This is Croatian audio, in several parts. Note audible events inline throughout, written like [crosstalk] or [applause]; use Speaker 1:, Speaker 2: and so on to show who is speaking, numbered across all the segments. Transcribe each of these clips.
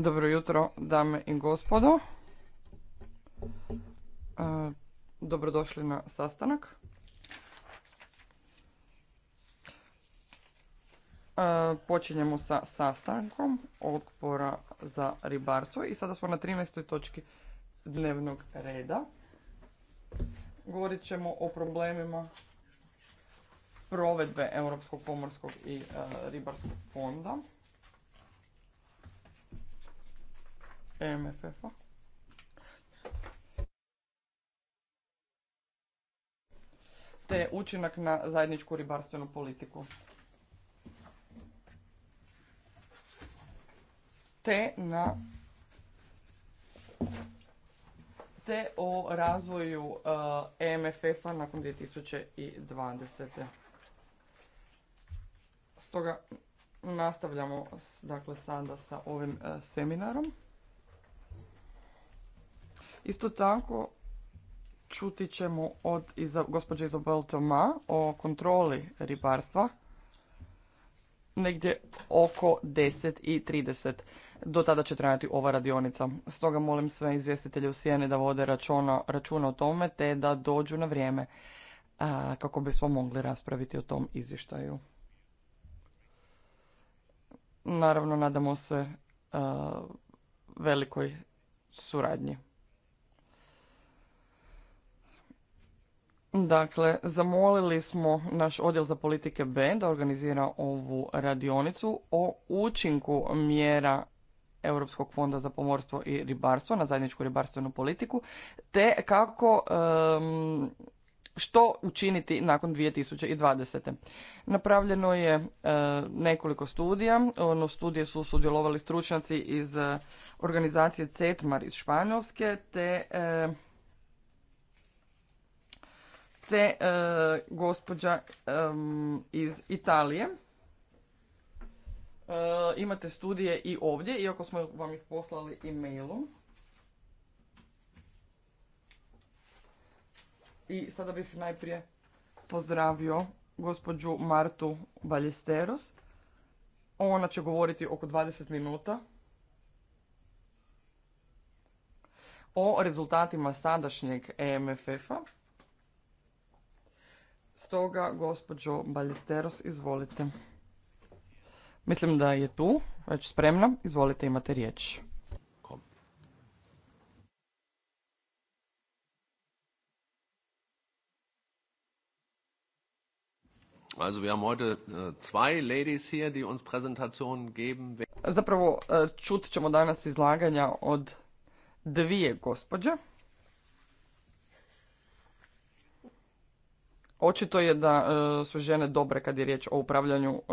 Speaker 1: Dobro jutro, dame i gospodo. E, dobrodošli na sastanak. E, počinjemo sa sastankom odbora za ribarstvo i sada smo na 13. točki dnevnog reda. Govorit ćemo o problemima provedbe Europskog pomorskog i e, ribarskog fonda. mff te učinak na zajedničku ribarstvenu politiku. Te na te o razvoju EMFF-a uh, nakon 2020. Stoga nastavljamo dakle, sada sa ovim uh, seminarom. Isto tako čuti ćemo od gospođe Izabel Toma o kontroli ribarstva negdje oko 10 i 30. Do tada će trajati ova radionica. Stoga molim sve izvjestitelje u Sijeni da vode računa, računa o tome te da dođu na vrijeme kako kako bismo mogli raspraviti o tom izvještaju. Naravno, nadamo se velikoj suradnji. Dakle, zamolili smo naš odjel za politike B da organizira ovu radionicu o učinku mjera Europskog fonda za pomorstvo i ribarstvo na zajedničku ribarstvenu politiku, te kako um, što učiniti nakon 2020. Napravljeno je nekoliko studija. Ono, studije su sudjelovali stručnjaci iz organizacije CETMAR iz Španjolske te te e, gospođa iz Italije. E, imate studije i ovdje, iako smo vam ih poslali e-mailom. I sada bih najprije pozdravio gospođu Martu Ballesteros. Ona će govoriti oko 20 minuta o rezultatima sadašnjeg EMFF-a Stoga, gospođo Balesteros, izvolite. Mislim da je tu, već spremna. Izvolite, imate
Speaker 2: riječ. Also wir haben heute äh, zwei ladies hier, die uns Präsentationen geben.
Speaker 1: Zapravo äh, čut ćemo danas izlaganja od dvije gospođe. Očito je da e, su žene dobre kad je riječ o upravljanju e,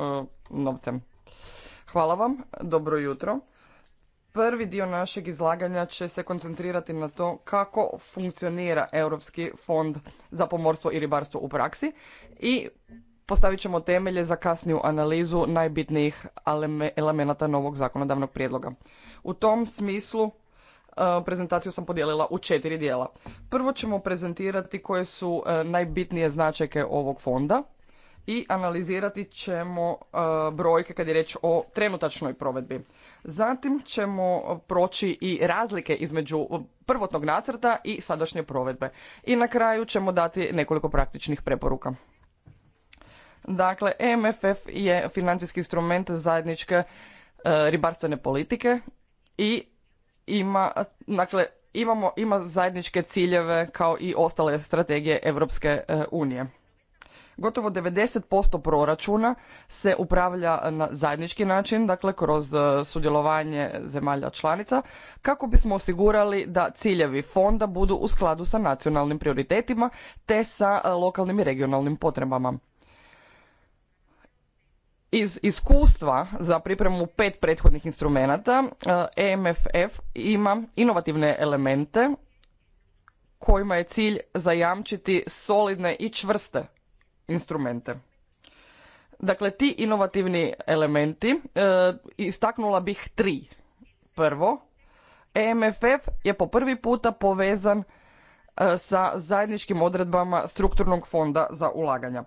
Speaker 1: novcem. Hvala vam, dobro jutro. Prvi dio našeg izlaganja će se koncentrirati na to kako funkcionira Europski fond za pomorstvo i ribarstvo u praksi i postavit ćemo temelje za kasniju analizu najbitnijih elemenata novog zakonodavnog prijedloga. U tom smislu E, prezentaciju sam podijelila u četiri dijela. Prvo ćemo prezentirati koje su e, najbitnije značajke ovog fonda i analizirati ćemo e, brojke kad je riječ o trenutačnoj provedbi. Zatim ćemo proći i razlike između prvotnog nacrta i sadašnje provedbe. I na kraju ćemo dati nekoliko praktičnih preporuka. Dakle, MFF je financijski instrument zajedničke ribarstvene politike i ima, dakle, imamo, ima zajedničke ciljeve kao i ostale strategije Europske e, unije. Gotovo 90% proračuna se upravlja na zajednički način, dakle kroz e, sudjelovanje zemalja članica, kako bismo osigurali da ciljevi fonda budu u skladu sa nacionalnim prioritetima te sa e, lokalnim i regionalnim potrebama. Iz iskustva za pripremu pet prethodnih instrumenata EMFF eh, e ima inovativne elemente kojima je cilj zajamčiti solidne i čvrste instrumente. Dakle, ti inovativni elementi eh, istaknula bih tri. Prvo, EMFF je po prvi puta povezan eh, sa zajedničkim odredbama strukturnog fonda za ulaganja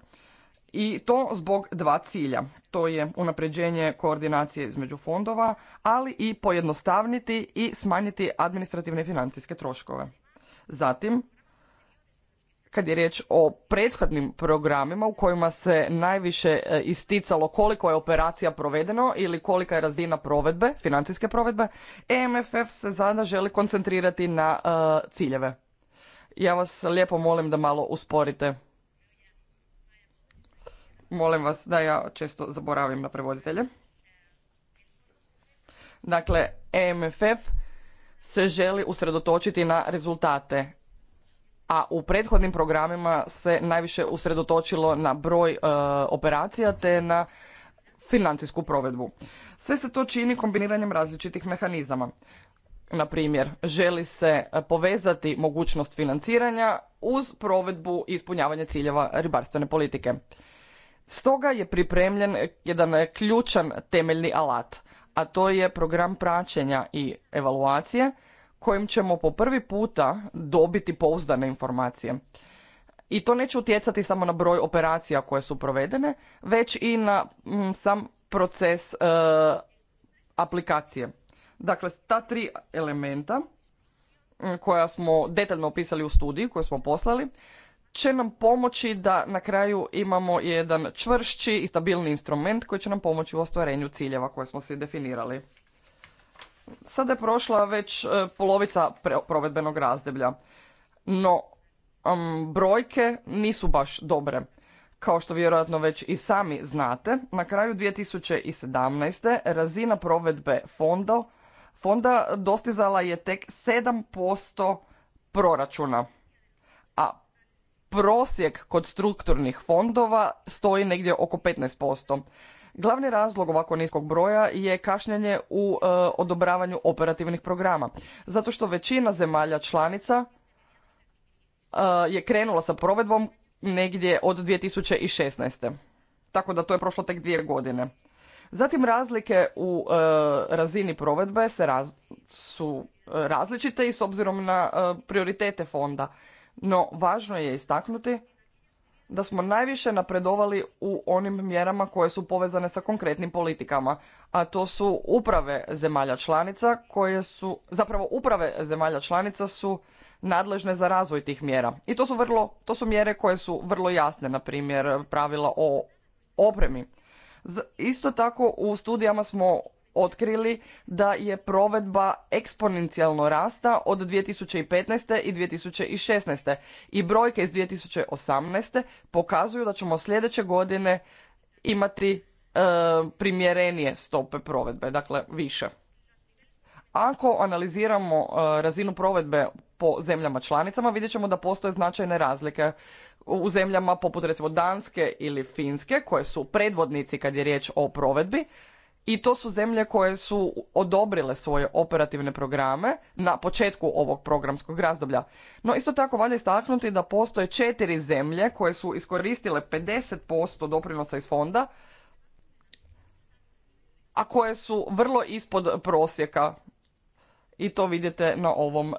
Speaker 1: i to zbog dva cilja. To je unapređenje koordinacije između fondova, ali i pojednostavniti i smanjiti administrativne financijske troškove. Zatim, kad je riječ o prethodnim programima u kojima se najviše e, isticalo koliko je operacija provedeno ili kolika je razina provedbe, financijske provedbe, EMFF se zada želi koncentrirati na e, ciljeve. Ja vas lijepo molim da malo usporite Molim vas da ja često zaboravim na prevoditelje. Dakle, EMFF se želi usredotočiti na rezultate, a u prethodnim programima se najviše usredotočilo na broj e, operacija te na financijsku provedbu. Sve se to čini kombiniranjem različitih mehanizama. Na primjer, želi se povezati mogućnost financiranja uz provedbu i ispunjavanje ciljeva ribarstvene politike. Stoga je pripremljen jedan ključan temeljni alat, a to je program praćenja i evaluacije kojim ćemo po prvi puta dobiti pouzdane informacije. I to neće utjecati samo na broj operacija koje su provedene, već i na mm, sam proces e, aplikacije. Dakle, ta tri elementa mm, koja smo detaljno opisali u studiji koju smo poslali, će nam pomoći da na kraju imamo jedan čvršći i stabilni instrument koji će nam pomoći u ostvarenju ciljeva koje smo si definirali. Sada je prošla već e, polovica provedbenog razdeblja, no brojke nisu baš dobre. Kao što vjerojatno već i sami znate, na kraju 2017. razina provedbe fonda, fonda dostizala je tek 7% proračuna prosjek kod strukturnih fondova stoji negdje oko 15%. Glavni razlog ovako niskog broja je kašnjenje u e, odobravanju operativnih programa. Zato što većina zemalja članica e, je krenula sa provedbom negdje od 2016. Tako da to je prošlo tek dvije godine. Zatim razlike u e, razini provedbe se su različite i s obzirom na prioritete fonda. No, važno je istaknuti da smo najviše napredovali u onim mjerama koje su povezane sa konkretnim politikama, a to su uprave zemalja članica koje su, zapravo uprave zemalja članica su nadležne za razvoj tih mjera. I to su, vrlo, to su mjere koje su vrlo jasne, na primjer pravila o opremi. Isto tako u studijama smo otkrili da je provedba eksponencijalno rasta od 2015. i 2016. i brojke iz 2018. pokazuju da ćemo sljedeće godine imati e, primjerenije stope provedbe, dakle više. Ako analiziramo e, razinu provedbe po zemljama članicama, vidjet ćemo da postoje značajne razlike u zemljama poput recimo Danske ili Finske, koje su predvodnici kad je riječ o provedbi, i to su zemlje koje su odobrile svoje operativne programe na početku ovog programskog razdoblja. No isto tako valja istaknuti da postoje četiri zemlje koje su iskoristile 50% doprinosa iz fonda, a koje su vrlo ispod prosjeka i to vidite na ovom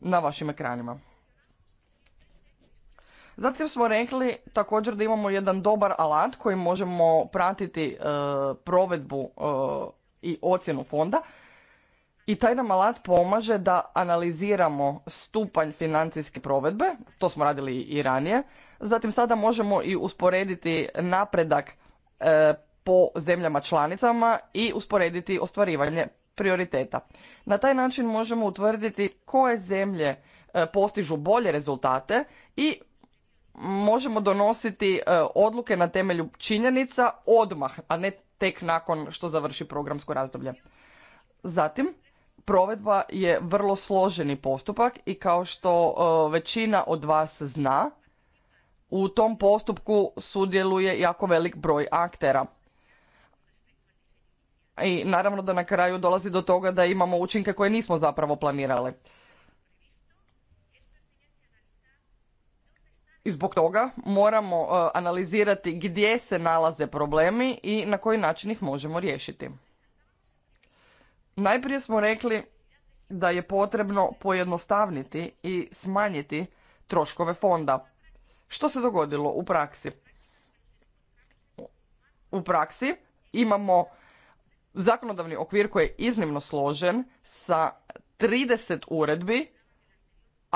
Speaker 1: na vašim ekranima. Zatim smo rekli također da imamo jedan dobar alat koji možemo pratiti e, provedbu e, i ocjenu fonda i taj nam alat pomaže da analiziramo stupanj financijske provedbe, to smo radili i ranije. Zatim sada možemo i usporediti napredak e, po zemljama članicama i usporediti ostvarivanje prioriteta. Na taj način možemo utvrditi koje zemlje postižu bolje rezultate i možemo donositi e, odluke na temelju činjenica odmah, a ne tek nakon što završi programsko razdoblje. Zatim, provedba je vrlo složeni postupak i kao što e, većina od vas zna, u tom postupku sudjeluje jako velik broj aktera. I naravno da na kraju dolazi do toga da imamo učinke koje nismo zapravo planirali. i zbog toga moramo e, analizirati gdje se nalaze problemi i na koji način ih možemo riješiti. Najprije smo rekli da je potrebno pojednostavniti i smanjiti troškove fonda. Što se dogodilo u praksi? U praksi imamo zakonodavni okvir koji je iznimno složen sa 30 uredbi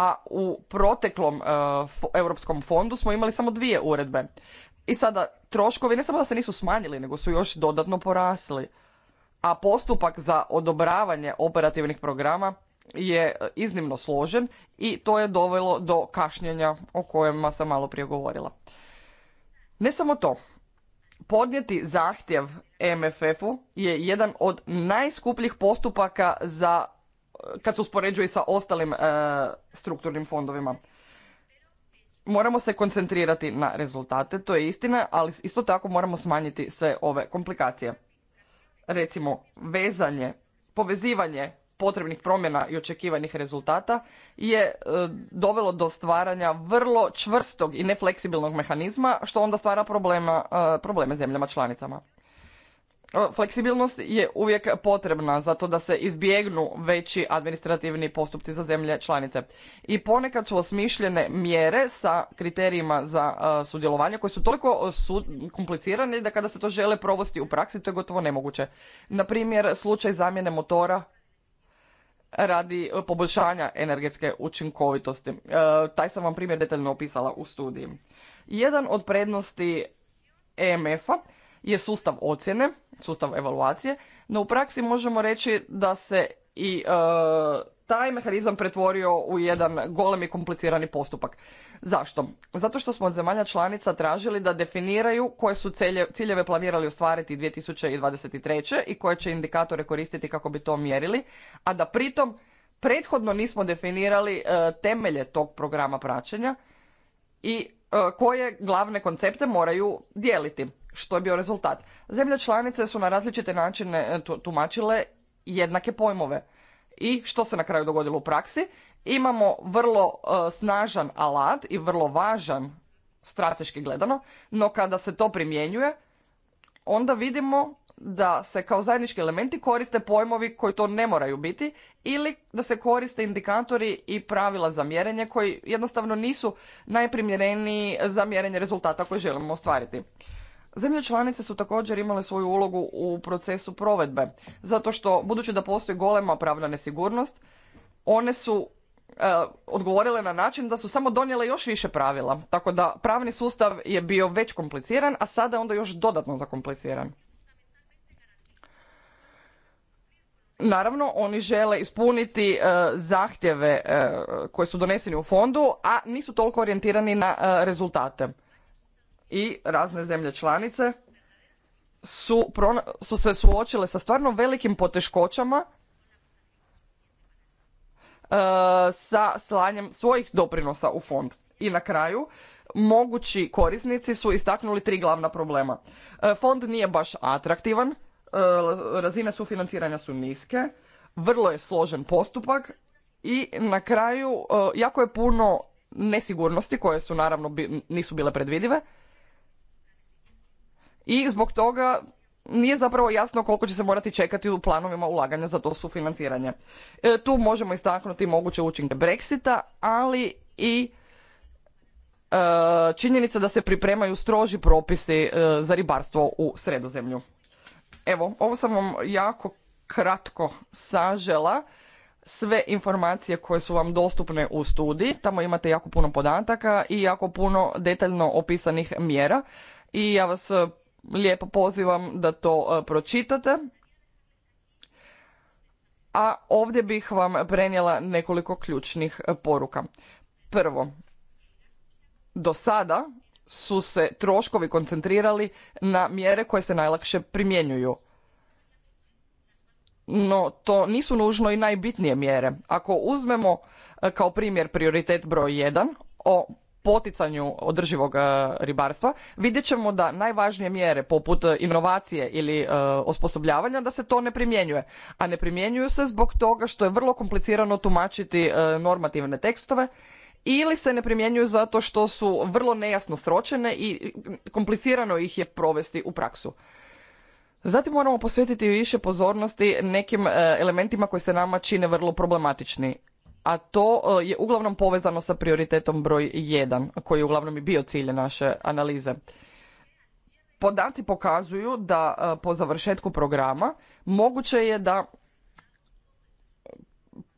Speaker 1: a u proteklom e, europskom fondu smo imali samo dvije uredbe. I sada troškovi ne samo da se nisu smanjili, nego su još dodatno porasli. A postupak za odobravanje operativnih programa je e, iznimno složen i to je dovelo do kašnjenja o kojima sam malo prije govorila. Ne samo to, podnijeti zahtjev MFF-u je jedan od najskupljih postupaka za kad se uspoređuje sa ostalim e, strukturnim fondovima. Moramo se koncentrirati na rezultate, to je istina, ali isto tako moramo smanjiti sve ove komplikacije. Recimo, vezanje, povezivanje potrebnih promjena i očekivanih rezultata je e, dovelo do stvaranja vrlo čvrstog i nefleksibilnog mehanizma što onda stvara problema, e, probleme zemljama članicama. E, fleksibilnost je uvijek potrebna zato da se izbjegnu veći administrativni postupci za zemlje članice. I ponekad su osmišljene mjere sa kriterijima za e, sudjelovanje koji su toliko komplicirane da kada se to žele provesti u praksi to je gotovo nemoguće. Na primjer slučaj zamjene motora radi e, poboljšanja energetske učinkovitosti. taj sam vam primjer detaljno opisala u studiji. Jedan od prednosti EMF-a je sustav ocjene, sustav evaluacije, no u praksi možemo reći da se i e, taj mehanizam pretvorio u jedan i komplicirani postupak. Zašto? Zato što smo od zemalja članica tražili da definiraju koje su ciljeve planirali ostvariti 2023. i koje će indikatore koristiti kako bi to mjerili, a da pritom prethodno nismo definirali e, temelje tog programa praćenja i e, koje glavne koncepte moraju dijeliti što je bio rezultat. Zemlje članice su na različite načine e, tumačile jednake pojmove. I što se na kraju dogodilo u praksi? Imamo vrlo e, snažan alat i vrlo važan strateški gledano, no kada se to primjenjuje, onda vidimo da se kao zajednički elementi koriste pojmovi koji to ne moraju biti ili da se koriste indikatori i pravila za mjerenje koji jednostavno nisu najprimjereniji za mjerenje rezultata koje želimo ostvariti. Zemlje članice su također imale svoju ulogu u procesu provedbe, zato što, budući da postoji golema pravna nesigurnost, one su e, odgovorile na način da su samo donijele još više pravila. Tako da pravni sustav je bio već kompliciran, a sada je onda još dodatno zakompliciran. Naravno, oni žele ispuniti e, zahtjeve e, koje su doneseni u fondu, a nisu toliko orijentirani na e, rezultate i razne zemlje članice su, su se suočile sa stvarno velikim poteškoćama e, sa slanjem svojih doprinosa u fond. I na kraju, mogući korisnici su istaknuli tri glavna problema. E, fond nije baš atraktivan, e, razine sufinanciranja su niske, vrlo je složen postupak i na kraju jako je puno nesigurnosti koje su naravno nisu bile predvidive i zbog toga nije zapravo jasno koliko će se morati čekati u planovima ulaganja za to sufinanciranje. E, tu možemo istaknuti moguće učinke Brexita, ali i e, činjenica da se pripremaju stroži propisi e, za ribarstvo u sredozemlju. Evo, ovo sam vam jako kratko sažela sve informacije koje su vam dostupne u studiji. Tamo imate jako puno podataka i jako puno detaljno opisanih mjera i ja vas lijepo pozivam da to e, pročitate. A ovdje bih vam prenijela nekoliko ključnih e, poruka. Prvo, do sada su se troškovi koncentrirali na mjere koje se najlakše primjenjuju. No, to nisu nužno i najbitnije mjere. Ako uzmemo e, kao primjer prioritet broj 1 o poticanju održivog e, ribarstva, vidjet ćemo da najvažnije mjere poput e, inovacije ili e, osposobljavanja da se to ne primjenjuje. A ne primjenjuju se zbog toga što je vrlo komplicirano tumačiti normativne tekstove ili se ne primjenjuju zato što su vrlo nejasno sročene i komplicirano ih je provesti u praksu. Zatim moramo posvetiti više pozornosti nekim elementima koji se nama čine vrlo problematični a to e, je uglavnom povezano sa prioritetom broj 1, koji je uglavnom i bio cilj naše analize. Podaci pokazuju da e, po završetku programa moguće je da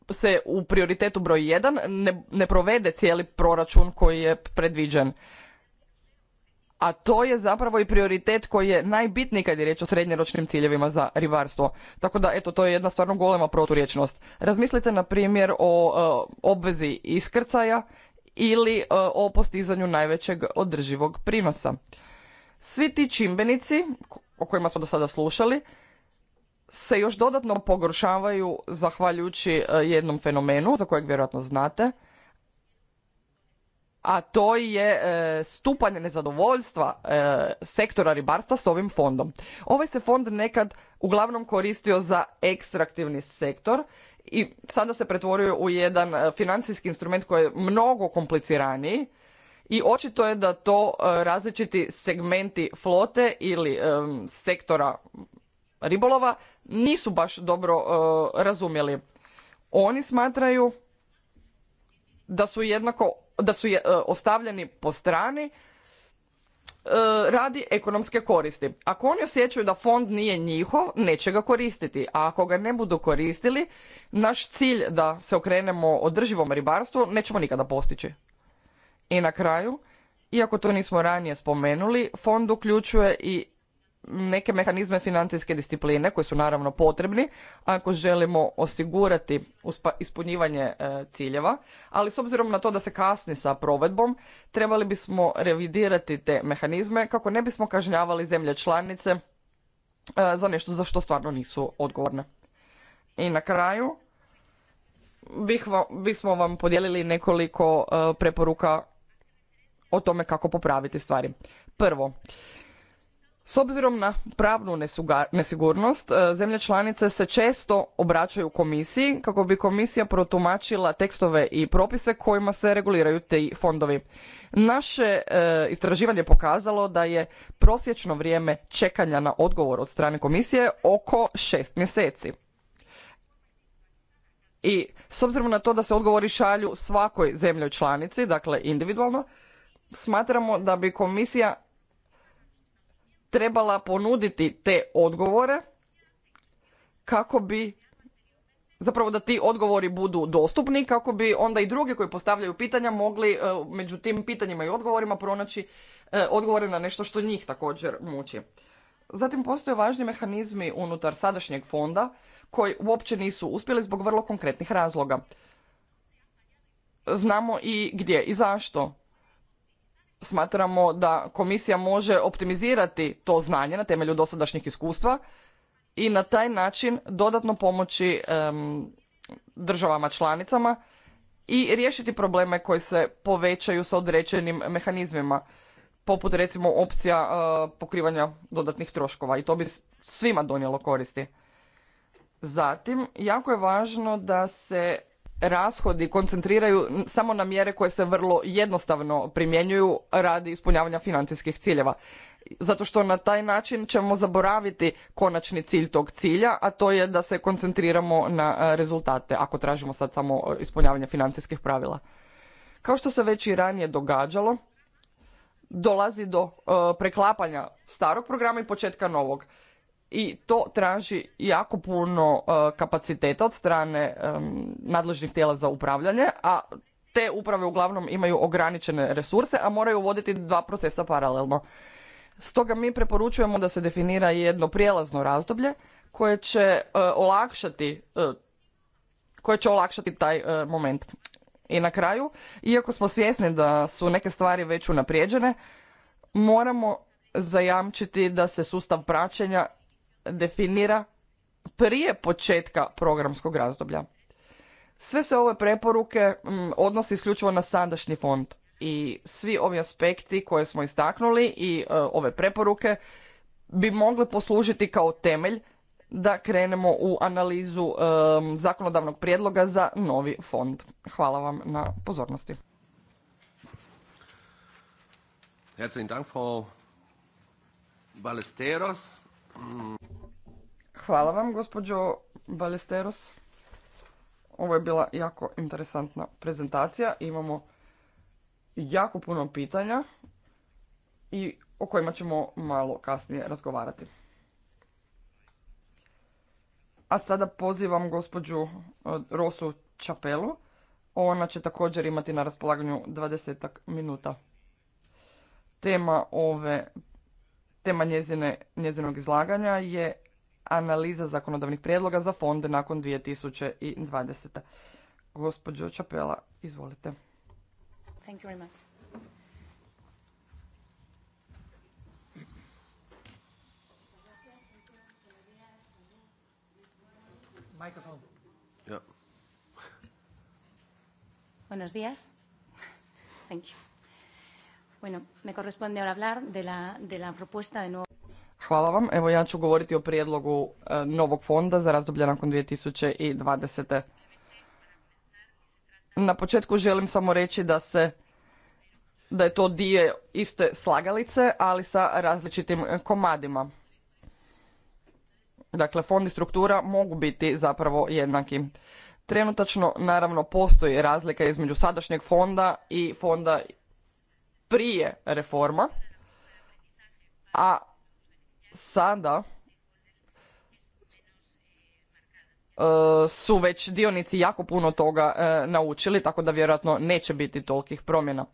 Speaker 1: se u prioritetu broj 1 ne, ne provede cijeli proračun koji je predviđen a to je zapravo i prioritet koji je najbitniji kad je riječ o srednjeročnim ciljevima za ribarstvo. Tako da, eto, to je jedna stvarno golema proturječnost. Razmislite, na primjer, o, e, obvezi iskrcaja ili e, o postizanju najvećeg održivog prinosa. Svi ti čimbenici, o kojima smo do sada slušali, se još dodatno pogoršavaju zahvaljujući e, jednom fenomenu, za kojeg vjerojatno znate – a to je e, stupanje nezadovoljstva e, sektora ribarstva s ovim fondom. Ovaj se fond nekad uglavnom koristio za ekstraktivni sektor i sada se pretvorio u jedan e, financijski instrument koji je mnogo kompliciraniji i očito je da to različiti segmenti flote ili sektora ribolova nisu baš dobro razumjeli. Oni smatraju da su jednako da su e, ostavljeni po strani e, radi ekonomske koristi. Ako oni osjećaju da fond nije njihov, neće ga koristiti, a ako ga ne budu koristili, naš cilj da se okrenemo održivom ribarstvu nećemo nikada postići. I na kraju, iako to nismo ranije spomenuli, fond uključuje i neke mehanizme financijske discipline koji su naravno potrebni ako želimo osigurati ispunjivanje e, ciljeva, ali s obzirom na to da se kasni sa provedbom, trebali bismo revidirati te mehanizme kako ne bismo kažnjavali zemlje članice e, za nešto za što stvarno nisu odgovorne. I na kraju bih bismo vam podijelili nekoliko e, preporuka o tome kako popraviti stvari. Prvo, s obzirom na pravnu nesigurnost, e, zemlje članice se često obraćaju komisiji kako bi komisija protumačila tekstove i propise kojima se reguliraju ti fondovi. Naše e, istraživanje pokazalo da je prosječno vrijeme čekanja na odgovor od strane komisije oko šest mjeseci. I s obzirom na to da se odgovori šalju svakoj zemljoj članici, dakle individualno, smatramo da bi komisija trebala ponuditi te odgovore kako bi zapravo da ti odgovori budu dostupni kako bi onda i drugi koji postavljaju pitanja mogli e, među tim pitanjima i odgovorima pronaći e, odgovore na nešto što njih također muči. Zatim postoje važni mehanizmi unutar sadašnjeg fonda koji uopće nisu uspjeli zbog vrlo konkretnih razloga. Znamo i gdje i zašto smatramo da komisija može optimizirati to znanje na temelju dosadašnjih iskustva i na taj način dodatno pomoći državama članicama i riješiti probleme koji se povećaju sa određenim mehanizmima poput recimo opcija e, pokrivanja dodatnih troškova i to bi svima donijelo koristi zatim jako je važno da se rashodi koncentriraju samo na mjere koje se vrlo jednostavno primjenjuju radi ispunjavanja financijskih ciljeva. Zato što na taj način ćemo zaboraviti konačni cilj tog cilja, a to je da se koncentriramo na e, rezultate, ako tražimo sad samo e, ispunjavanje financijskih pravila. Kao što se već i ranije događalo, dolazi do e, preklapanja starog programa i početka novog i to traži jako puno e, kapaciteta od strane e, nadležnih tijela za upravljanje, a te uprave uglavnom imaju ograničene resurse, a moraju voditi dva procesa paralelno. Stoga mi preporučujemo da se definira jedno prijelazno razdoblje koje će e, olakšati koje će olakšati taj moment. I na kraju, iako smo svjesni da su neke stvari već unaprijeđene, moramo zajamčiti da se sustav praćenja definira prije početka programskog razdoblja. Sve se ove preporuke mm, odnose isključivo na sadašnji fond i svi ovi aspekti koje smo istaknuli i e, ove preporuke bi mogle poslužiti kao temelj da krenemo u analizu e, zakonodavnog prijedloga za novi fond. Hvala vam na pozornosti. Herzlichen Dank, Hvala vam, gospođo Balesteros. Ovo je bila jako interesantna prezentacija. Imamo jako puno pitanja i o kojima ćemo malo kasnije razgovarati. A sada pozivam gospođu eh, Rosu Čapelu. Ona će također imati na raspolaganju 20 minuta. Tema ove Tema njezine, njezinog izlaganja je analiza zakonodavnih prijedloga za fonde nakon 2020. Gospođo Čapela, izvolite.
Speaker 3: Thank you very much.
Speaker 4: Microphone. Yeah. Buenos días. Thank you. Bueno, me corresponde ahora
Speaker 1: Hvala vam. Evo ja ću govoriti o prijedlogu e, novog fonda za razdoblje nakon 2020. Na početku želim samo reći da se da je to dio iste slagalice, ali sa različitim komadima. Dakle, fond i struktura mogu biti zapravo jednaki. Trenutačno, naravno, postoji razlika između sadašnjeg fonda i fonda prije reforma, a sada e, su već dionici jako puno toga e, naučili, tako da vjerojatno neće biti tolikih promjena.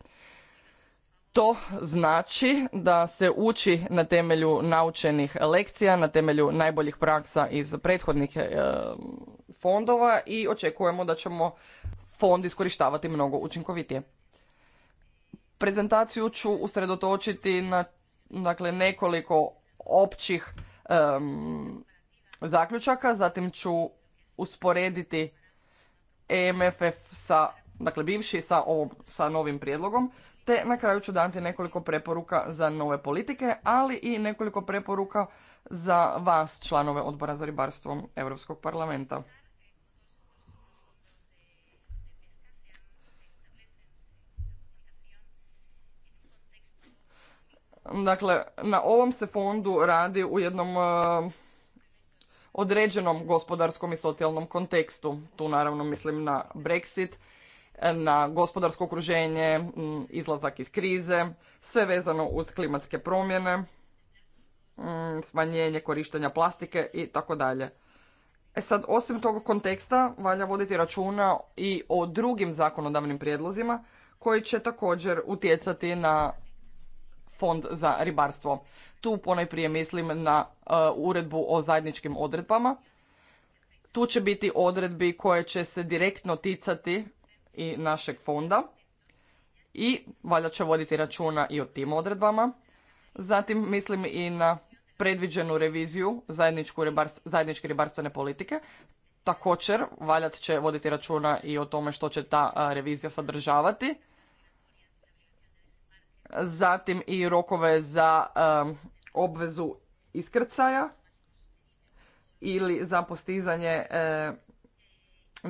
Speaker 1: To znači da se uči na temelju naučenih lekcija, na temelju najboljih praksa iz prethodnih e, fondova i očekujemo da ćemo fond iskorištavati mnogo učinkovitije. Prezentaciju ću usredotočiti na dakle, nekoliko općih zaključaka, zatim ću usporediti EMFF sa, dakle bivši sa, ovom, sa novim prijedlogom, te na kraju ću dati nekoliko preporuka za nove politike, ali i nekoliko preporuka za vas, članove odbora za ribarstvo Europskog parlamenta. Dakle, na ovom se fondu radi u jednom e, određenom gospodarskom i socijalnom kontekstu. Tu naravno mislim na Brexit, na gospodarsko okruženje, izlazak iz krize, sve vezano uz klimatske promjene, smanjenje korištenja plastike i tako dalje. E sad, osim tog konteksta, valja voditi računa i o drugim zakonodavnim prijedlozima koji će također utjecati na fond za ribarstvo. Tu ponajprije mislim na e, uredbu o zajedničkim odredbama. Tu će biti odredbi koje će se direktno ticati i našeg fonda i valjat će voditi računa i o tim odredbama. Zatim mislim i na predviđenu reviziju zajedničke ribarstvene politike. Također, valjat će voditi računa i o tome što će ta e, revizija sadržavati zatim i rokove za um, obvezu iskrcaja ili za postizanje um,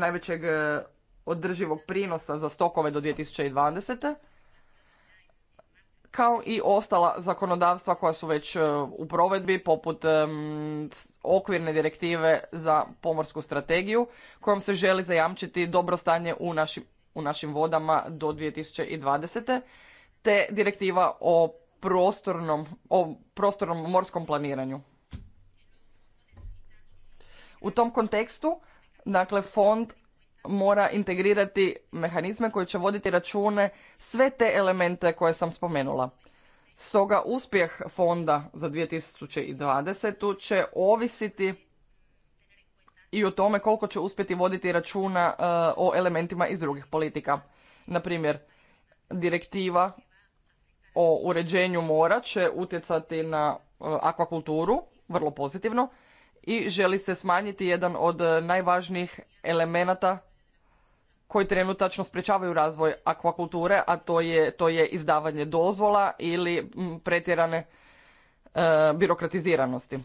Speaker 1: najvećeg uh, održivog prinosa za stokove do 2020. Kao i ostala zakonodavstva koja su već uh, u provedbi, poput um, okvirne direktive za pomorsku strategiju, kojom se želi zajamčiti dobro stanje u našim, u našim vodama do 2020 te direktiva o prostornom, o prostornom morskom planiranju. U tom kontekstu, dakle, fond mora integrirati mehanizme koji će voditi račune sve te elemente koje sam spomenula. Stoga uspjeh fonda za 2020. će ovisiti i o tome koliko će uspjeti voditi računa e, o elementima iz drugih politika. Na primjer, direktiva o uređenju mora će utjecati na e, akvakulturu vrlo pozitivno i želi se smanjiti jedan od e, najvažnijih elemenata koji trenutačno sprječavaju razvoj akvakulture, a to je, to je izdavanje dozvola ili pretjerane e, birokratiziranosti.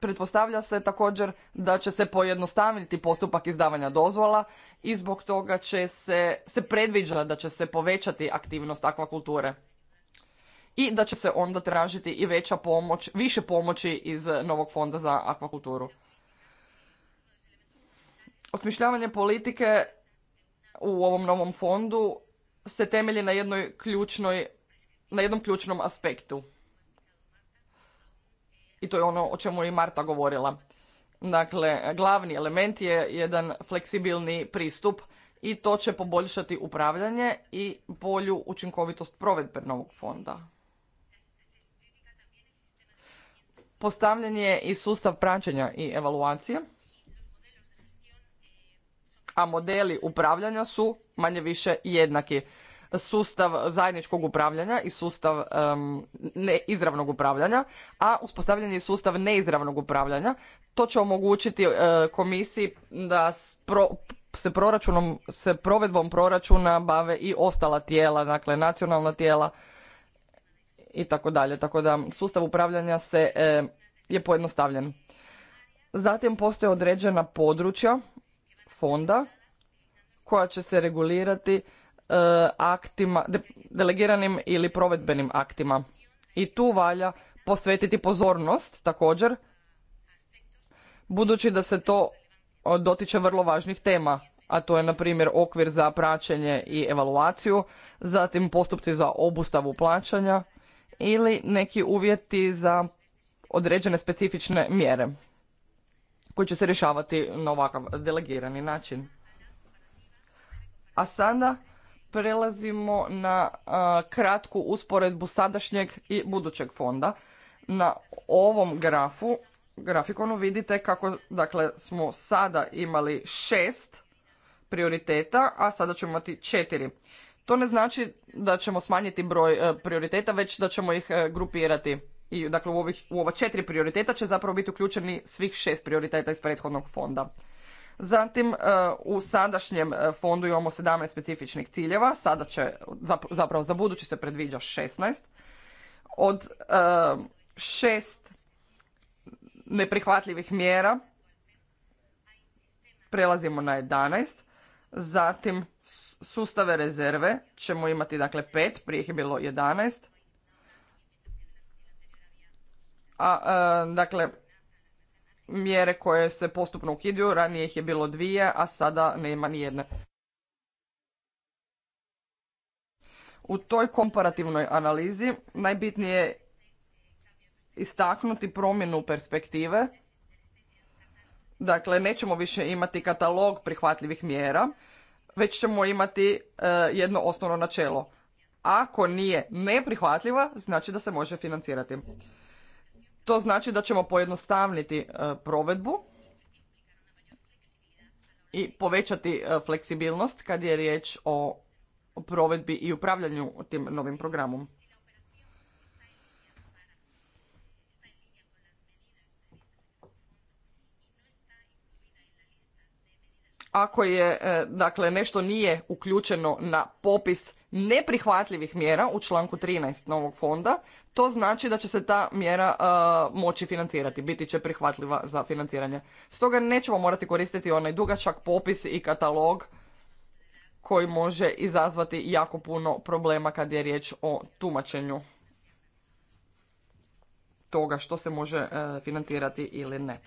Speaker 1: pretpostavlja se također da će se pojednostaviti postupak izdavanja dozvola i zbog toga će se, se predviđa da će se povećati aktivnost akvakulture i da će se onda tražiti i veća pomoć, više pomoći iz novog fonda za akvakulturu. Osmišljavanje politike u ovom novom fondu se temelji na jednoj ključnoj, na jednom ključnom aspektu. I to je ono o čemu je i Marta govorila. Dakle, glavni element je jedan fleksibilni pristup i to će poboljšati upravljanje i bolju učinkovitost provedbe novog fonda. Postavljen je i sustav praćenja i evaluacije, a modeli upravljanja su manje više jednaki sustav zajedničkog upravljanja i sustav neizravnog upravljanja, a uspostavljen je sustav neizravnog upravljanja. To će omogućiti e, komisiji da se proračunom, se provedbom proračuna bave i ostala tijela, dakle nacionalna tijela i tako dalje. Tako da sustav upravljanja e, je pojednostavljen. Zatim postoje određena područja fonda koja će se regulirati E, aktima, delegiranim ili provedbenim aktima. I tu valja posvetiti pozornost također, budući da se to e, dotiče vrlo važnih tema, a to je na primjer okvir za praćenje i evaluaciju, zatim postupci za obustavu plaćanja ili neki uvjeti za određene specifične mjere koji će se rješavati na ovakav delegirani način. A sada prelazimo na kratku usporedbu sadašnjeg i budućeg fonda. Na ovom grafu, grafikonu vidite kako dakle, smo sada imali šest prioriteta, a sada ćemo imati četiri. To ne znači da ćemo smanjiti broj e, prioriteta, već da ćemo ih e, grupirati. I dakle, u ova četiri prioriteta će zapravo biti uključeni svih šest prioriteta iz prethodnog fonda. Zatim e, u sadašnjem e, fondu imamo 17 specifičnih ciljeva, sada će, zapravo za budući se predviđa 16. Od e, šest neprihvatljivih mjera prelazimo na 11. Zatim sustave rezerve ćemo imati dakle 5, prije ih je bilo 11. A, dakle, mjere koje se postupno ukidaju, ranije ih je bilo dvije, a sada nema ni jedne. U toj komparativnoj analizi najbitnije je istaknuti promjenu perspektive. Dakle, nećemo više imati katalog prihvatljivih mjera, već ćemo imati e, jedno osnovno načelo. Ako nije neprihvatljiva, znači da se može financirati. To znači da ćemo pojednostavniti e, provedbu i povećati e, fleksibilnost kad je riječ o provedbi i upravljanju tim novim programom. Ako je, e, dakle, nešto nije uključeno na popis neprihvatljivih mjera u članku 13 novog fonda, to znači da će se ta mjera e, moći financirati, biti će prihvatljiva za financiranje. Stoga nećemo morati koristiti onaj dugačak popis i katalog koji može izazvati jako puno problema kad je riječ o tumačenju toga što se može e, financirati ili ne.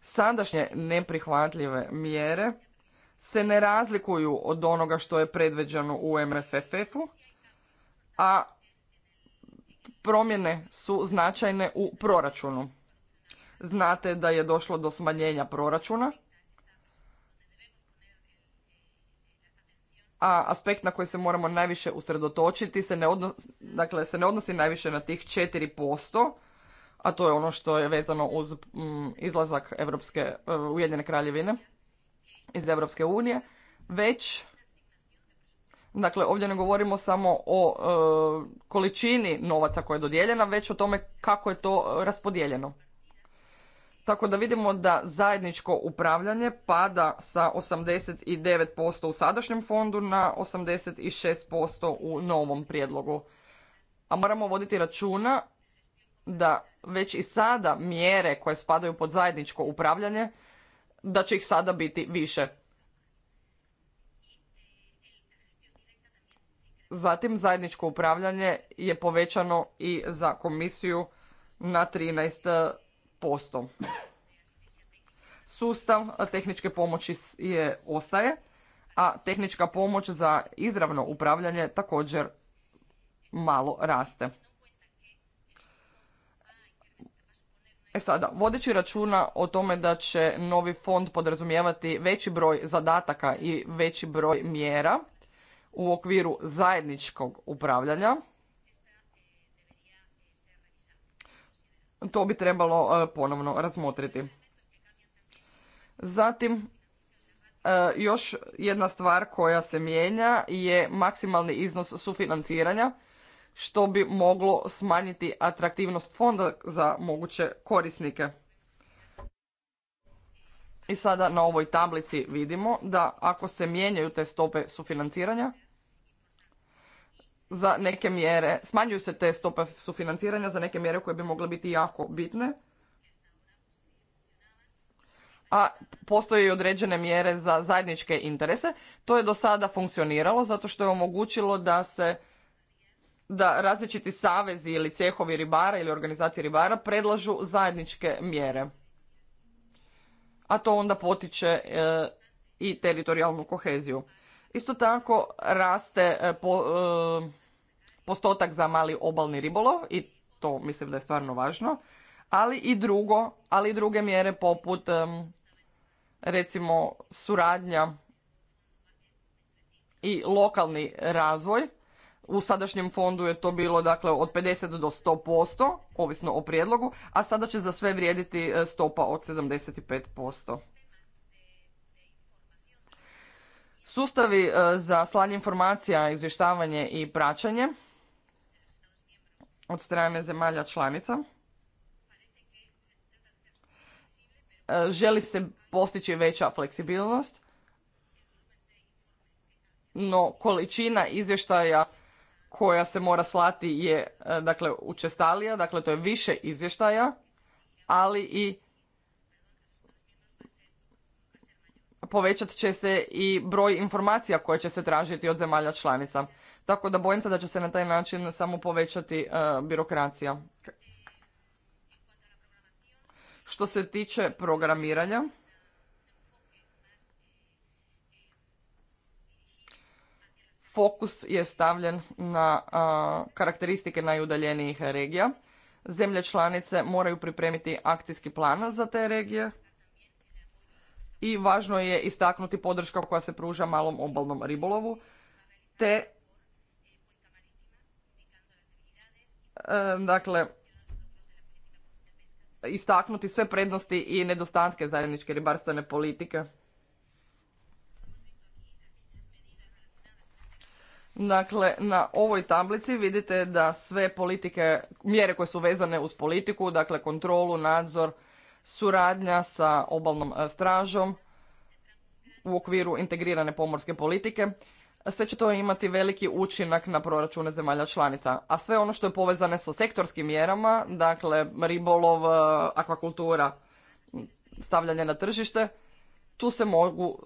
Speaker 1: Sadašnje neprihvatljive mjere se ne razlikuju od onoga što je predveđeno u MFFF-u, a promjene su značajne u proračunu. Znate da je došlo do smanjenja proračuna, a aspekt na koji se moramo najviše usredotočiti se ne odnosi, dakle, se ne odnosi najviše na tih 4%, a to je ono što je vezano uz mm, izlazak Europske, e, Ujedinjene kraljevine iz Europske unije, već Dakle, ovdje ne govorimo samo o e, količini novaca koja je dodijeljena, već o tome kako je to e, raspodijeljeno. Tako da vidimo da zajedničko upravljanje pada sa 89% u sadašnjem fondu na 86% u novom prijedlogu. A moramo voditi računa da već i sada mjere koje spadaju pod zajedničko upravljanje, da će ih sada biti više. Zatim zajedničko upravljanje je povećano i za komisiju na 13%. Sustav tehničke pomoći je ostaje, a tehnička pomoć za izravno upravljanje također malo raste. E sada, vodeći računa o tome da će novi fond podrazumijevati veći broj zadataka i veći broj mjera, u okviru zajedničkog upravljanja. To bi trebalo e, ponovno razmotriti. Zatim, e, još jedna stvar koja se mijenja je maksimalni iznos sufinanciranja, što bi moglo smanjiti atraktivnost fonda za moguće korisnike. I sada na ovoj tablici vidimo da ako se mijenjaju te stope sufinanciranja, za neke mjere, smanjuju se te stope sufinanciranja za neke mjere koje bi mogle biti jako bitne, a postoje i određene mjere za zajedničke interese. To je do sada funkcioniralo zato što je omogućilo da se da različiti savezi ili cehovi ribara ili organizacije ribara predlažu zajedničke mjere a to onda potiče e, i teritorijalnu koheziju. Isto tako raste e, e, postotak za mali obalni ribolov i to mislim da je stvarno važno, ali i drugo, ali i druge mjere poput recimo suradnja i lokalni razvoj u sadašnjem fondu je to bilo dakle od 50 do 100%, ovisno o prijedlogu, a sada će za sve vrijediti e, stopa od 75%. Sustavi e, za slanje informacija, izvještavanje i praćanje od strane zemalja članica. E, želi se postići veća fleksibilnost, no količina izvještaja koja se mora slati je e, dakle učestalija, dakle to je više izvještaja, ali i povećat će se i broj informacija koje će se tražiti od zemalja članica. Tako da bojim se da će se na taj način samo povećati e, birokracija. Što se tiče programiranja, fokus je stavljen na karakteristike najudaljenijih regija. Zemlje članice moraju pripremiti akcijski plan za te regije i važno je istaknuti podrška koja se pruža malom obalnom ribolovu te e, dakle istaknuti sve prednosti i nedostatke zajedničke ribarstvene politike Dakle, na ovoj tablici vidite da sve politike, mjere koje su vezane uz politiku, dakle kontrolu, nadzor, suradnja sa obalnom e, stražom u okviru integrirane pomorske politike, sve će to imati veliki učinak na proračune zemalja članica. A sve ono što je povezane sa sektorskim mjerama, dakle ribolov, e, akvakultura, stavljanje na tržište, tu se mogu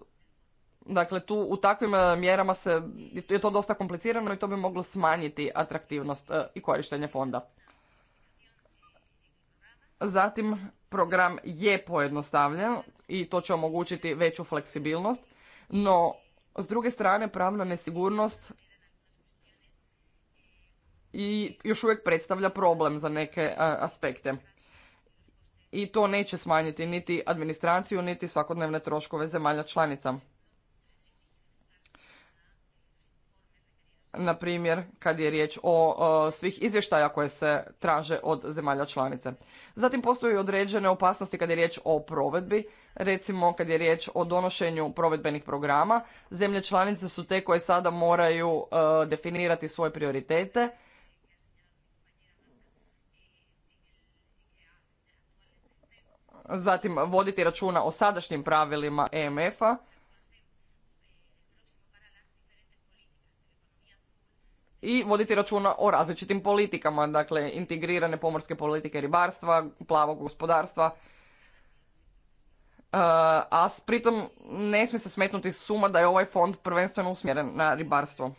Speaker 1: Dakle, tu u takvim e, mjerama se, je to dosta komplicirano i to bi moglo smanjiti atraktivnost e, i korištenje fonda. Zatim, program je pojednostavljen i to će omogućiti veću fleksibilnost, no s druge strane pravna nesigurnost i još uvijek predstavlja problem za neke e, aspekte. I to neće smanjiti niti administraciju, niti svakodnevne troškove zemalja članica. na primjer kad je riječ o, svih izvještaja koje se traže od zemalja članice. Zatim postoje određene opasnosti kad je riječ o provedbi, recimo kad je riječ o donošenju provedbenih programa, zemlje članice su te koje sada moraju e, definirati svoje prioritete. Zatim voditi računa o sadašnjim pravilima EMF-a i voditi računa o različitim politikama, dakle integrirane pomorske politike ribarstva, plavog gospodarstva, e, a pritom ne smije se smetnuti suma da je ovaj fond prvenstveno usmjeren na ribarstvo.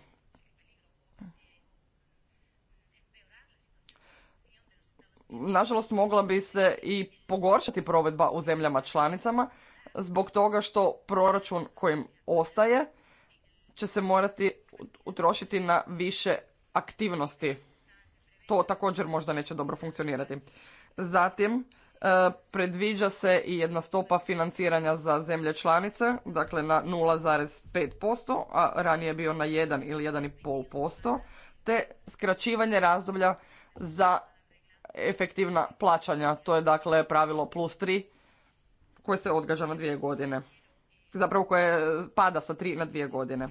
Speaker 1: Nažalost, mogla bi se i pogoršati provedba u zemljama članicama zbog toga što proračun kojim ostaje će se morati utrošiti na više aktivnosti. To također možda neće dobro funkcionirati. Zatim, e, predviđa se i jedna stopa financiranja za zemlje članice, dakle na 0,5%, a ranije je bio na 1 ili 1,5%, te skraćivanje razdoblja za efektivna plaćanja. To je dakle pravilo plus 3 koje se odgađa na dvije godine. Zapravo koje pada sa 3 na dvije godine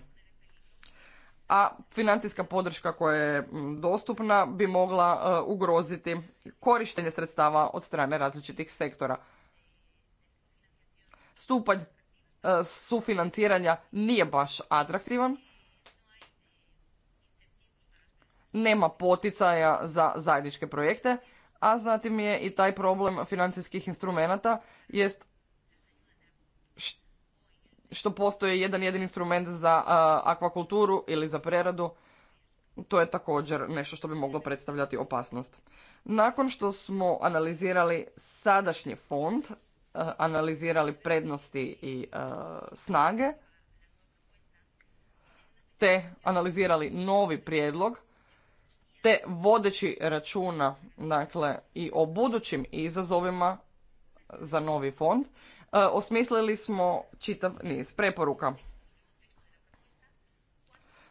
Speaker 1: a financijska podrška koja je mm, dostupna bi mogla e, ugroziti korištenje sredstava od strane različitih sektora. Stupanj e, sufinanciranja nije baš atraktivan. Nema poticaja za zajedničke projekte, a zatim je i taj problem financijskih instrumenata jest što postoji jedan jedini instrument za akvakulturu ili za preradu, to je također nešto što bi moglo predstavljati opasnost. Nakon što smo analizirali sadašnji fond, analizirali prednosti i snage, te analizirali novi prijedlog, te vodeći računa dakle, i o budućim izazovima za novi fond, E, osmislili smo čitav niz preporuka.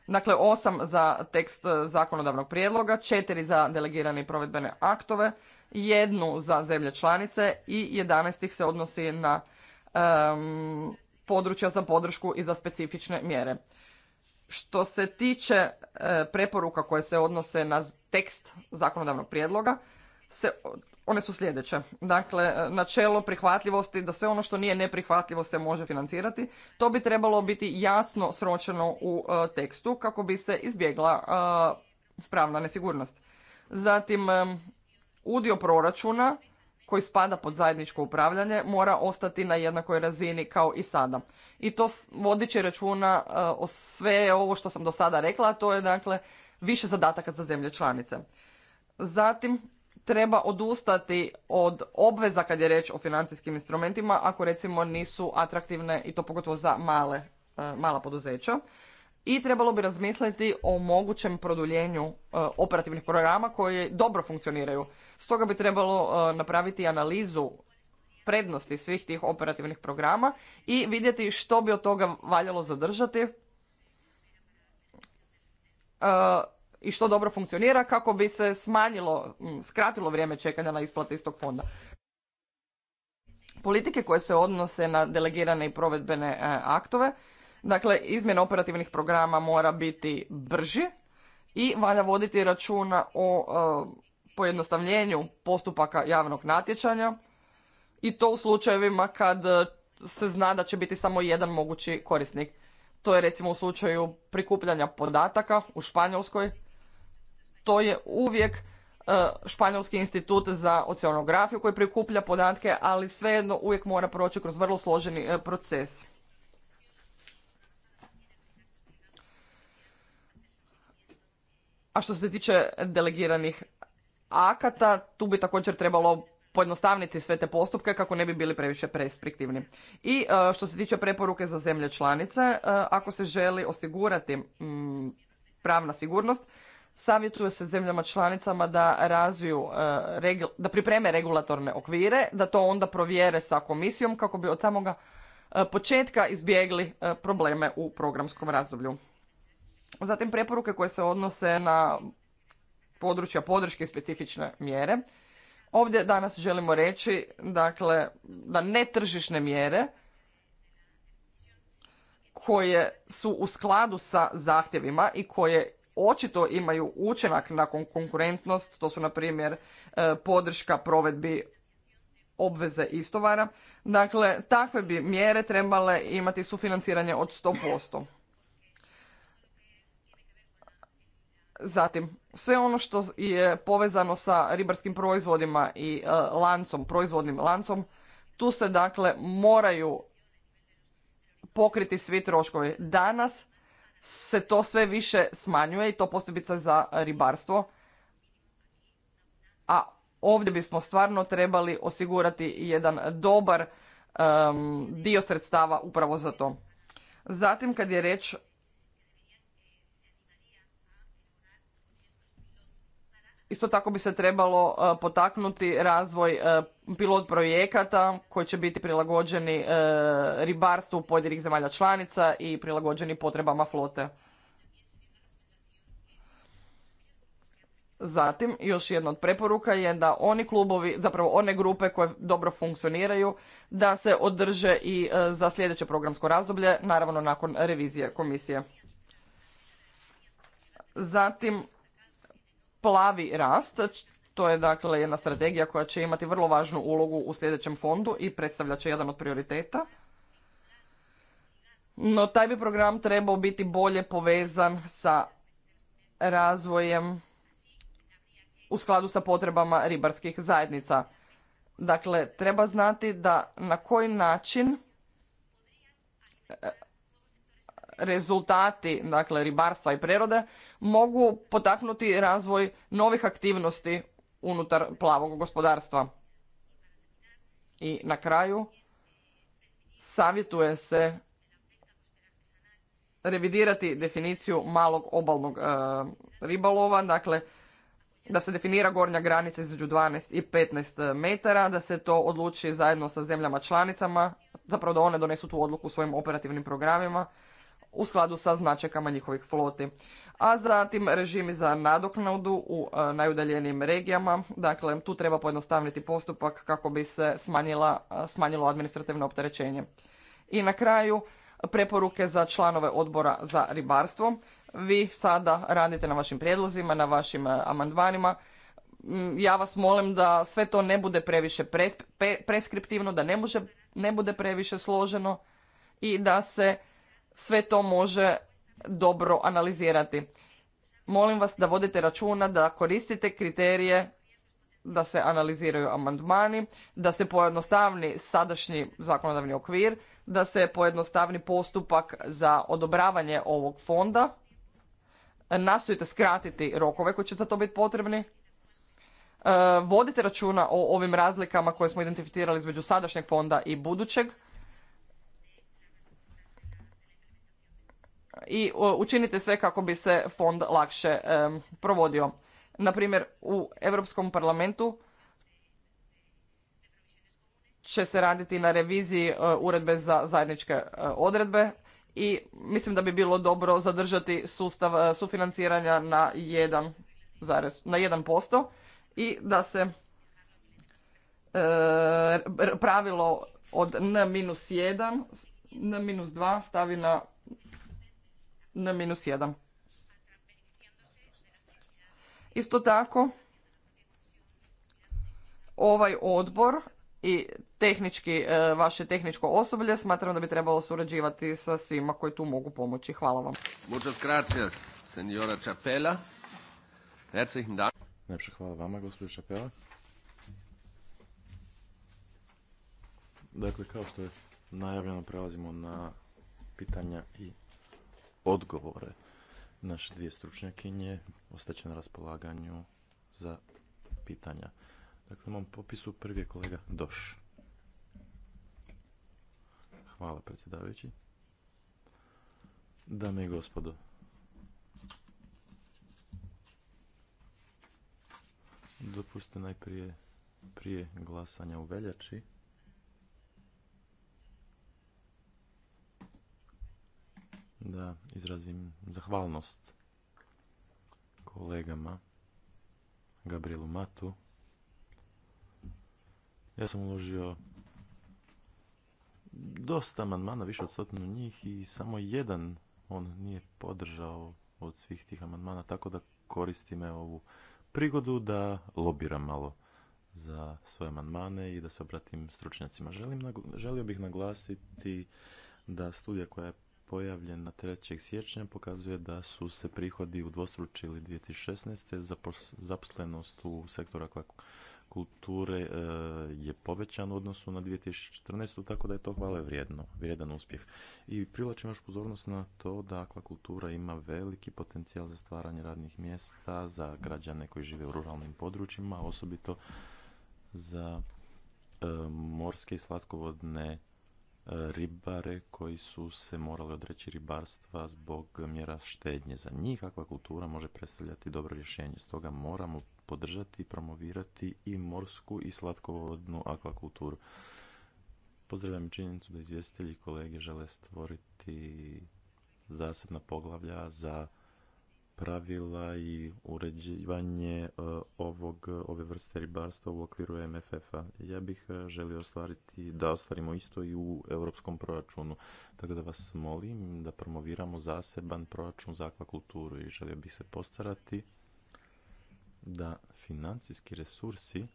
Speaker 1: Dakle, osam za tekst e, zakonodavnog prijedloga, četiri za delegirane i provedbene aktove, jednu za zemlje članice i 11 se odnosi na područja za podršku i za specifične mjere. Što se tiče e, preporuka koje se odnose na tekst zakonodavnog prijedloga, se one su sljedeće. Dakle, načelo prihvatljivosti da sve ono što nije neprihvatljivo se može financirati, to bi trebalo biti jasno sročeno u e, tekstu kako bi se izbjegla e, pravna nesigurnost. Zatim, e, udio proračuna koji spada pod zajedničko upravljanje mora ostati na jednakoj razini kao i sada. I to vodit će računa o sve ovo što sam do sada rekla, a to je dakle više zadataka za zemlje članice. Zatim, treba odustati od obveza kad je riječ o financijskim instrumentima ako recimo nisu atraktivne i to pogotovo za male, e, mala poduzeća. I trebalo bi razmisliti o mogućem produljenju e, operativnih programa koji dobro funkcioniraju. Stoga bi trebalo e, napraviti analizu prednosti svih tih operativnih programa i vidjeti što bi od toga valjalo zadržati i što dobro funkcionira kako bi se smanjilo, mm, skratilo vrijeme čekanja na isplate iz tog fonda. Politike koje se odnose na delegirane i provedbene e, aktove, dakle izmjena operativnih programa mora biti brži i valja voditi računa o e, pojednostavljenju postupaka javnog natječanja i to u slučajevima kad e, se zna da će biti samo jedan mogući korisnik. To je recimo u slučaju prikupljanja podataka u Španjolskoj to je uvijek e, Španjolski institut za oceanografiju koji prikuplja podatke, ali svejedno uvijek mora proći kroz vrlo složeni e, proces. A što se tiče delegiranih akata, tu bi također trebalo pojednostavniti sve te postupke kako ne bi bili previše prespriktivni. I e, što se tiče preporuke za zemlje članice, ako se želi osigurati pravna sigurnost, Savjetuje se zemljama članicama da razviju, e, da pripreme regulatorne okvire, da to onda provjere sa komisijom kako bi od samoga e, početka izbjegli e, probleme u programskom razdoblju. Zatim preporuke koje se odnose na područja podrške i specifične mjere. Ovdje danas želimo reći dakle, da netržišne mjere koje su u skladu sa zahtjevima i koje očito imaju učinak na konkurentnost, to su na primjer e, podrška provedbi obveze istovara. Dakle, takve bi mjere trebale imati sufinanciranje od 100%. Zatim, sve ono što je povezano sa ribarskim proizvodima i e, lancom, proizvodnim lancom, tu se dakle moraju pokriti svi troškovi. Danas se to sve više smanjuje i to posebice za ribarstvo. A ovdje bismo stvarno trebali osigurati jedan dobar dio sredstava upravo za to. Zatim kad je reč Isto tako bi se trebalo e, potaknuti razvoj e, pilot projekata koji će biti prilagođeni e, ribarstvu pojedinih zemalja članica i prilagođeni potrebama flote. Zatim, još jedna od preporuka je da oni klubovi, zapravo one grupe koje dobro funkcioniraju, da se održe i za sljedeće programsko razdoblje, naravno nakon revizije komisije. Zatim, plavi rast, to je dakle jedna strategija koja će imati vrlo važnu ulogu u sljedećem fondu i predstavlja će jedan od prioriteta. No taj bi program trebao biti bolje povezan sa razvojem u skladu sa potrebama ribarskih zajednica. Dakle, treba znati da na koji način rezultati dakle ribarstva i prirode mogu potaknuti razvoj novih aktivnosti unutar plavog gospodarstva. I na kraju savjetuje se revidirati definiciju malog obalnog e, dakle da se definira gornja granica između 12 i 15 metara, da se to odluči zajedno sa zemljama članicama, zapravo da one donesu tu odluku u svojim operativnim programima u skladu sa značekama njihovih floti. A zatim režimi za nadoknadu u e, najudaljenijim regijama. Dakle, tu treba pojednostavniti postupak kako bi se smanjila, e, smanjilo administrativno opterećenje. I na kraju preporuke za članove odbora za ribarstvo. Vi sada radite na vašim prijedlozima, na vašim e, amandmanima. Mm, ja vas molim da sve to ne bude previše preskriptivno, da ne, može, ne bude previše složeno i da se sve to može dobro analizirati. Molim vas da vodite računa da koristite kriterije da se analiziraju amandmani, da se pojednostavni sadašnji zakonodavni okvir, da se pojednostavni postupak za odobravanje ovog fonda. Nastojite skratiti rokove koji će za to biti potrebni. E, vodite računa o ovim razlikama koje smo identificirali između sadašnjeg fonda i budućeg i učiniti sve kako bi se fond lakše provodio. Naprimjer, u Europskom parlamentu će se raditi na reviziji e, uredbe za zajedničke e, odredbe i mislim da bi bilo dobro zadržati sustav e, sufinanciranja na 1%, na 1 i da se pravilo od n-1 na 2 stavi na na minus 1. Isto tako, ovaj odbor i tehnički, e, vaše tehničko osoblje smatram da bi trebalo surađivati sa svima koji tu mogu pomoći. Hvala vam.
Speaker 2: Muchas gracias, senjora Čapela. Herzlichen Dank. Najprej hvala vama, gospođo Čapela. Dakle, kao što je najavljeno, prelazimo na pitanja i odgovore. Naše dvije stručnjakinje ostaće na raspolaganju za pitanja. Dakle, imam popisu prvi je kolega Doš. Hvala predsjedavajući. Dame i gospodo, dopustite najprije prije glasanja u veljači da izrazim zahvalnost kolegama Gabrielu Matu. Ja sam uložio dosta amandmana, više od stotinu njih i samo jedan on nije podržao od svih tih amandmana, tako da koristim ovu prigodu da lobiram malo za svoje amandmane i da se obratim stručnjacima. Želim, želio bih naglasiti da studija koja je na 3. siječnja pokazuje da su se prihodi udvostručili 2016. Zaposlenost u sektoru akvakulture e, je povećan u odnosu na 2014. tako da je to hvale vrijedno, vrijedan uspjeh. I privlačim još pozornost na to da akvakultura ima veliki potencijal za stvaranje radnih mjesta za građane koji žive u ruralnim područjima, osobito za e, morske i slatkovodne ribare koji su se morali odreći ribarstva zbog mjera štednje. Za njih akvakultura može predstavljati dobro rješenje, stoga moramo podržati i promovirati i morsku i slatkovodnu akvakulturu. Pozdravljam činjenicu da izvjestitelji i kolege žele stvoriti zasebna poglavlja za pravila i uređivanje e, ovog, ove vrste ribarstva u okviru MFF-a. Ja bih e, želio ostvariti da ostvarimo isto i u europskom proračunu. Tako da vas molim da promoviramo zaseban proračun za akvakulturu i želio bih se postarati da financijski resursi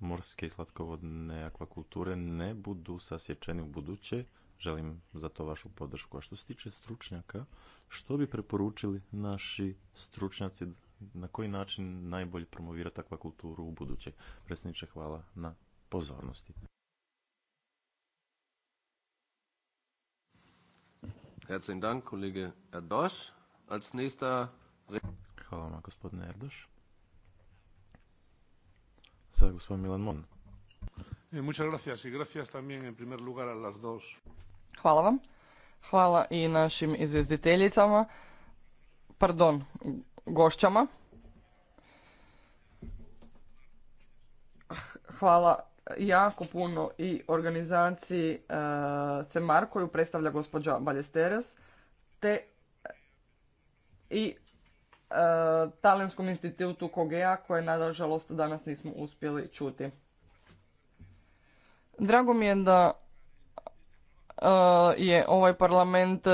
Speaker 2: morske i slatkovodne akvakulture ne budu sasječeni u buduće želim za to vašu podršku. A što se tiče stručnjaka, što bi preporučili naši stručnjaci na koji način najbolje promovirati takva kulturu u buduće? Predsjedniče, hvala na pozornosti. Herzlichen Dank, Kollege Als nächster... Hvala vam, gospodine Erdoš. Sada gospodin Milan Mon. Eh, muchas gracias y gracias lugar las
Speaker 1: Hvala vam. Hvala i našim izvjestiteljicama, pardon, gošćama. Hvala jako puno i organizaciji eh, CEMAR koju predstavlja gospođa Baljesteres te i eh, Talenskom institutu Kogea koje nažalost danas nismo uspjeli čuti. Drago mi je da eh, je ovaj parlament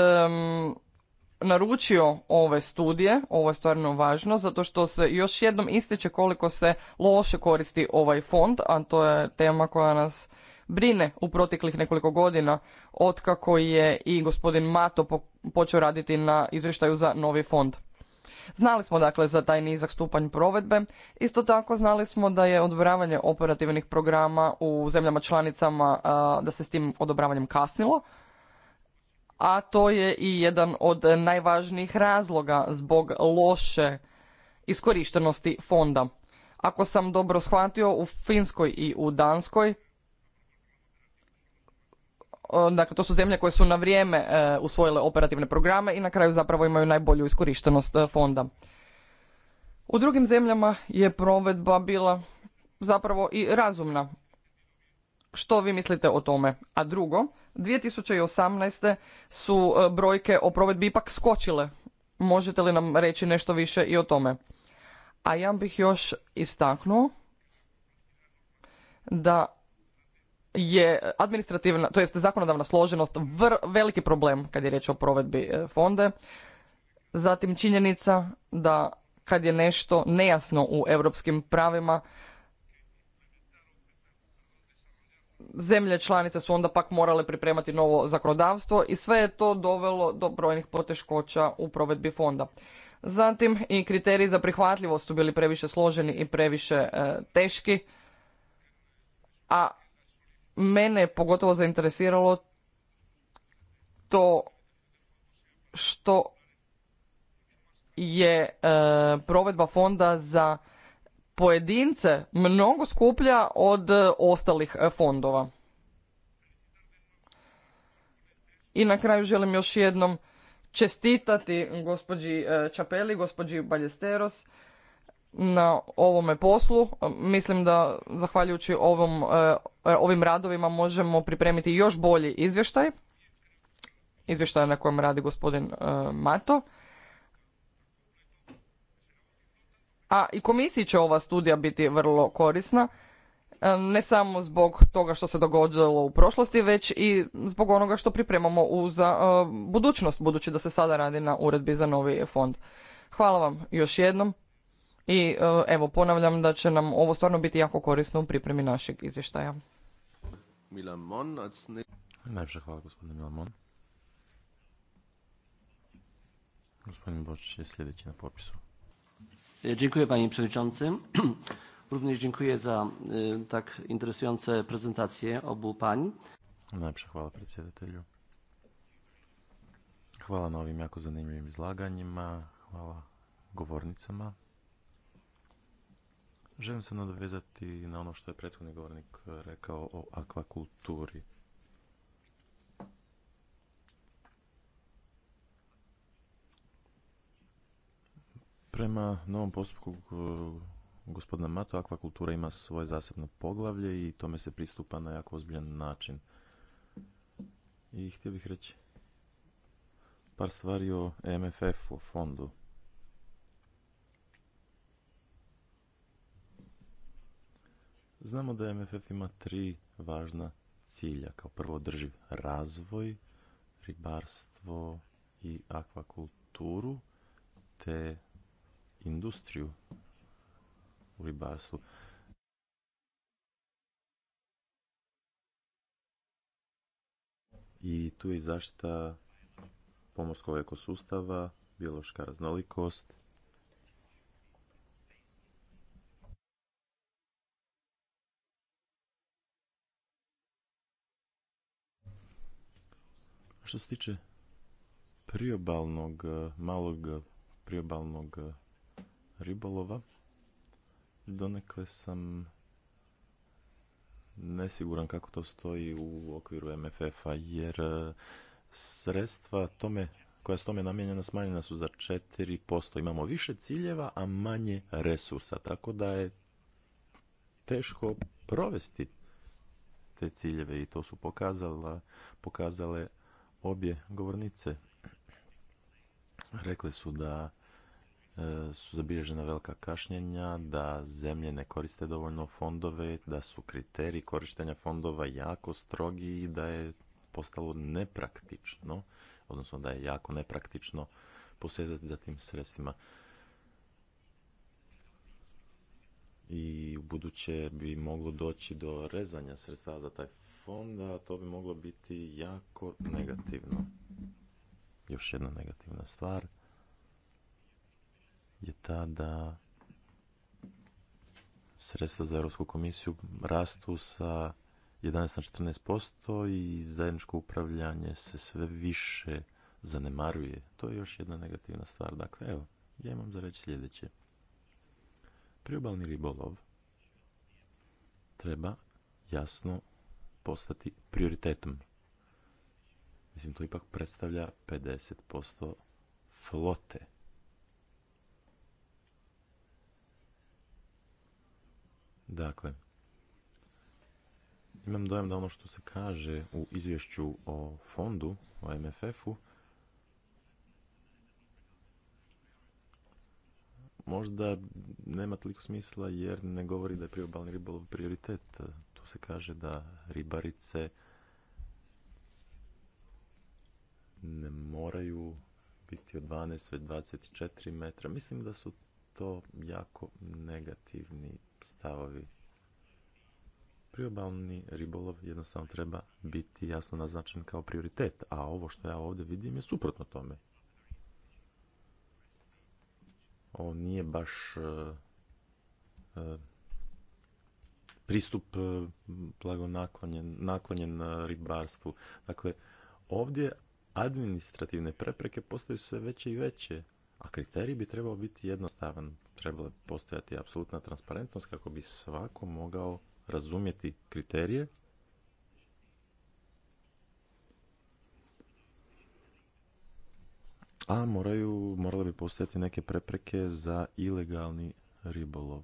Speaker 1: naručio ove studije, ovo je stvarno važno, zato što se još jednom ističe koliko se loše koristi ovaj fond, a to je tema koja nas brine u proteklih nekoliko godina, otkako je i gospodin Mato počeo raditi na izvještaju za novi fond. Znali smo dakle za taj nizak stupanj provedbe. Isto tako znali smo da je odobravanje operativnih programa u zemljama članicama da se s tim odobravanjem kasnilo. A to je i jedan od najvažnijih razloga zbog loše iskorištenosti fonda. Ako sam dobro shvatio, u Finskoj i u Danskoj dakle to su zemlje koje su na vrijeme e, usvojile operativne programe i na kraju zapravo imaju najbolju iskorištenost e, fonda. U drugim zemljama je provedba bila zapravo i razumna. Što vi mislite o tome? A drugo, 2018. su e, brojke o provedbi ipak skočile. Možete li nam reći nešto više i o tome? A ja bih još istaknuo da je administrativna, to jest zakonodavna složenost vr, veliki problem kad je riječ o provedbi e, fonde. Zatim činjenica da kad je nešto nejasno u europskim pravima, zemlje članice su onda pak morale pripremati novo zakonodavstvo i sve je to dovelo do brojnih poteškoća u provedbi fonda. Zatim i kriteriji za prihvatljivost su bili previše složeni i previše e, teški, a mene je pogotovo zainteresiralo to što je e, provedba fonda za pojedince mnogo skuplja od e, ostalih e, fondova. I na kraju želim još jednom čestitati gospođi Čapeli, gospođi Baljesteros na ovome poslu. Mislim da zahvaljujući ovom, e, e, ovim radovima možemo pripremiti još bolji izvještaj. Izvještaj na kojem radi gospodin e, Mato. A i komisiji će ova studija biti vrlo korisna. Ne samo zbog toga što se događalo u prošlosti, već i zbog onoga što pripremamo u za budućnost, budući da se sada radi na uredbi za novi fond. Hvala vam još jednom. I e, evo ponavljam da će nam ovo stvarno biti jako korisno u pripremi našeg izvještaja.
Speaker 2: Milamon, Najpša hvala gospodine Milamon. Gospodin Bočić je sljedeći na popisu. E, dziękuję panie przewodniczący.
Speaker 1: [clears throat] Również dziękuję za e, tak interesujące prezentacje obu
Speaker 2: pań. Najpša hvala predsjedatelju. Hvala na jako zanimljivim izlaganjima. Hvala govornicama. Želim se nadovezati na ono što je prethodni govornik rekao o akvakulturi. Prema novom postupku uh, gospodina Mato, akvakultura ima svoje zasebno poglavlje i tome se pristupa na jako ozbiljan način. I htio bih reći par stvari o MFF, o fondu. Znamo da MFF ima tri važna cilja. Kao prvo održiv razvoj, ribarstvo i akvakulturu, te industriju u ribarstvu. I tu je i zaštita pomorskog ekosustava, biološka raznolikost Što se tiče priobalnog, e, malog priobalnog e, ribolova, donekle sam nesiguran kako to stoji u okviru MFF-a, jer e, sredstva tome koja su tome namijenjena smanjena su za 4%. Imamo više ciljeva, a manje resursa, tako da je teško provesti te ciljeve i to su pokazala, pokazale obje govornice rekle su da e, su zabilježena velika kašnjenja, da zemlje ne koriste dovoljno fondove, da su kriteriji korištenja fondova jako strogi i da je postalo nepraktično, odnosno da je jako nepraktično posezati za tim sredstvima. I u buduće bi moglo doći do rezanja sredstava za taj onda to bi moglo biti jako negativno. Još jedna negativna stvar je ta da sredstva za Europsku komisiju rastu sa 11 na 14% i zajedničko upravljanje se sve više zanemaruje. To je još jedna negativna stvar. Dakle, evo, ja imam za reći sljedeće. Priobalni ribolov treba jasno postati prioritetom. Mislim, to ipak predstavlja 50% flote. Dakle, imam dojam da ono što se kaže u izvješću o fondu, o MFF-u, možda nema toliko smisla jer ne govori da je priobalni ribolov prioritet tu se kaže da ribarice ne moraju biti od 12 već 24 metra. Mislim da su to jako negativni stavovi. Priobalni ribolov jednostavno treba biti jasno naznačen kao prioritet, a ovo što ja ovdje vidim je suprotno tome. Ovo nije baš e, e, pristup e, blago naklonjen, naklonjen e, ribarstvu. Dakle, ovdje administrativne prepreke postaju sve veće i veće, a kriterij bi trebao biti jednostavan. Trebala bi postojati apsolutna transparentnost kako bi svako mogao razumjeti kriterije a moraju, morale bi postojati neke prepreke za ilegalni ribolov.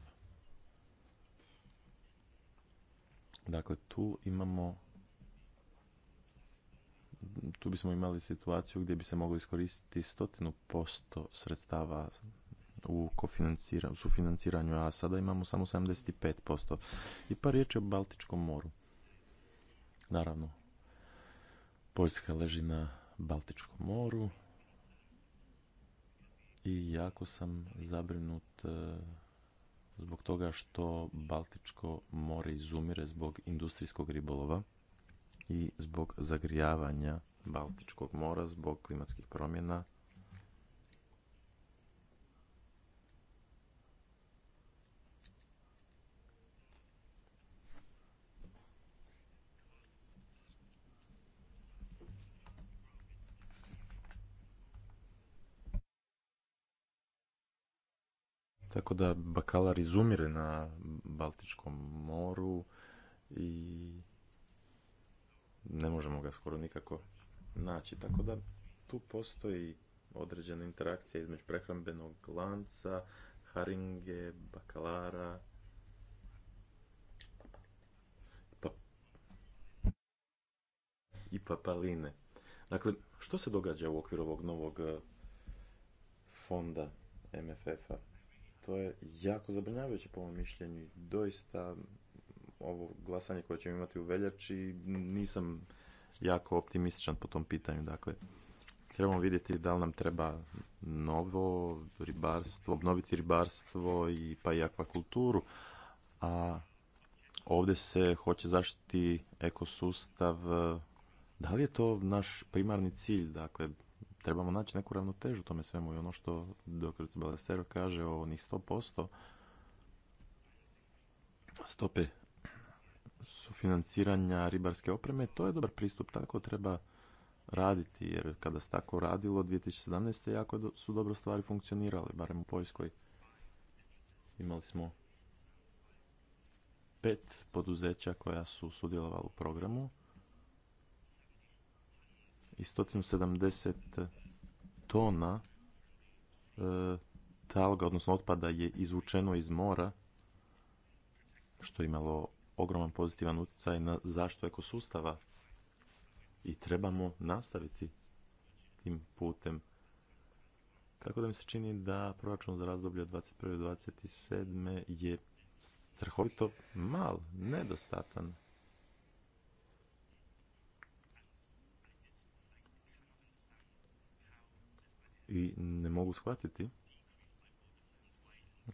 Speaker 2: Dakle, tu imamo tu bismo imali situaciju gdje bi se moglo iskoristiti stotinu posto sredstava u, sufinanciranju, a sada imamo samo 75%. I pa riječ je o Baltičkom moru. Naravno, Poljska leži na Baltičkom moru i jako sam zabrinut e, zbog toga što Baltičko more izumire zbog industrijskog ribolova i zbog zagrijavanja Baltičkog mora, zbog klimatskih promjena Tako da bakalar izumire na Baltičkom moru i ne možemo ga skoro nikako naći. Tako da tu postoji određena interakcija između prehrambenog lanca, haringe, bakalara. Pa- I papaline. Dakle, što se događa u okviru ovog novog eh, fonda MFF-a? To je jako zabrinjavajuće po mom mišljenju. Doista ovo glasanje koje ćemo imati u veljači nisam jako optimističan po tom pitanju. Dakle, trebamo vidjeti da li nam treba novo ribarstvo, obnoviti ribarstvo i pa i akvakulturu. A ovdje se hoće zaštiti ekosustav. Da li je to naš primarni cilj? Dakle, trebamo naći neku ravnotežu tome svemu i ono što dr. Balestero kaže o onih 100% stope financiranja ribarske opreme, to je dobar pristup, tako treba raditi, jer kada se tako radilo 2017. jako su dobro stvari funkcionirale, barem u Poljskoj. Imali smo pet poduzeća koja su sudjelovala u programu i 170 tona e, talga, odnosno otpada je izvučeno iz mora, što je imalo ogroman pozitivan utjecaj na zaštitu ekosustava i trebamo nastaviti tim putem. Tako da mi se čini da proračun za razdoblje od 21. do je strahovito mal, nedostatan. i ne mogu shvatiti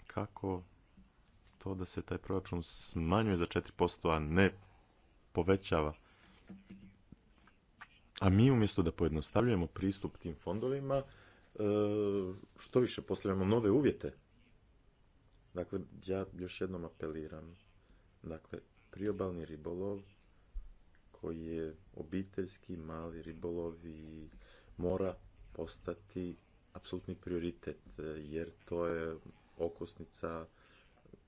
Speaker 2: kako to da se taj proračun smanjuje za 4%, a ne povećava. A mi umjesto da pojednostavljujemo pristup tim fondovima, e, što više postavljamo nove uvjete. Dakle, ja još jednom apeliram. Dakle, priobalni ribolov koji je obiteljski, mali ribolov i mora postati apsolutni prioritet e, jer to je okosnica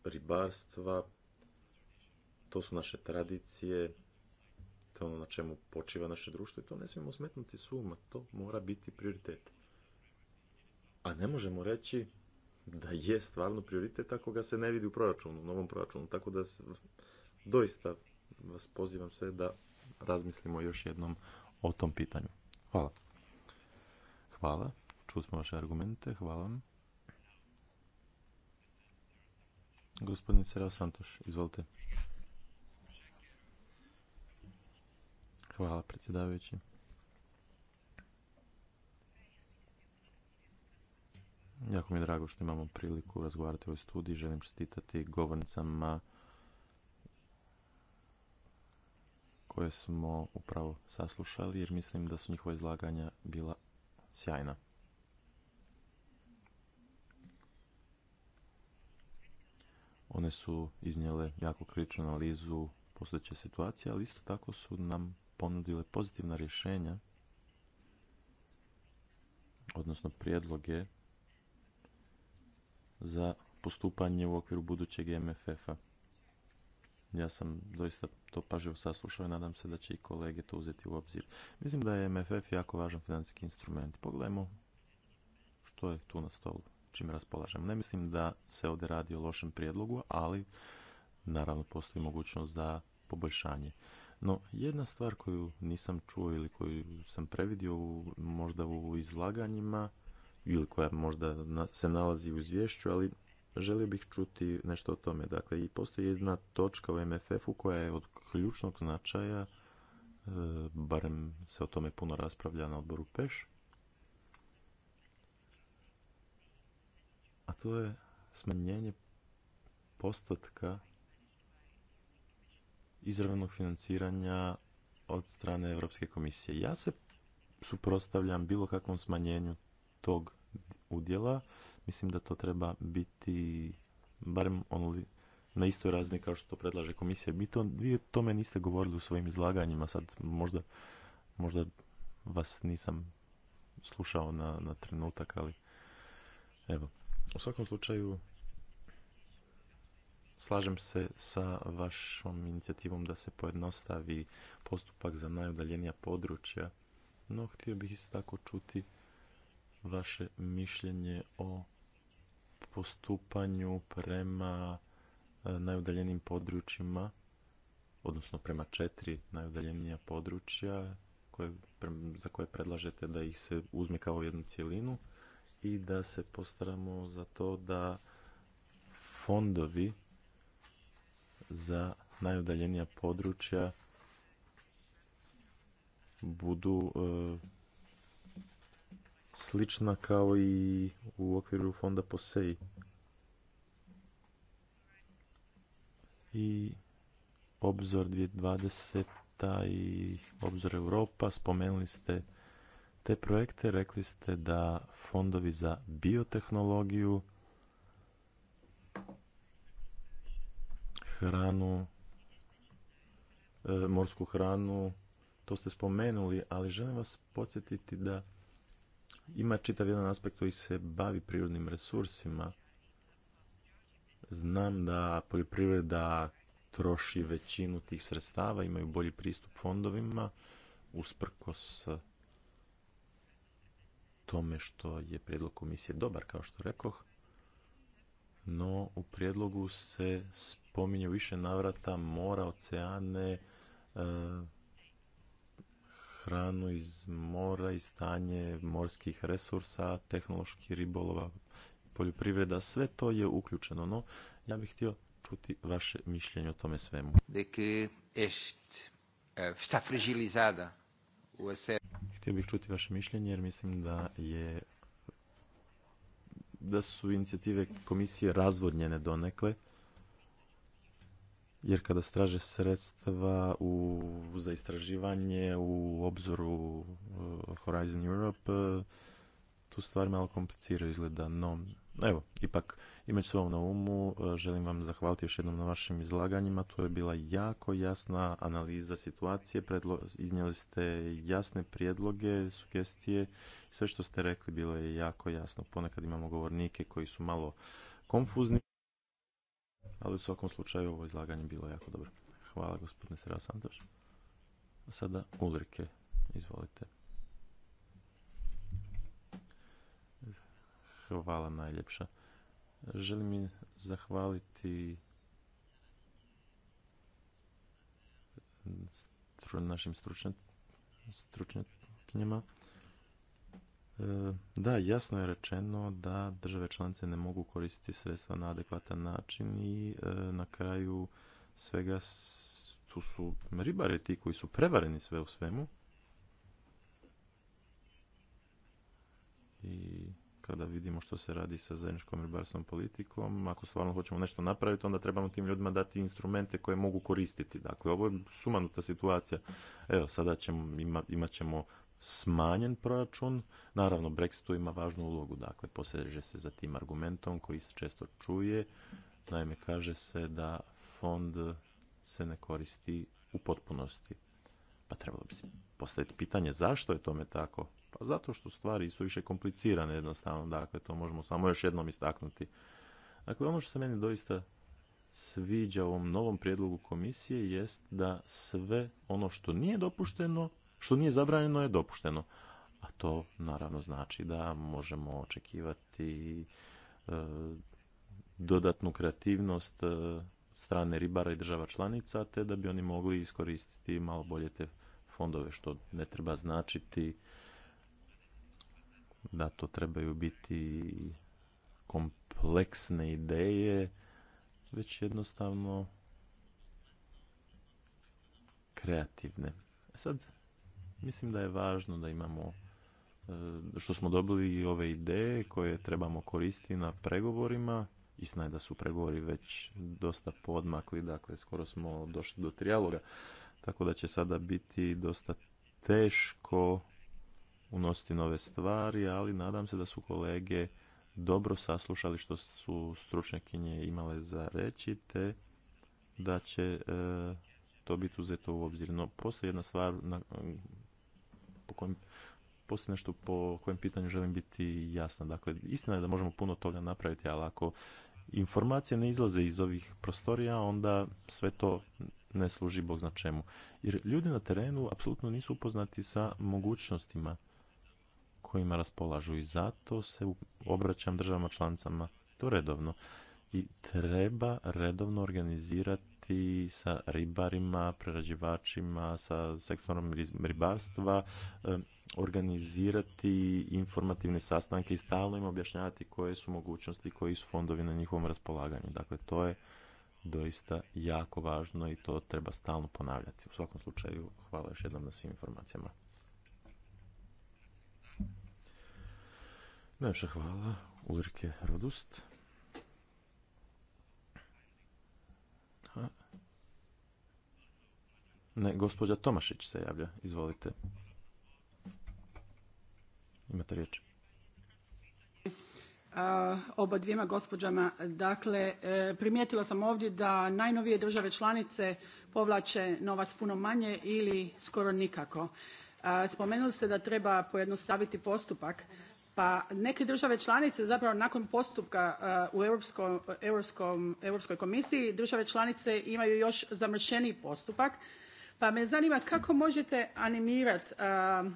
Speaker 2: ribarstva, to su naše tradicije, to je ono na čemu počiva naše društvo i to ne smijemo smetnuti suma, to mora biti prioritet. A ne možemo reći da je stvarno prioritet ako ga se ne vidi u proračunu, u novom proračunu. Tako da doista vas pozivam sve da razmislimo još jednom o tom pitanju. Hvala. Hvala. Čuli smo vaše argumente, hvala vam. Gospodin Serao Santoš, izvolite. Hvala predsjedavajući. Jako mi je drago što imamo priliku razgovarati o ovoj studiji. Želim čestitati govornicama koje smo upravo saslušali jer mislim da su njihova izlaganja bila sjajna. One su iznijele jako kritičnu analizu postojeće situacije, ali isto tako su nam ponudile pozitivna rješenja, odnosno prijedloge za postupanje u okviru budućeg MFF-a. Ja sam doista to pažljivo saslušao i nadam se da će i kolege to uzeti u obzir. Mislim da je MFF jako važan financijski instrument. Pogledajmo što je tu na stolu čime raspolažem Ne mislim da se ovdje radi o lošem prijedlogu, ali naravno postoji mogućnost za poboljšanje. No, jedna stvar koju nisam čuo ili koju sam previdio u, možda u izlaganjima ili koja možda se nalazi u izvješću, ali želio bih čuti nešto o tome. Dakle, i postoji jedna točka u MFF-u koja je od ključnog značaja, e, barem se o tome puno raspravlja na odboru PEŠ, a to je smanjenje postotka izravnog financiranja od strane Europske komisije. Ja se suprostavljam bilo kakvom smanjenju tog udjela. Mislim da to treba biti barem ono na istoj razini kao što to predlaže komisija. vi o tome niste govorili u svojim izlaganjima, sad možda, možda vas nisam slušao na, na trenutak, ali evo. U svakom slučaju, slažem se sa vašom inicijativom da se pojednostavi postupak za najudaljenija područja, no htio bih isto tako čuti vaše mišljenje o postupanju prema e, najudaljenim područjima, odnosno prema četiri najudaljenija područja za koje predlažete da ih se uzme kao jednu cjelinu i da se postaramo za to da fondovi za najudaljenija područja budu e, slična kao i u okviru fonda POSEI. I obzor 2020 i obzor Europa, spomenuli ste te projekte. Rekli ste da fondovi za biotehnologiju, hranu, e, morsku hranu, to ste spomenuli, ali želim vas podsjetiti da ima čitav jedan aspekt koji se bavi prirodnim resursima. Znam da poljoprivreda troši većinu tih sredstava, imaju bolji pristup fondovima, usprkos tome što je prijedlog komisije dobar, kao što rekoh, no u prijedlogu se spominju više navrata mora, oceane, e, hranu iz mora i stanje morskih resursa, tehnološki ribolova, poljoprivreda, sve to je uključeno. No, ja bih htio čuti vaše mišljenje o tome svemu.
Speaker 4: deke que šta frižilizada u u
Speaker 2: Htio bih čuti vaše mišljenje jer mislim da je da su inicijative komisije razvodnjene donekle jer kada straže sredstva u, za istraživanje u obzoru uh, Horizon Europe uh, tu stvar malo kompliciraju izgleda, no evo, ipak imajući sve na umu, e, želim vam zahvaliti još jednom na vašim izlaganjima. To je bila jako jasna analiza situacije. Predlo, iznijeli ste jasne prijedloge, sugestije. Sve što ste rekli bilo je jako jasno. Ponekad imamo govornike koji su malo konfuzni, ali u svakom slučaju ovo izlaganje bilo jako dobro. Hvala gospodine Sera Santoš. Sada Ulrike, izvolite. hvala najljepša. Želim mi zahvaliti našim stručnjakinjama. E, da, jasno je rečeno da države članice ne mogu koristiti sredstva na adekvatan način i e, na kraju svega tu su ribari ti koji su prevareni sve u svemu. I kada vidimo što se radi sa zajedničkom ribarstvom politikom, ako stvarno hoćemo nešto napraviti, onda trebamo tim ljudima dati instrumente koje mogu koristiti. Dakle, ovo je sumanuta situacija. Evo, sada ćemo, ima, imat ćemo smanjen proračun. Naravno, to ima važnu ulogu. Dakle, poseže se za tim argumentom koji se često čuje. Naime, kaže se da fond se ne koristi u potpunosti. Pa trebalo bi se postaviti pitanje zašto je tome tako? Pa zato što stvari su više komplicirane jednostavno, dakle to možemo samo još jednom istaknuti. Dakle, ono što se meni doista sviđa u ovom novom prijedlogu komisije jest da sve ono što nije dopušteno, što nije zabranjeno je dopušteno. A to naravno znači da možemo očekivati e, dodatnu kreativnost e, strane ribara i država članica, te da bi oni mogli iskoristiti malo bolje te fondove, što ne treba značiti da to trebaju biti kompleksne ideje, već jednostavno kreativne. E sad, mislim da je važno da imamo e, što smo dobili i ove ideje koje trebamo koristiti na pregovorima. Istina je da su pregovori već dosta podmakli, dakle skoro smo došli do trijaloga, tako da će sada biti dosta teško unositi nove stvari, ali nadam se da su kolege dobro saslušali što su stručnjakinje imale za reći, te da će e, to biti uzeto u obzir. No, postoji jedna stvar na, po kojem, postoji nešto po kojem pitanju želim biti jasna. Dakle, istina je da možemo puno toga napraviti, ali ako informacije ne izlaze iz ovih prostorija, onda sve to ne služi Bog zna čemu. Jer ljudi na terenu apsolutno nisu upoznati sa mogućnostima kojima raspolažu i zato se obraćam državama članicama to redovno i treba redovno organizirati sa ribarima, prerađivačima, sa sektorom ribarstva, organizirati informativne sastanke i stalno im objašnjavati koje su mogućnosti, koji su fondovi na njihovom raspolaganju. Dakle, to je doista jako važno i to treba stalno ponavljati. U svakom slučaju, hvala još jednom na svim informacijama. Najviše hvala Ulrike Rodust. Ne, gospođa Tomašić se javlja. Izvolite. Imate riječ.
Speaker 3: oba dvijema gospođama. Dakle, e, primijetila sam ovdje da najnovije države članice povlače novac puno manje ili skoro nikako. spomenuli ste da treba pojednostaviti postupak pa neke države članice zapravo nakon postupka uh, u Europskoj komisiji države članice imaju još zamršeniji postupak pa me zanima kako možete animirati uh,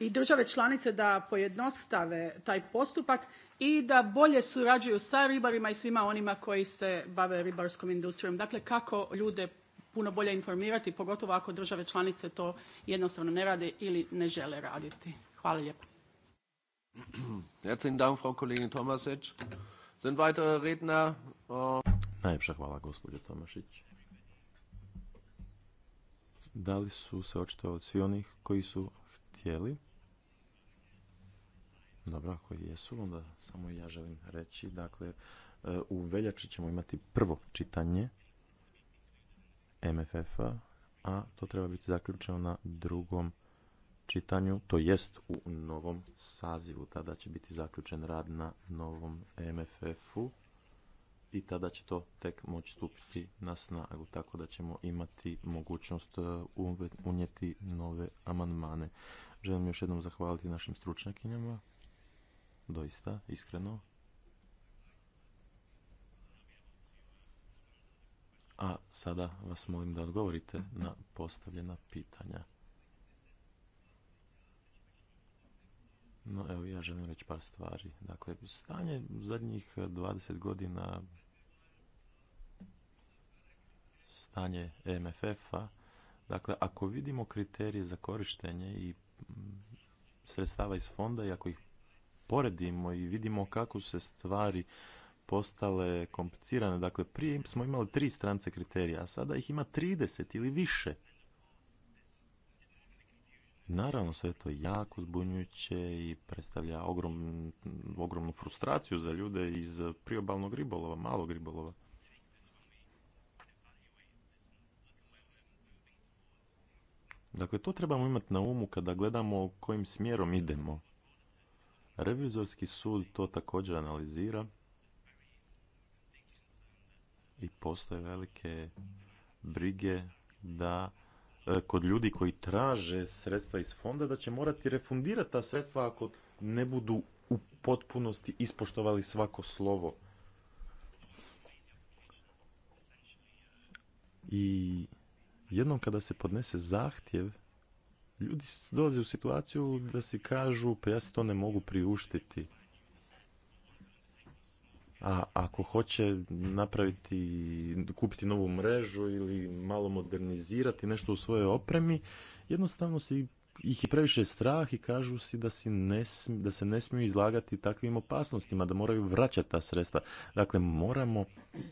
Speaker 3: i države članice da pojednostave taj postupak i da bolje surađuju sa ribarima i svima onima koji se bave ribarskom industrijom. Dakle, kako ljude puno bolje informirati, pogotovo ako države članice to jednostavno ne rade ili ne žele raditi. Hvala lijepo.
Speaker 2: [clears throat] Herzlichen Dank, Frau Kollegin äh, Najljepša hvala, gospođo Tomašić. Da li su se očitovali svi oni koji su htjeli? Dobro, ako jesu, onda samo ja želim reći. Dakle, e, u veljači ćemo imati prvo čitanje MFF-a, a to treba biti zaključeno na drugom čitanju, to jest u novom sazivu. Tada će biti zaključen rad na novom MFF-u i tada će to tek moći stupiti na snagu, tako da ćemo imati mogućnost e, unijeti nove amandmane. Želim još jednom zahvaliti našim stručnjakinjama, doista, iskreno. A sada vas molim da odgovorite na postavljena pitanja. No, evo, ja želim reći par stvari. Dakle, stanje zadnjih 20 godina, stanje e MFF-a, dakle, ako vidimo kriterije za korištenje i mm, sredstava iz fonda i ako ih poredimo i vidimo kako se stvari postale komplicirane. Dakle, prije smo imali tri strance kriterija, a sada ih ima 30 ili više. Naravno, sve to jako zbunjujuće i predstavlja ogromnu frustraciju za ljude iz priobalnog ribolova, malog ribolova. Dakle, to trebamo imati na umu kada gledamo kojim smjerom idemo. Revizorski sud to također analizira i postoje velike brige da E, kod ljudi koji traže sredstva iz fonda da će morati refundirati ta sredstva ako ne budu u potpunosti ispoštovali svako slovo. I jednom kada se podnese zahtjev, ljudi dolaze u situaciju da si kažu pa ja si to ne mogu priuštiti. A ako hoće napraviti, kupiti novu mrežu ili malo modernizirati nešto u svojoj opremi, jednostavno si ih je previše strah i kažu si da, ne, da se ne smiju izlagati takvim opasnostima, da moraju vraćati ta sredstva. Dakle, moramo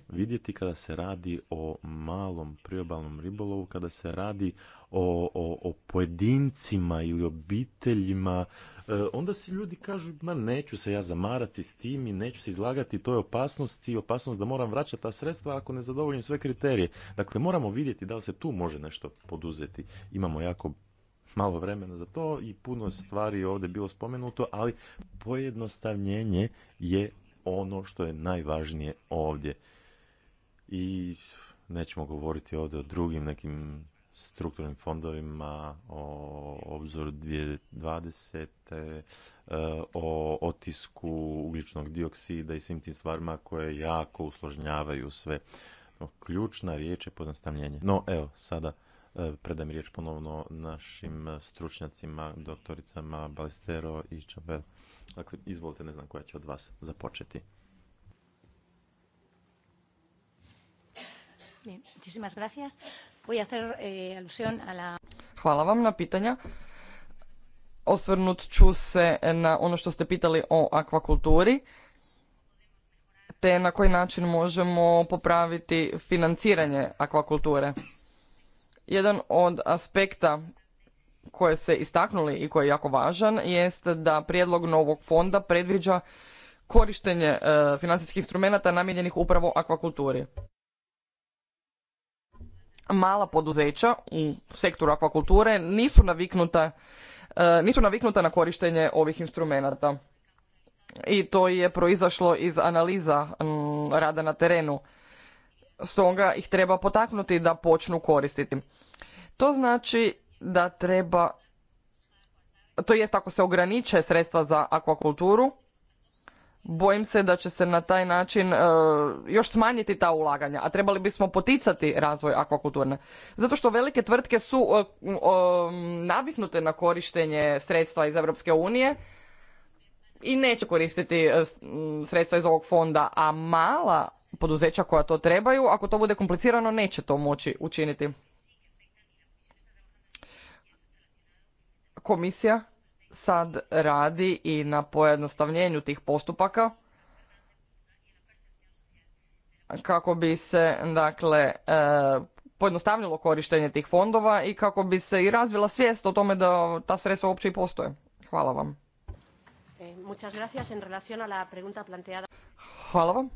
Speaker 2: vidjeti kada se radi o malom priobalnom ribolovu, kada se radi o, o, pojedincima ili obiteljima, e, onda si ljudi kažu, ma neću se ja zamarati s tim i neću se izlagati toj opasnosti, opasnost da moram vraćati ta sredstva ako ne zadovoljim sve kriterije. Dakle, moramo vidjeti da li se tu može nešto poduzeti. Imamo jako malo vremena za to i puno stvari ovdje bilo spomenuto, ali pojednostavljenje je ono što je najvažnije ovdje. I nećemo govoriti ovdje o drugim nekim strukturnim fondovima, o obzoru 2020, e, o otisku ugljičnog dioksida i svim tim stvarima koje jako usložnjavaju sve. Ključna riječ je pojednostavljenje. No evo, sada E, predajem riječ ponovno našim e, stručnjacima, doktoricama Balistero i Čabel. Dakle, izvolite, ne znam koja će od vas započeti.
Speaker 4: Eh,
Speaker 2: Hvala
Speaker 1: vam na pitanja. Osvrnut ću se na ono što ste pitali o akvakulturi te na koji način možemo popraviti financiranje akvakulture. Jedan od aspekta koje se istaknuli i koji je jako važan jest da prijedlog novog fonda predviđa korištenje e, financijskih instrumenata namijenjenih upravo akvakulturi. Mala poduzeća u sektoru akvakulture nisu naviknuta, e, na korištenje ovih instrumenata. I to je proizašlo iz analiza mm, rada na terenu stoga ih treba potaknuti da počnu koristiti. To znači da treba, to jest ako se ograniče sredstva za akvakulturu, bojim se da će se na taj način e, još smanjiti ta ulaganja, a trebali bismo poticati razvoj akvakulturne. Zato što velike tvrtke su e, naviknute na korištenje sredstva iz Europske unije i neće koristiti e, sredstva iz ovog fonda, a mala poduzeća koja to trebaju. Ako to bude komplicirano, neće to moći učiniti. Komisija sad radi i na pojednostavljenju tih postupaka kako bi se dakle e, pojednostavnilo korištenje tih fondova i kako bi se i razvila svijest o tome da ta sredstva uopće i postoje. Hvala vam. Eh, Hvala vam.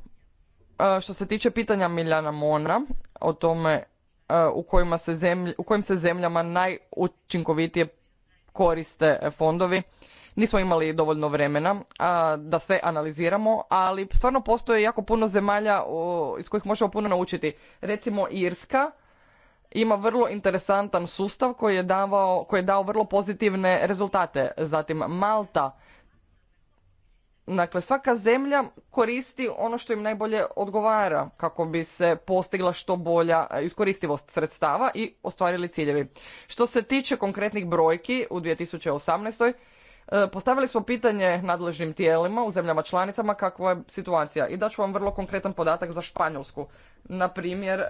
Speaker 1: Što se tiče pitanja Miljana Mona o tome u, se u kojim se zemljama najučinkovitije koriste fondovi, nismo imali dovoljno vremena da sve analiziramo, ali stvarno postoje jako puno zemalja iz kojih možemo puno naučiti. Recimo Irska ima vrlo interesantan sustav koji je, davao, koji je dao vrlo pozitivne rezultate. Zatim Malta Dakle, svaka zemlja koristi ono što im najbolje odgovara kako bi se postigla što bolja e, iskoristivost sredstava i ostvarili ciljevi. Što se tiče konkretnih brojki u 2018. E, postavili smo pitanje nadležnim tijelima u zemljama članicama kakva je situacija i daću vam vrlo konkretan podatak za Španjolsku. Na primjer,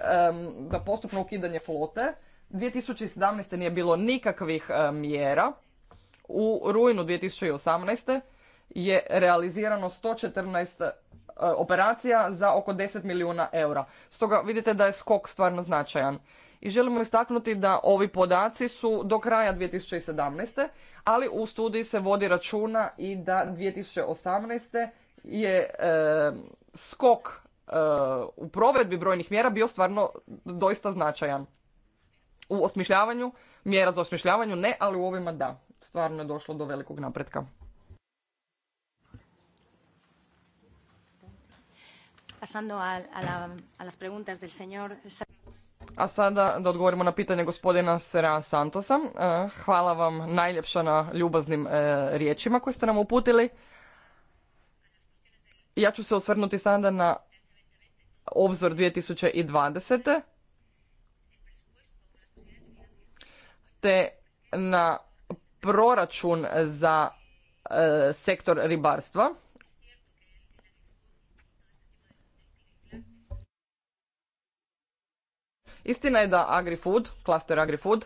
Speaker 1: da postupno ukidanje flote 2017. nije bilo nikakvih mjera. U rujnu 2018 je realizirano 114 e, operacija za oko 10 milijuna eura. Stoga vidite da je skok stvarno značajan. I želimo istaknuti da ovi podaci su do kraja 2017. ali u studiji se vodi računa i da 2018. je e, skok e, u provedbi brojnih mjera bio stvarno doista značajan. U osmišljavanju, mjera za osmišljavanju ne, ali u ovima da. Stvarno je došlo do velikog napretka.
Speaker 4: pasando a, a, las preguntas del señor
Speaker 1: sada da odgovorimo na pitanje gospodina Sera Santosa. E, hvala vam najljepša na ljubaznim e, riječima koje ste nam uputili. Ja ću se osvrnuti sada na obzor 2020. te na proračun za e, sektor ribarstva. Istina je da AgriFood, klaster AgriFood,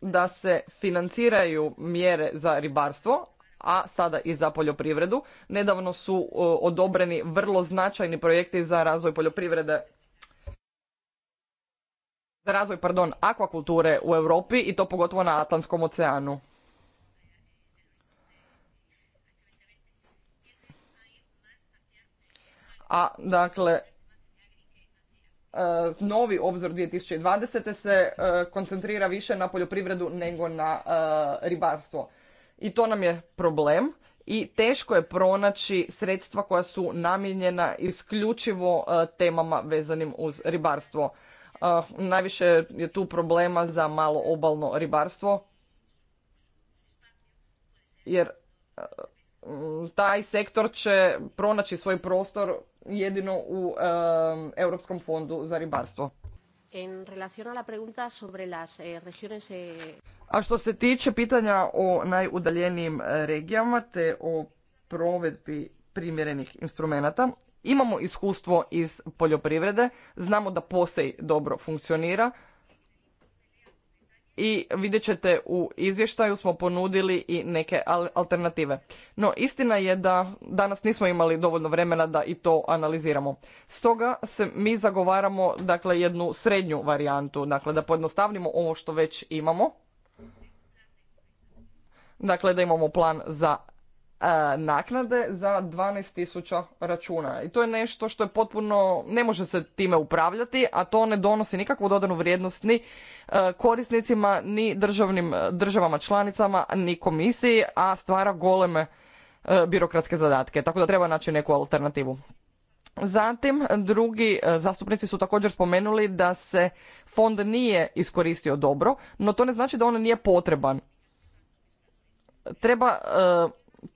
Speaker 1: da se financiraju mjere za ribarstvo, a sada i za poljoprivredu. Nedavno su odobreni vrlo značajni projekti za razvoj poljoprivrede za razvoj, pardon, akvakulture u Europi i to pogotovo na Atlantskom oceanu. a dakle e, novi obzor 2020. se e, koncentrira više na poljoprivredu nego na e, ribarstvo. I to nam je problem i teško je pronaći sredstva koja su namijenjena isključivo temama vezanim uz ribarstvo. Najviše je tu problema za malo obalno ribarstvo jer taj sektor će pronaći svoj prostor jedino u Europskom fondu za ribarstvo.
Speaker 4: En a la pregunta sobre las eh, regiones... Eh,
Speaker 1: a što se tiče pitanja o najudaljenijim eh, regijama te o provedbi primjerenih instrumenata, imamo iskustvo iz poljoprivrede, znamo da posej dobro funkcionira, i vidjet ćete u izvještaju smo ponudili i neke alternative. No istina je da danas nismo imali dovoljno vremena da i to analiziramo. Stoga se mi zagovaramo dakle jednu srednju varijantu, dakle da pojednostavnimo ovo što već imamo. Dakle da imamo plan za E, naknade za 12.000 računa. I to je nešto što je potpuno, ne može se time upravljati, a to ne donosi nikakvu dodanu vrijednost ni e, korisnicima, ni državnim, e, državama članicama, ni komisiji, a stvara goleme birokratske zadatke. Tako da treba naći neku alternativu. Zatim, drugi zastupnici su također spomenuli da se fond nije iskoristio dobro, no to ne znači da on nije potreban. Treba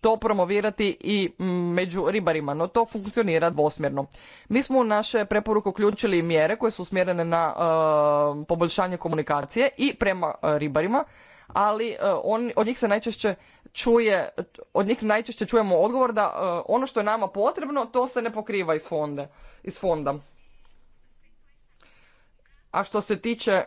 Speaker 1: to promovirati i mm, među ribarima, no to funkcionira dvosmjerno. Mi smo u naše preporuke uključili mjere koje su usmjerene na e, poboljšanje komunikacije i prema e, ribarima, ali e, od njih se najčešće čuje, od njih najčešće čujemo odgovor da ono što je nama potrebno to se ne pokriva iz, fonde, iz fonda. A što se tiče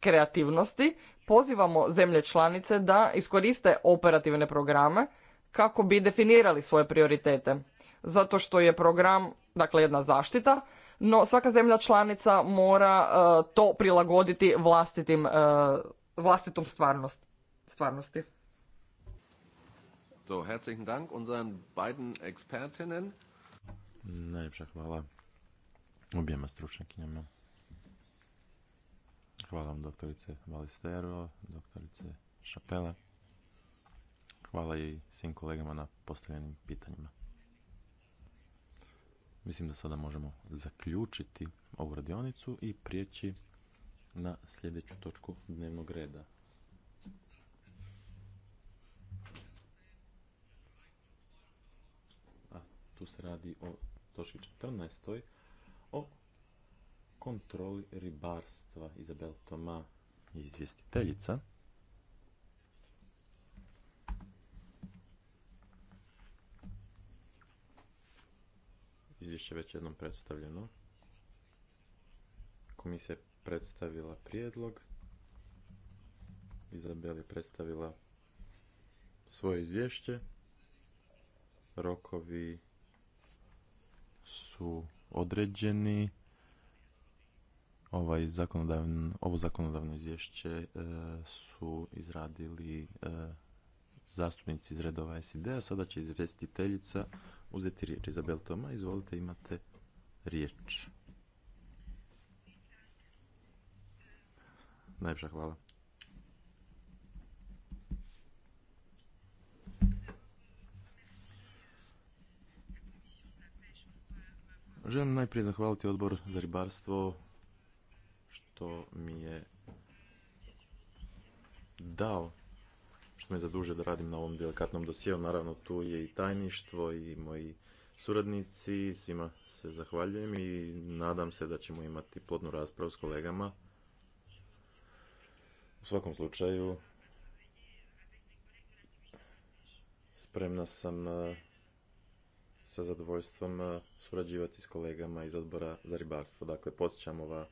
Speaker 1: kreativnosti, pozivamo zemlje članice da iskoriste operativne programe kako bi definirali svoje prioritete. Zato što je program, dakle jedna zaštita, no svaka zemlja članica mora uh, to prilagoditi vlastitim, uh, vlastitom stvarnost, stvarnosti.
Speaker 2: So, herzlichen Dank unseren beiden Expertinnen. Najljepša hvala objema stručnjakinjama. Hvala vam doktorice Valistero, doktorice Šapela. Hvala i svim kolegama na postavljenim pitanjima. Mislim da sada možemo zaključiti ovu radionicu i prijeći na sljedeću točku dnevnog reda. A, tu se radi o točki 14. o kontroli ribarstva. Izabel Toma je izvjestiteljica. izvješće već jednom predstavljeno. Komisija je predstavila prijedlog. Izabel je predstavila svoje izvješće. Rokovi su određeni. Ovaj ovo zakonodavno izvješće e, su izradili e, zastupnici iz redova SID-a. Sada će izvjestiteljica uzeti riječ. Izabel Toma, izvolite, imate riječ. Najpša hvala. Želim najprije zahvaliti odbor za ribarstvo što mi je dao što me zadužio da radim na ovom delikatnom dosijelu. Naravno, tu je i tajništvo i moji suradnici. Svima se zahvaljujem i nadam se da ćemo imati plodnu raspravu s kolegama. U svakom slučaju, spremna sam e, sa zadovoljstvom e, surađivati s kolegama iz odbora za ribarstvo. Dakle, podsjećam ova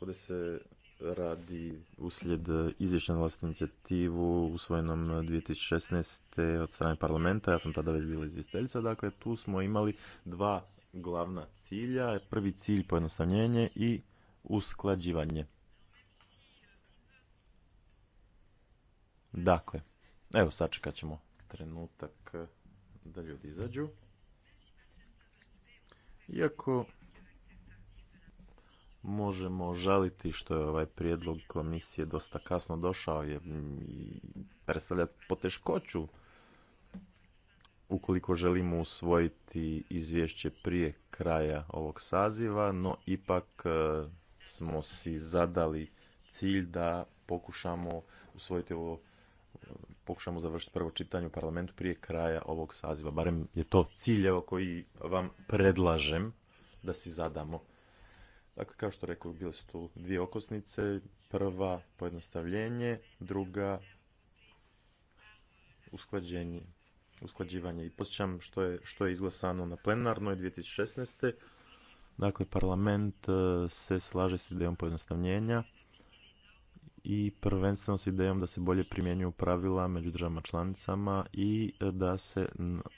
Speaker 2: Ovdje se radi uslijed e, izvješća na vlastnu inicijativu usvojenom 2016. E, od strane parlamenta, ja sam tada već bila izvjestiteljica, dakle tu smo imali dva glavna cilja, prvi cilj pojednostavljenje i usklađivanje. Dakle, evo sačekat ćemo trenutak e, da ljudi izađu. Iako možemo žaliti što je ovaj prijedlog komisije dosta kasno došao je mm, predstavlja poteškoću ukoliko želimo usvojiti izvješće prije kraja ovog saziva, no ipak e, smo si zadali cilj da pokušamo usvojiti ovo e, pokušamo završiti prvo čitanje u parlamentu prije kraja ovog saziva. Barem je to cilj evo, koji vam predlažem da si zadamo. Dakle, kao što rekao, bile su tu dvije okosnice. Prva pojednostavljenje, druga usklađenje, usklađivanje. I posjećam što je, je izglasano na plenarnoj 2016. Dakle, parlament e, se slaže s idejom pojednostavljenja i prvenstveno s idejom da se bolje primjenjuju pravila među državama članicama i e, da se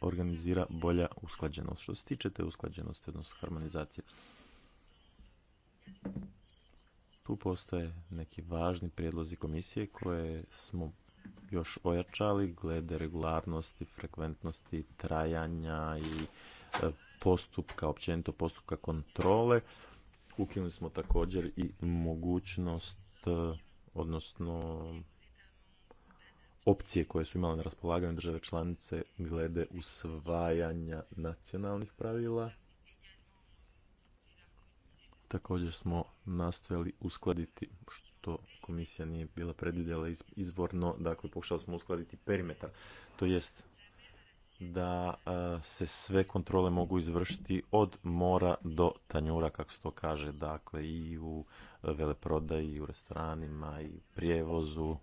Speaker 2: organizira bolja usklađenost. Što se tiče te usklađenosti, odnosno harmonizacije. Tu postoje neki važni prijedlozi komisije koje smo još ojačali glede regularnosti, frekventnosti, trajanja i e, postupka, općenito postupka kontrole. Ukinuli smo također i mogućnost, e, odnosno opcije koje su imale na raspolaganju države članice glede usvajanja nacionalnih pravila Također smo nastojali uskladiti što komisija nije bila predvidjela izvorno, dakle pokušali smo uskladiti perimetar, to jest da se sve kontrole mogu izvršiti od mora do tanjura, kako se to kaže, dakle i u veleprodaji, i u restoranima, i prijevozu.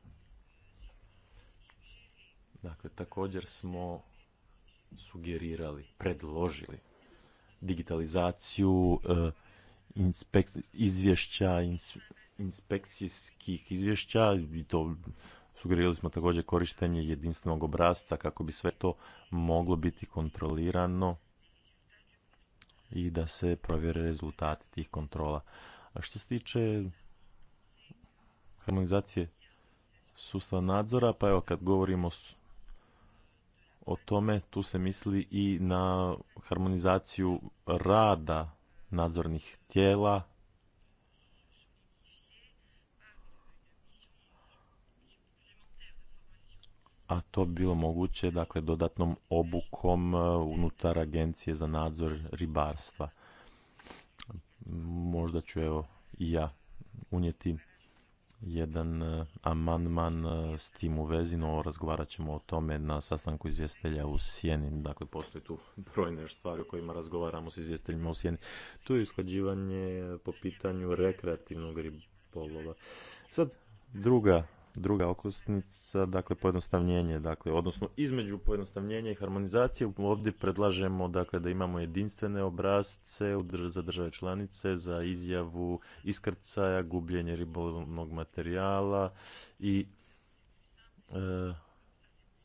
Speaker 2: Dakle, također smo sugerirali, predložili digitalizaciju e, inspek, izvješća, inspekcijskih izvješća i to sugerirali smo također korištenje jedinstvenog obrazca kako bi sve to moglo biti kontrolirano i da se provjere rezultati tih kontrola. A što se tiče harmonizacije sustava nadzora, pa evo kad govorimo o tome, tu se misli i na harmonizaciju rada nadzornih tijela a to bi bilo moguće dakle dodatnom obukom e, unutar agencije za nadzor ribarstva možda ću evo i ja unijeti jedan e, amandman e, s tim u vezi, no razgovarat ćemo o tome na sastanku izvjestelja u Sjeni. Dakle, postoje tu brojne stvari o kojima razgovaramo s izvjesteljima u Sjeni. Tu je usklađivanje po pitanju rekreativnog ribolova. Sad, druga druga okusnica, dakle pojednostavljenje, dakle odnosno između pojednostavljenja i harmonizacije ovdje predlažemo dakle da imamo jedinstvene obrazce za države članice za izjavu iskrcaja, gubljenje ribolovnog materijala i e,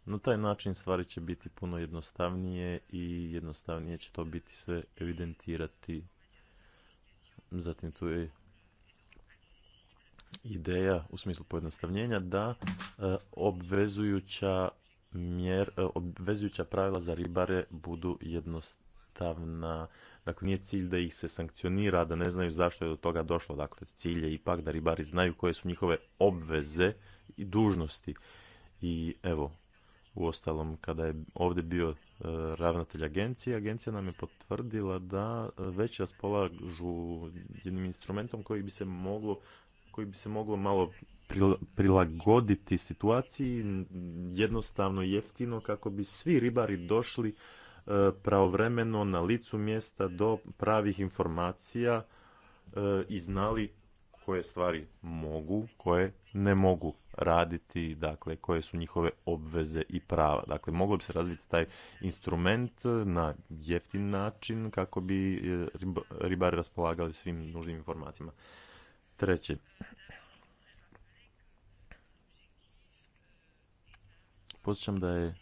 Speaker 2: na taj način stvari će biti puno jednostavnije i jednostavnije će to biti sve evidentirati. Zatim tu je ideja u smislu pojednostavljenja da e, obvezujuća mjer, e, obvezujuća pravila za ribare budu jednostavna. Dakle, nije cilj da ih se sankcionira, da ne znaju zašto je do toga došlo. Dakle, cilj je ipak da ribari znaju koje su njihove obveze i dužnosti. I evo, u ostalom, kada je ovdje bio e, ravnatelj agencije, agencija nam je potvrdila da već raspolažu jednim instrumentom koji bi se moglo koji bi se moglo malo prilagoditi situaciji jednostavno jeftino kako bi svi ribari došli e, pravovremeno na licu mjesta do pravih informacija e, i znali koje stvari mogu, koje ne mogu raditi, dakle koje su njihove obveze i prava. Dakle, moglo bi se razviti taj instrument na jeftin način kako bi e, ribari raspolagali svim nužnim informacijama. Treće. Posjećam da je...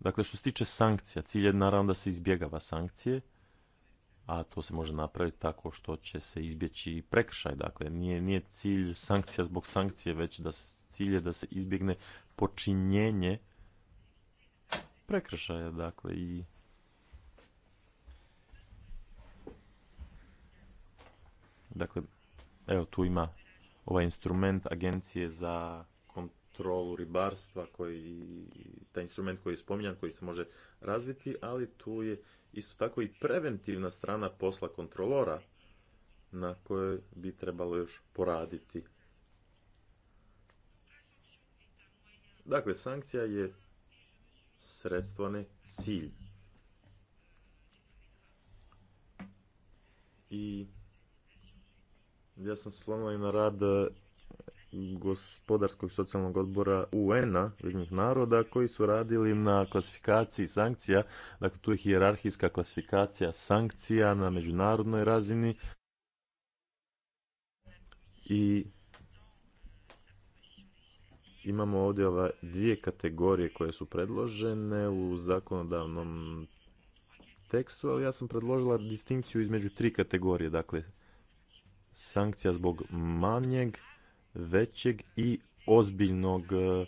Speaker 2: Dakle, što se tiče sankcija, cilj je naravno da se izbjegava sankcije, a to se može napraviti tako što će se izbjeći prekršaj. Dakle, nije, nije cilj sankcija zbog sankcije, već da cilj je da se izbjegne počinjenje prekršaja. Dakle, i Dakle, Evo tu ima ovaj instrument agencije za kontrolu ribarstva, koji, taj instrument koji je spominjan, koji se može razviti, ali tu je isto tako i preventivna strana posla kontrolora na kojoj bi trebalo još poraditi. Dakle, sankcija je sredstvo, ne cilj. I ja sam slonila i na rad e, gospodarskog socijalnog odbora UN-a, naroda, koji su radili na klasifikaciji sankcija, dakle tu je hijerarhijska klasifikacija sankcija na međunarodnoj razini i imamo ovdje dvije kategorije koje su predložene u zakonodavnom tekstu, ali ja sam predložila distinkciju između tri kategorije, dakle sankcija zbog manjeg, većeg i ozbiljnog e,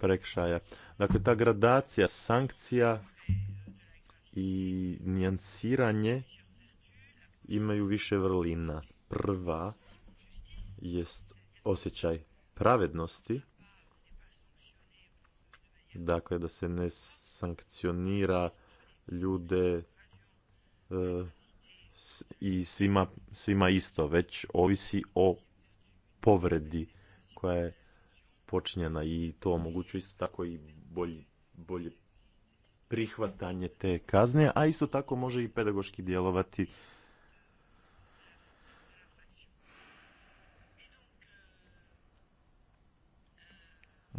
Speaker 2: prekšaja. Dakle, ta gradacija sankcija i nijansiranje imaju više vrlina. Prva jest osjećaj pravednosti, dakle da se ne sankcionira ljude e, i svima, svima isto, već ovisi o povredi koja je počinjena i to omogućuje isto tako i bolje, bolje prihvatanje te kazne, a isto tako može i pedagoški djelovati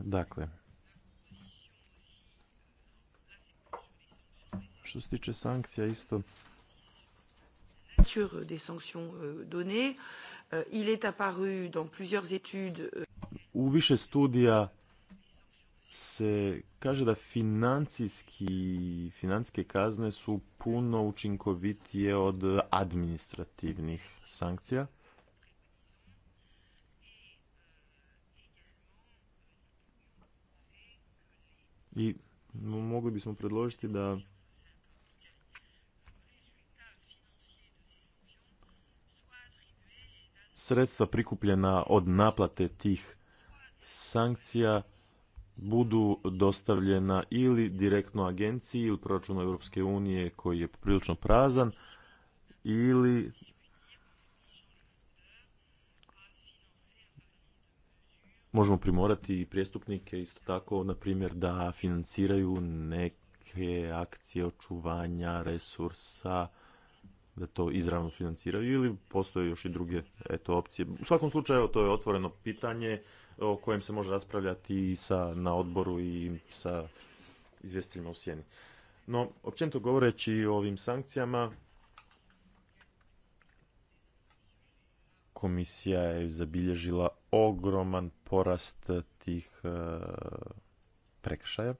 Speaker 2: Dakle, što se tiče sankcija isto
Speaker 1: nature euh, des sanctions euh, données. Euh, il est apparu dans plusieurs études
Speaker 2: u više studija se kaže da financijski, financijske kazne su puno učinkovitije od administrativnih sankcija. I mogli bismo predložiti da sredstva prikupljena od naplate tih sankcija budu dostavljena ili direktno agenciji ili proračunu Europske unije koji je prilično prazan ili možemo primorati i prijestupnike isto tako na primjer da financiraju neke akcije očuvanja resursa da to izravno financiraju ili postoje još i druge eto, opcije. U svakom slučaju to je otvoreno pitanje o kojem se može raspravljati i sa, na odboru i sa izvjestiteljima u sjeni. No, općenito govoreći o ovim sankcijama, komisija je zabilježila ogroman porast tih e, prekršaja.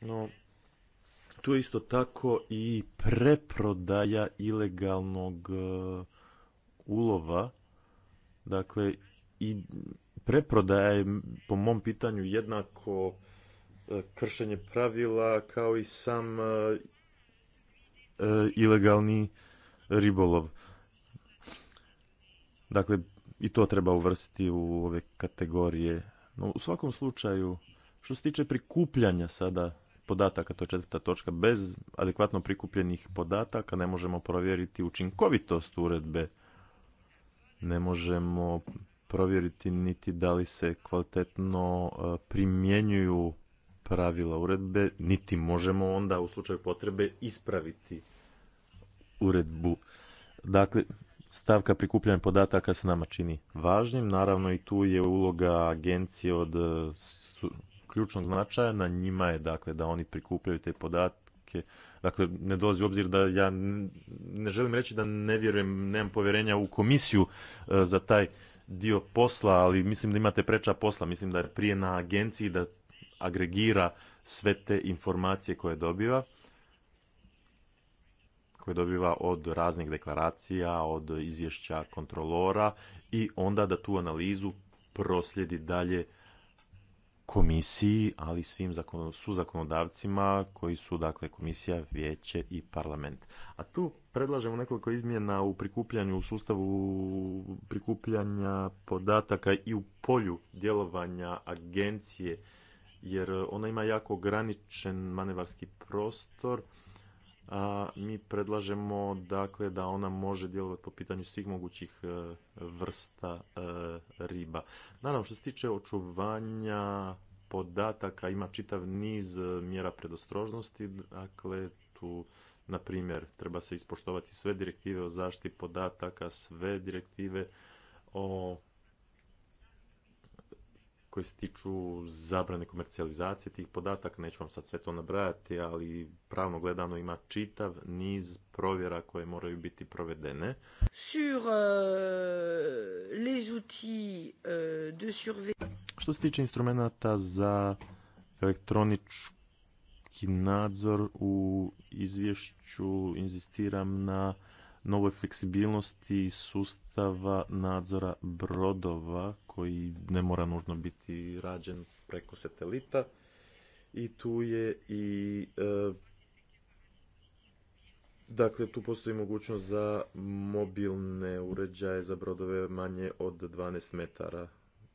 Speaker 2: No, tu je isto tako i preprodaja ilegalnog e, ulova. Dakle, i preprodaja je po mom pitanju jednako e, kršenje pravila kao i sam e, ilegalni ribolov. Dakle, i to treba uvrstiti u ove kategorije. No, u svakom slučaju, što se tiče prikupljanja sada podataka, to je četvrta točka, bez adekvatno prikupljenih podataka ne možemo provjeriti učinkovitost uredbe, ne možemo provjeriti niti da li se kvalitetno e, primjenjuju pravila uredbe, niti možemo onda u slučaju potrebe ispraviti uredbu. Dakle, stavka prikupljanja podataka se nama čini važnim. Naravno i tu je uloga agencije od e, ključnog značaja, na njima je dakle da oni prikupljaju te podatke. Dakle, ne dolazi u obzir da ja ne želim reći da ne vjerujem, nemam povjerenja u komisiju e, za taj dio posla, ali mislim da imate preča posla, mislim da je prije na agenciji da agregira sve te informacije koje dobiva koje dobiva od raznih deklaracija, od izvješća kontrolora i onda da tu analizu proslijedi dalje komisiji, ali svim su zakonodavcima koji su dakle komisija, vijeće i parlament. A tu predlažemo nekoliko izmjena u prikupljanju u sustavu prikupljanja podataka i u polju djelovanja agencije jer ona ima jako ograničen manevarski prostor a mi predlažemo dakle da ona može djelovati po pitanju svih mogućih e, vrsta e, riba. Naravno što se tiče očuvanja podataka ima čitav niz e, mjera predostrožnosti, dakle tu na primjer treba se ispoštovati sve direktive o zaštiti podataka, sve direktive o koji se tiču zabrane komercijalizacije tih podataka, neću vam sad sve to nabrajati, ali pravno gledano ima čitav niz provjera koje moraju biti provedene.
Speaker 3: Sur uh, les outils uh, surve...
Speaker 2: Što se tiče instrumenta za elektronički nadzor u izvješću inzistiram na novoj fleksibilnosti sustava nadzora brodova koji ne mora nužno biti rađen preko satelita i tu je i e, dakle tu postoji mogućnost za mobilne uređaje za brodove manje od 12 metara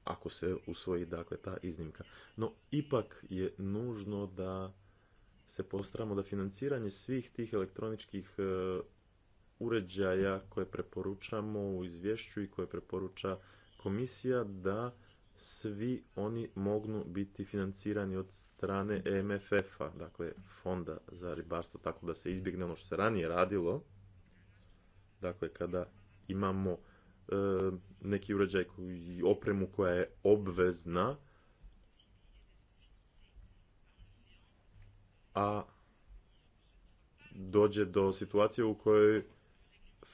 Speaker 2: ako se usvoji dakle ta iznimka. No ipak je nužno da se postaramo da financiranje svih tih elektroničkih e, uređaja koje preporučamo u izvješću i koje preporuča komisija da svi oni mogu biti financirani od strane e MFF-a, dakle fonda za ribarstvo, tako da se izbjegne ono što se ranije radilo. Dakle, kada imamo e, neki uređaj i opremu koja je obvezna, a dođe do situacije u kojoj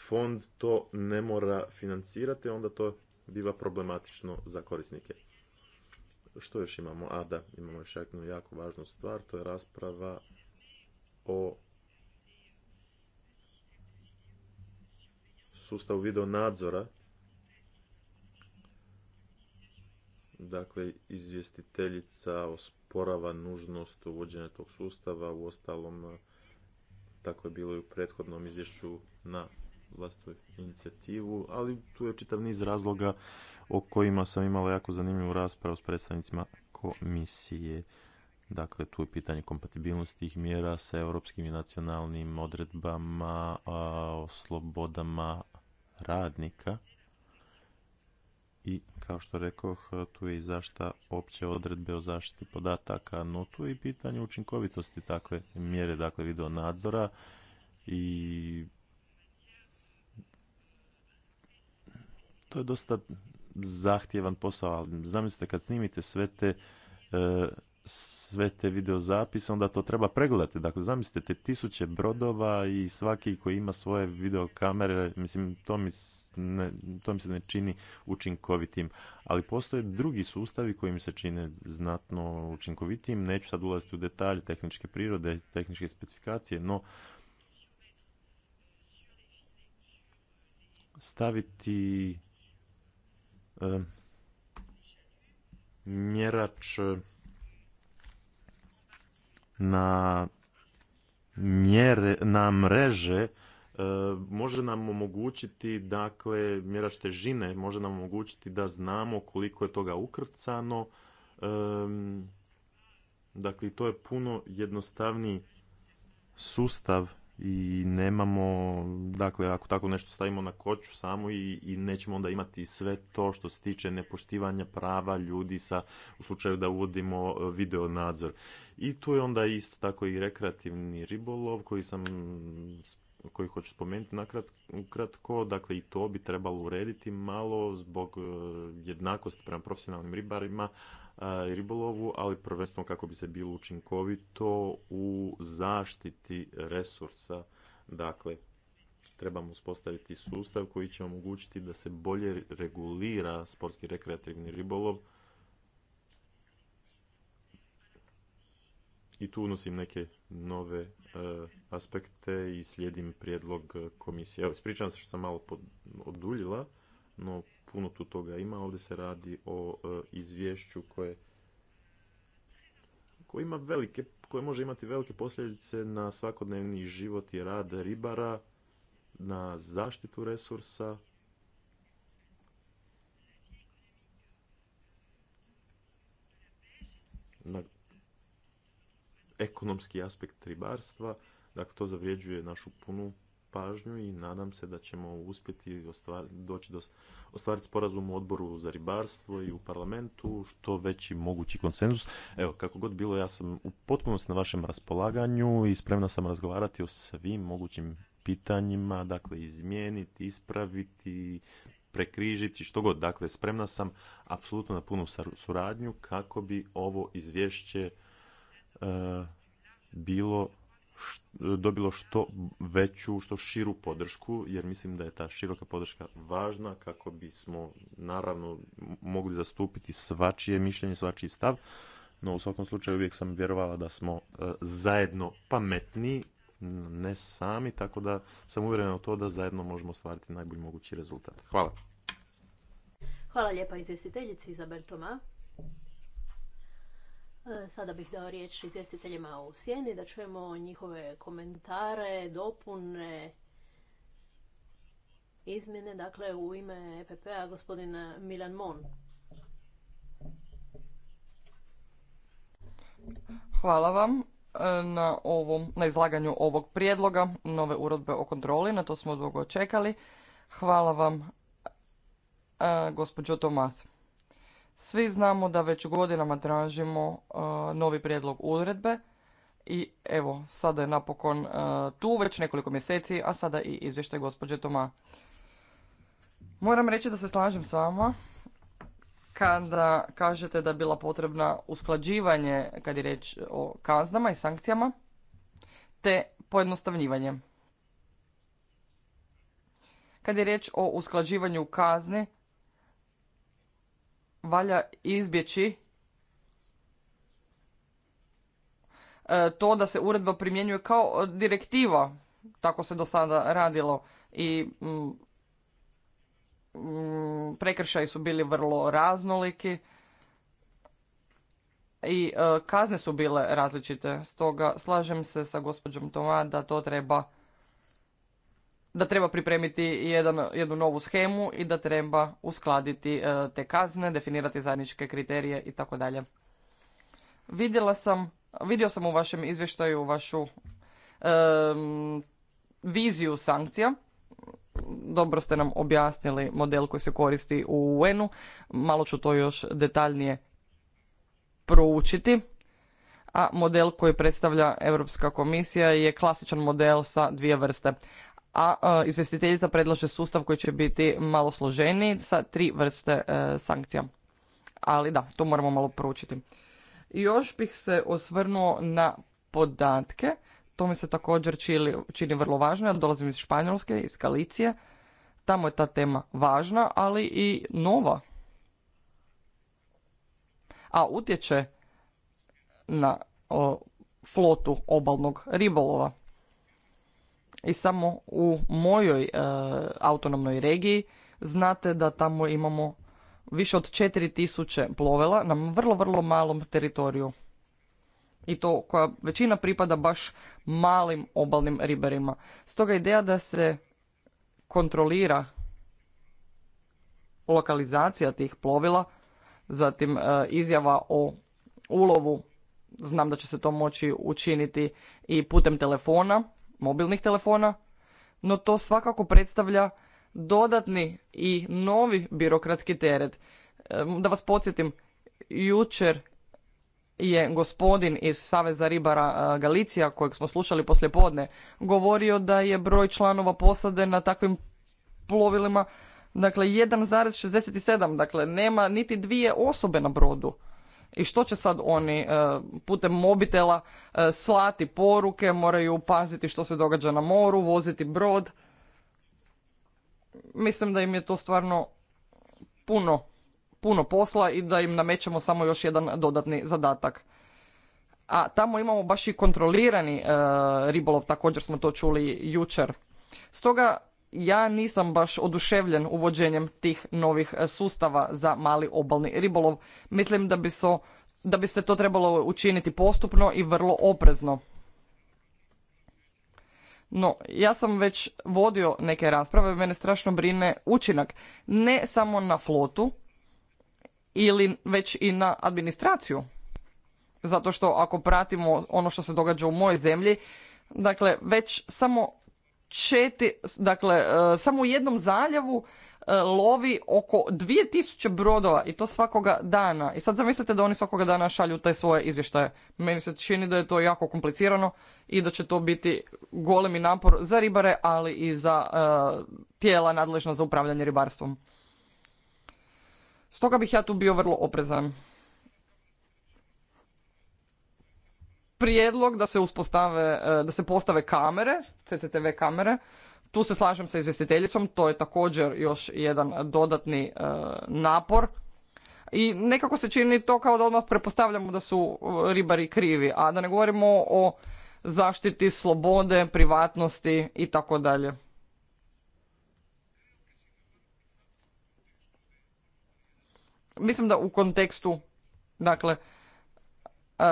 Speaker 2: fond to ne mora financirati, onda to biva problematično za korisnike. Što još imamo? A da, imamo još jednu jako važnu stvar, to je rasprava o sustavu video nadzora. Dakle, izvjestiteljica osporava nužnost uvođenja tog sustava, u ostalom tako je bilo i u prethodnom izvješću na vlastitu inicijativu, ali tu je čitav niz razloga o kojima sam imala jako zanimljivu raspravu s predstavnicima komisije. Dakle, tu je pitanje kompatibilnosti tih mjera sa europskim i nacionalnim odredbama o slobodama radnika. I kao što rekoh, tu je i zašta opće odredbe o zaštiti podataka, no tu je i pitanje učinkovitosti takve mjere, dakle video nadzora i to je dosta zahtjevan posao, ali zamislite kad snimite sve te e, sve te videozapise, onda to treba pregledati. Dakle, zamislite te tisuće brodova i svaki koji ima svoje videokamere, mislim, to mi, to mi se ne čini učinkovitim. Ali postoje drugi sustavi koji mi se čine znatno učinkovitim. Neću sad ulaziti u detalje tehničke prirode, tehničke specifikacije, no staviti mjerač e, na mjere, na mreže e, može nam omogućiti, dakle, mjerač težine može nam omogućiti da znamo koliko je toga ukrcano. E, dakle, to je puno jednostavniji sustav i nemamo, dakle, ako tako nešto stavimo na koću samo i, i nećemo onda imati sve to što se tiče nepoštivanja prava ljudi sa, u slučaju da uvodimo e, video nadzor. I tu je onda isto tako i rekreativni ribolov koji sam koji hoću spomenuti nakratko, dakle i to bi trebalo urediti malo zbog e, jednakosti prema profesionalnim ribarima, ribolovu, ali prvenstveno kako bi se bilo učinkovito u zaštiti resursa. Dakle, trebamo uspostaviti sustav koji će omogućiti da se bolje regulira sportski rekreativni ribolov. I tu unosim neke nove e, aspekte i slijedim prijedlog komisije. Evo, ispričavam se što sam malo no puno tu toga ima. Ovdje se radi o e, izvješću koje koje ima velike, koje može imati velike posljedice na svakodnevni život i rad ribara, na zaštitu resursa. na ekonomski aspekt ribarstva, dakle to zavrijeđuje našu punu pažnju i nadam se da ćemo uspjeti doći do, ostvariti sporazum u odboru za ribarstvo i u parlamentu, što veći mogući konsenzus. Evo, kako god bilo, ja sam u potpunosti na vašem raspolaganju i spremna sam razgovarati o svim mogućim pitanjima, dakle izmijeniti, ispraviti, prekrižiti, što god. Dakle, spremna sam apsolutno na punu suradnju kako bi ovo izvješće e, bilo dobilo što veću, što širu podršku, jer mislim da je ta široka podrška važna kako bismo naravno mogli zastupiti svačije mišljenje, svačiji stav, no u svakom slučaju uvijek sam vjerovala da smo e, zajedno pametni, ne sami, tako da sam uvjeren u to da zajedno možemo ostvariti najbolji mogući rezultat. Hvala.
Speaker 4: Hvala lijepa izvjestiteljici Izabel E, sada bih dao riječ izvjestiteljima u sjeni da čujemo njihove komentare, dopune, izmjene. Dakle, u ime EPP-a gospodina Milan Mon.
Speaker 1: Hvala vam e, na, ovom, na izlaganju ovog prijedloga nove urodbe o kontroli. Na to smo dugo čekali. Hvala vam, e, gospođo Tomas. Svi znamo da već godinama tražimo uh, novi prijedlog uredbe i evo, sada je napokon uh, tu već nekoliko mjeseci, a sada i izvještaj gospođe Toma. Moram reći da se slažem s vama kada kažete da je bila potrebna usklađivanje kad je riječ o kaznama i sankcijama te pojednostavljivanje. Kad je riječ o usklađivanju kazni, valja izbjeći e, to da se uredba primjenjuje kao direktiva, tako se do sada radilo i mm, mm, prekršaji su bili vrlo raznoliki i e, kazne su bile različite. Stoga slažem se sa gospođom Toma da to treba da treba pripremiti jedan, jednu novu schemu i da treba uskladiti e, te kazne, definirati zajedničke kriterije i tako dalje. Vidjela sam, vidio sam u vašem izvještaju vašu e, viziju sankcija. Dobro ste nam objasnili model koji se koristi u UN-u. Malo ću to još detaljnije proučiti. A model koji predstavlja Europska komisija je klasičan model sa dvije vrste a e, izvjestiteljica predlaže sustav koji će biti malo složeniji sa tri vrste e, sankcija. Ali da, to moramo malo proučiti. još bih se osvrnuo na podatke. To mi se također čini, čini vrlo važno. Ja dolazim iz Španjolske, iz Kalicije. Tamo je ta tema važna, ali i nova. A utječe na flotu obalnog ribolova i samo u mojoj e, autonomnoj regiji znate da tamo imamo više od 4000 plovela na vrlo, vrlo malom teritoriju. I to koja većina pripada baš malim obalnim ribarima. Stoga ideja da se kontrolira lokalizacija tih plovila, zatim e, izjava o ulovu, znam da će se to moći učiniti i putem telefona, mobilnih telefona, no to svakako predstavlja dodatni i novi birokratski teret. Da vas podsjetim, jučer je gospodin iz Saveza ribara Galicija, kojeg smo slušali poslije podne, govorio da je broj članova posade na takvim plovilima dakle 1,67, dakle nema niti dvije osobe na brodu. I što će sad oni e, putem mobitela e, slati poruke, moraju paziti što se događa na moru, voziti brod. Mislim da im je to stvarno puno, puno posla i da im namećemo samo još jedan dodatni zadatak. A tamo imamo baš i kontrolirani e, ribolov, također smo to čuli jučer. Stoga ja nisam baš oduševljen uvođenjem tih novih e, sustava za mali obalni ribolov. Mislim da bi, da bi se to trebalo učiniti postupno i vrlo oprezno. No, ja sam već vodio neke rasprave, mene strašno brine učinak. Ne samo na flotu, ili već i na administraciju. Zato što ako pratimo ono što se događa u mojoj zemlji, dakle već samo četi, dakle, e, samo u jednom zaljevu e, lovi oko 2000 brodova i to svakoga dana. I sad zamislite da oni svakoga dana šalju taj svoje izvještaje. Meni se čini da je to jako komplicirano i da će to biti golemi napor za ribare, ali i za e, tijela nadležna za upravljanje ribarstvom. Stoga bih ja tu bio vrlo oprezan. prijedlog da se uspostave, e, da se postave kamere, CCTV kamere. Tu se slažem sa izvjestiteljicom, to je također još jedan dodatni e, napor. I nekako se čini to kao da odmah prepostavljamo da su e, ribari krivi, a da ne govorimo o zaštiti slobode, privatnosti i tako dalje. Mislim da u kontekstu dakle E,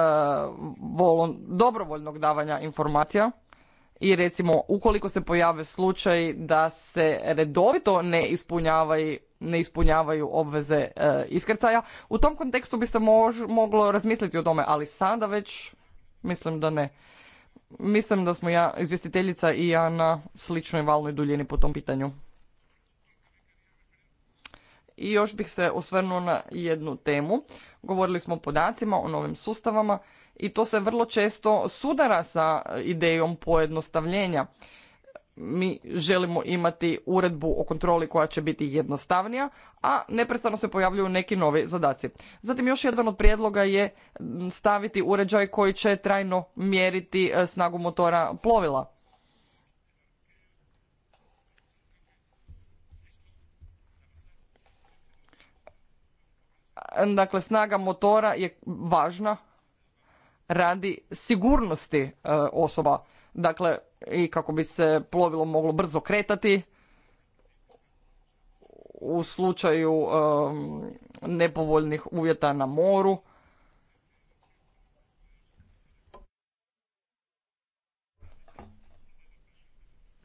Speaker 1: volon, dobrovoljnog davanja informacija i recimo ukoliko se pojave slučaj da se redovito ne ispunjavaju, ne ispunjavaju obveze e, iskrcaja, u tom kontekstu bi se moglo razmisliti o tome, ali sada već mislim da ne. Mislim da smo ja, izvjestiteljica i ja na sličnoj valnoj duljini po tom pitanju. I još bih se osvrnuo na jednu temu. Govorili smo o podacima, o novim sustavama i to se vrlo često sudara sa idejom pojednostavljenja. Mi želimo imati uredbu o kontroli koja će biti jednostavnija, a neprestano se pojavljuju neki novi zadaci. Zatim još jedan od prijedloga je staviti uređaj koji će trajno mjeriti e, snagu motora plovila Dakle, snaga motora je važna radi sigurnosti e, osoba. Dakle, i kako bi se plovilo moglo brzo kretati u slučaju e, nepovoljnih uvjeta na moru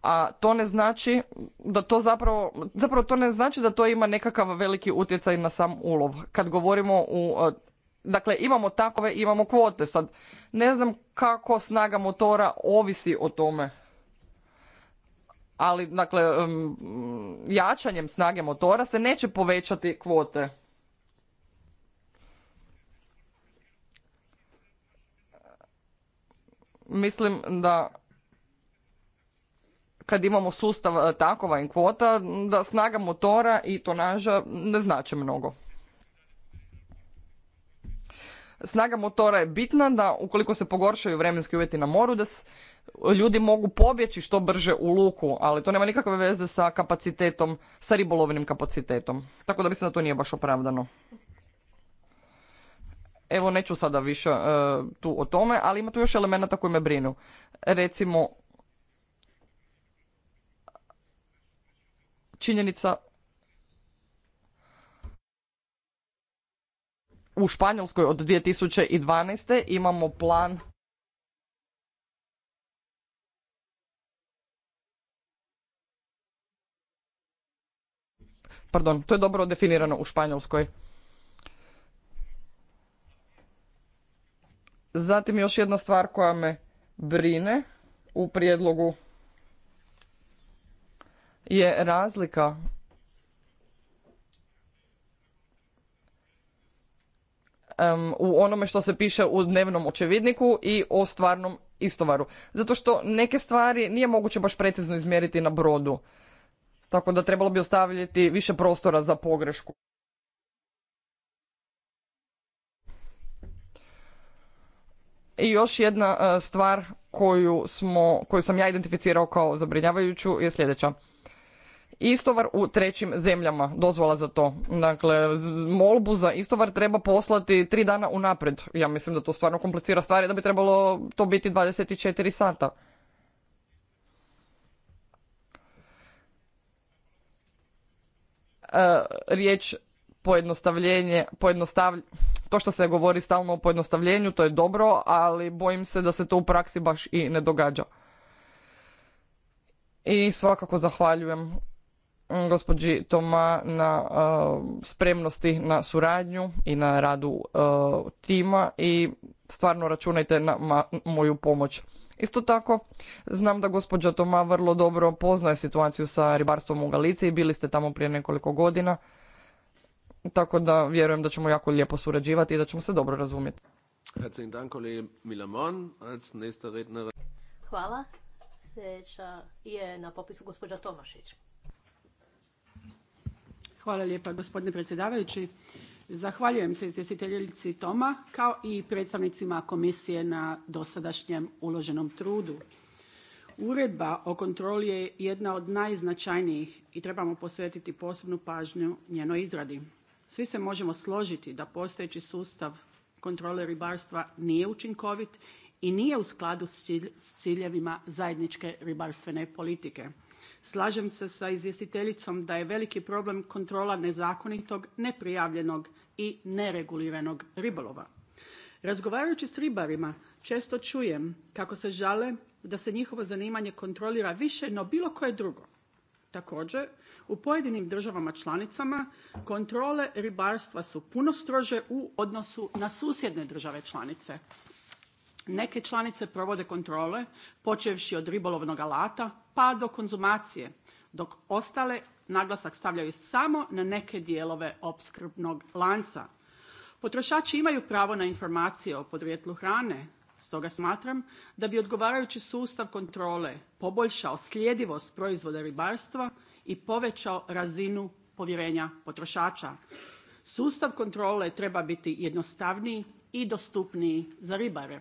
Speaker 1: a to ne znači da to zapravo, zapravo to ne znači da to ima nekakav veliki utjecaj na sam ulov. Kad govorimo u, e, dakle imamo takove, imamo kvote sad. Ne znam kako snaga motora ovisi o tome. Ali, dakle, jačanjem snage motora se neće povećati kvote. Mislim da kad imamo sustav e, takova i kvota, da snaga motora i tonaža ne znače mnogo. Snaga motora je bitna da ukoliko se pogoršaju vremenski uvjeti na moru, da ljudi mogu pobjeći što brže u luku, ali to nema nikakve veze sa kapacitetom, sa ribolovnim kapacitetom. Tako da mislim da to nije baš opravdano. Evo, neću sada više e, tu o tome, ali ima tu još elemenata koji me brinu. Recimo, činjenica u Španjolskoj od 2012. imamo plan Pardon, to je dobro definirano u Španjolskoj. Zatim još jedna stvar koja me brine u prijedlogu je razlika um, u onome što se piše u dnevnom očevidniku i o stvarnom istovaru. Zato što neke stvari nije moguće baš precizno izmjeriti na brodu. Tako da trebalo bi ostavljati više prostora za pogrešku. I još jedna e, stvar koju, smo, koju sam ja identificirao kao zabrinjavajuću je sljedeća istovar u trećim zemljama, dozvola za to. Dakle, molbu za istovar treba poslati tri dana unaprijed. Ja mislim da to stvarno komplicira stvari, da bi trebalo to biti 24 sata. E, riječ pojednostavljenje, to što se govori stalno o pojednostavljenju, to je dobro, ali bojim se da se to u praksi baš i ne događa. I svakako zahvaljujem Mm, gospođi Toma na spremnosti na suradnju i na radu tima i stvarno računajte na moju pomoć. Isto tako, znam da gospođa Toma vrlo dobro poznaje situaciju sa ribarstvom u Galiciji, bili ste tamo prije nekoliko godina, tako da vjerujem da ćemo jako lijepo surađivati i da ćemo se dobro razumjeti.
Speaker 4: Hvala. je na popisu gospođa Tomašić.
Speaker 3: Hvala lijepa gospodine predsjedavajući. Zahvaljujem se izvjestiteljici Toma kao i predstavnicima komisije na dosadašnjem uloženom trudu. Uredba o kontroli je jedna od najznačajnijih i trebamo posvetiti posebnu pažnju njenoj izradi. Svi se možemo složiti da postojeći sustav kontrole ribarstva nije učinkovit i nije u skladu s ciljevima zajedničke ribarstvene politike. Slažem se sa izvjestiteljicom da je veliki problem kontrola nezakonitog, neprijavljenog i nereguliranog ribolova. Razgovarajući s ribarima često čujem kako se žale da se njihovo zanimanje kontrolira više no bilo koje drugo. Također, u pojedinim državama članicama kontrole ribarstva su puno strože u odnosu na susjedne države članice neke članice provode kontrole počevši od ribolovnog alata pa do konzumacije dok ostale naglasak stavljaju samo na neke dijelove opskrbnog lanca potrošači imaju pravo na informacije o podrijetlu hrane stoga smatram da bi odgovarajući sustav kontrole poboljšao sljedivost proizvoda ribarstva i povećao razinu povjerenja potrošača sustav kontrole treba biti jednostavniji i dostupniji za ribare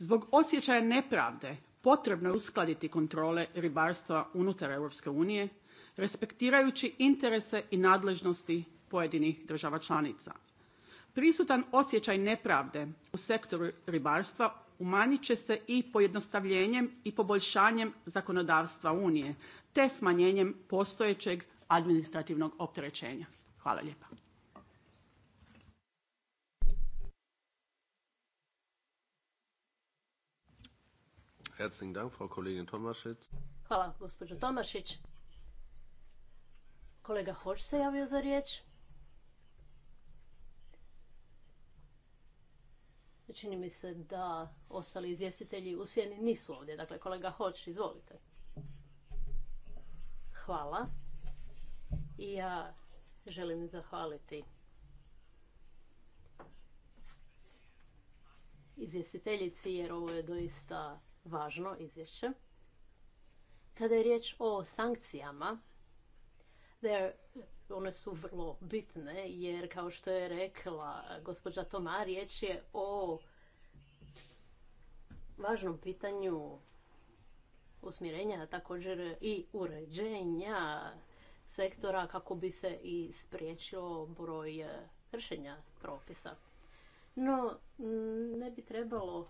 Speaker 3: Zbog osjećaja nepravde potrebno je uskladiti kontrole ribarstva unutar Europske unije respektirajući interese i nadležnosti pojedinih država članica. Prisutan osjećaj nepravde u sektoru ribarstva umanjit će se i pojednostavljenjem i poboljšanjem zakonodavstva Unije te smanjenjem postojećeg administrativnog
Speaker 2: opterećenja. Hvala lijepa. Dank,
Speaker 4: Hvala, gospođo Tomašić. Kolega Hoć se javio za riječ. Čini mi se da ostali izvjestitelji u sjeni nisu ovdje. Dakle, kolega Hoć, izvolite. Hvala. I ja želim zahvaliti izvjestiteljici jer ovo je doista važno izvješće. Kada je riječ o sankcijama, one su vrlo bitne jer kao što je rekla gospođa Toma, riječ je o važnom pitanju usmjerenja također i uređenja sektora kako bi se i spriječilo broj kršenja propisa. No, ne bi trebalo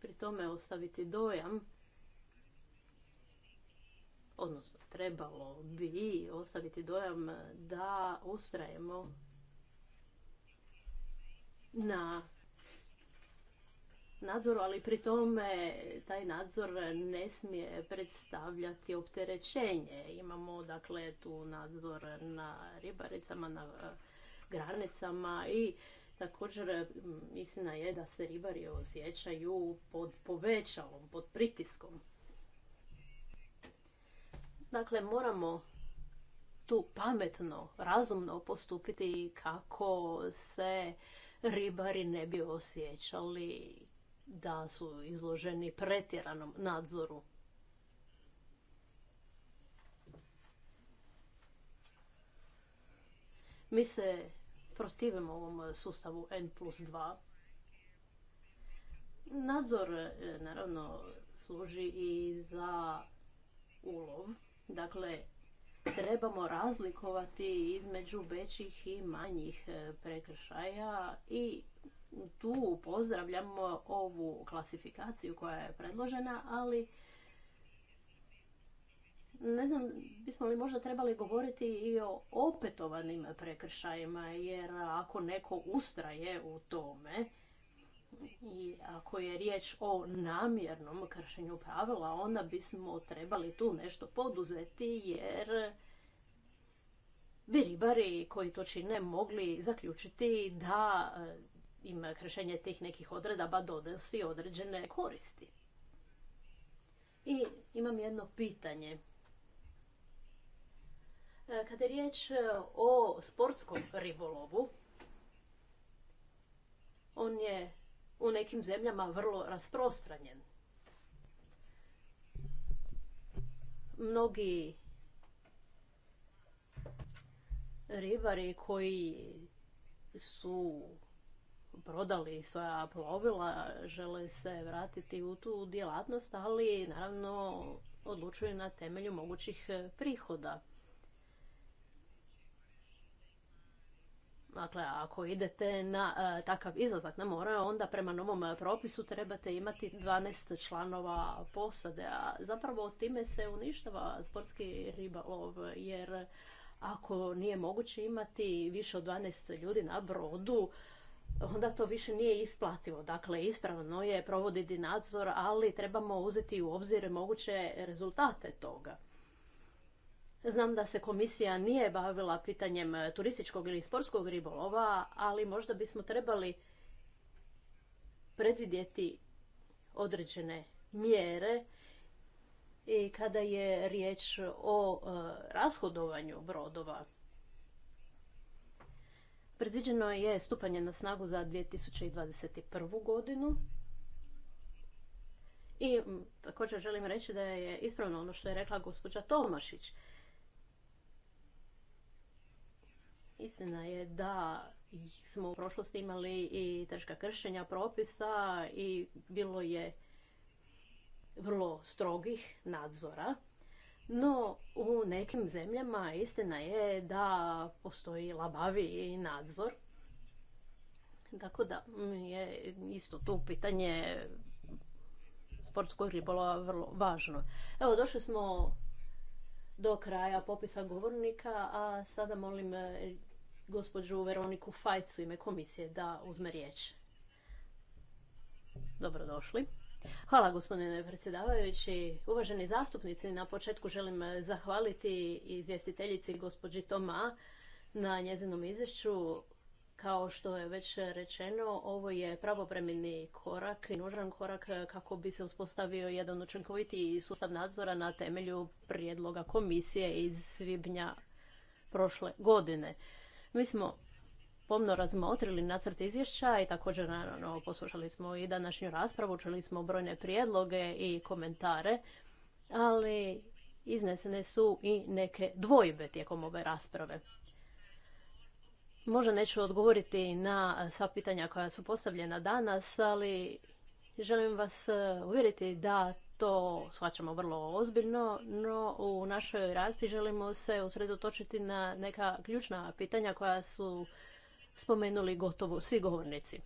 Speaker 4: pri tome ostaviti dojam, odnosno trebalo bi ostaviti dojam da ustrajemo na nadzoru, ali pri tome taj nadzor ne smije predstavljati opterećenje. Imamo dakle tu nadzor na ribaricama, na eh, granicama i Također, e, istina je da se ribari osjećaju pod povećalom, pod pritiskom. Dakle, moramo tu pametno, razumno postupiti kako se ribari ne bi osjećali da su izloženi pretjeranom nadzoru. Mi se protivim ovom sustavu N plus 2. Nadzor, e, naravno, služi i za ulov. Dakle, trebamo razlikovati između većih i manjih e, prekršaja i tu pozdravljamo ovu klasifikaciju koja je predložena, ali ne znam, bismo li možda trebali govoriti i o opetovanim prekršajima, jer ako neko ustraje u tome, i ako je riječ o namjernom kršenju pravila, onda bismo trebali tu nešto poduzeti jer bi ribari koji to čine mogli zaključiti da e, im kršenje tih nekih odredaba donosi određene koristi. I imam jedno pitanje. E, kada je riječ e, o sportskom ribolovu, on je u nekim zemljama vrlo rasprostranjen. Mnogi ribari koji su prodali svoja plovila, žele se vratiti u tu djelatnost, ali naravno odlučuju na temelju mogućih prihoda. Dakle, ako idete na e, takav izlazak na more, onda prema novom e, propisu trebate imati 12 članova posade. A zapravo time se uništava sportski ribolov, jer ako nije moguće imati više od 12 ljudi na brodu, onda to više nije isplativo. Dakle, ispravno je provoditi nadzor, ali trebamo uzeti u obzir moguće rezultate toga. Znam da se komisija nije bavila pitanjem e, turističkog ili sportskog ribolova, ali možda bismo trebali predvidjeti određene mjere i kada je riječ o e, rashodovanju brodova. Predviđeno je stupanje na snagu za 2021. godinu. I također želim reći da je ispravno ono što je rekla gospođa Tomašić. Istina je da smo u prošlosti imali i teška kršenja propisa i bilo je vrlo strogih nadzora. No, u nekim zemljama istina je da postoji labavi nadzor. Tako da je isto tu pitanje sportskog ribolova vrlo važno. Evo, došli smo do kraja popisa govornika, a sada molim gospođu Veroniku Fajcu ime komisije da uzme riječ. Dobrodošli. Hvala gospodine predsjedavajući. Uvaženi zastupnici, na početku želim zahvaliti izvjestiteljici gospođi Toma na njezinom izvješću. Kao što je već rečeno, ovo je pravovremeni korak i nužan korak kako bi se uspostavio jedan učinkovitiji sustav nadzora na temelju prijedloga komisije iz svibnja prošle godine. Mi smo pomno razmotrili nacrt izvješća i također naravno poslušali smo i današnju raspravu, čuli smo brojne prijedloge i komentare, ali iznesene su i neke dvojbe tijekom ove rasprave. Možda neću odgovoriti na sva pitanja koja su postavljena danas, ali želim vas uvjeriti da to shvaćamo vrlo ozbiljno, no u našoj reakciji želimo se usredotočiti na neka ključna pitanja koja su spomenuli gotovo svi govornici.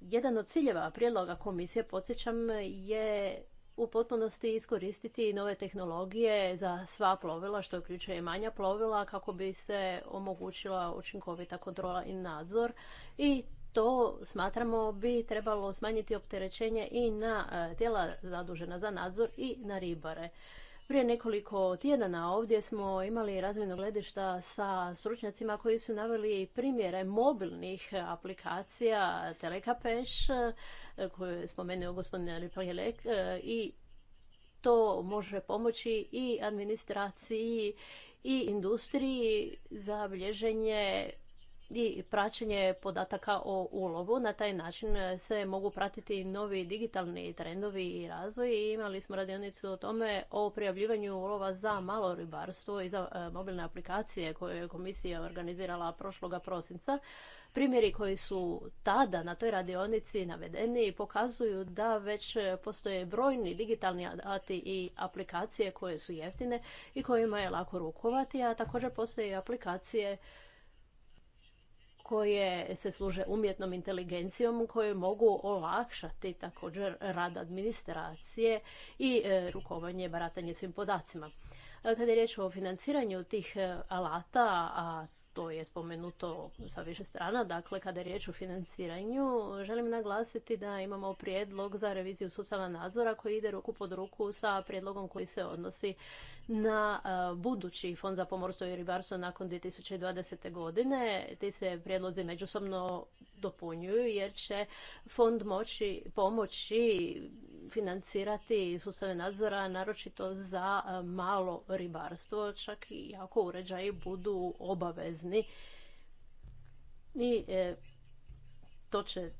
Speaker 4: Jedan od ciljeva prijedloga komisije, podsjećam, je u potpunosti iskoristiti nove tehnologije za sva plovila, što uključuje manja plovila, kako bi se omogućila učinkovita kontrola i nadzor. I to smatramo bi trebalo smanjiti opterećenje i na e, tijela zadužena za nadzor i na ribare. Prije nekoliko tjedana ovdje smo imali razmjenu gledišta sa stručnjacima koji su naveli primjere mobilnih aplikacija Telekapeš, e, koje je spomenuo gospodin Lipajelek, e, i to može pomoći i administraciji i industriji za bilježenje i praćenje podataka o ulovu. Na taj način se mogu pratiti novi digitalni trendovi i razvoj. imali smo radionicu o tome o prijavljivanju ulova za malo ribarstvo i za e, mobilne aplikacije koje je komisija organizirala prošloga prosinca. Primjeri koji su tada na toj radionici navedeni pokazuju da već postoje brojni digitalni alati i aplikacije koje su jeftine i kojima je lako rukovati, a također postoje i aplikacije koje se služe umjetnom inteligencijom koje mogu olakšati također rad administracije i e, rukovanje, baratanje svim podacima. E, Kada je riječ o financiranju tih e, alata, a to je spomenuto sa više strana. Dakle, kada je riječ o financiranju, želim naglasiti da imamo prijedlog za reviziju sustava nadzora koji ide ruku pod ruku sa prijedlogom koji se odnosi na e, budući fond za pomorstvo i ribarstvo nakon 2020. godine. Ti se prijedlozi međusobno dopunjuju jer će fond moći pomoći financirati sustave nadzora, naročito za e, malo ribarstvo, čak i ako uređaji budu obavezni. I e, to će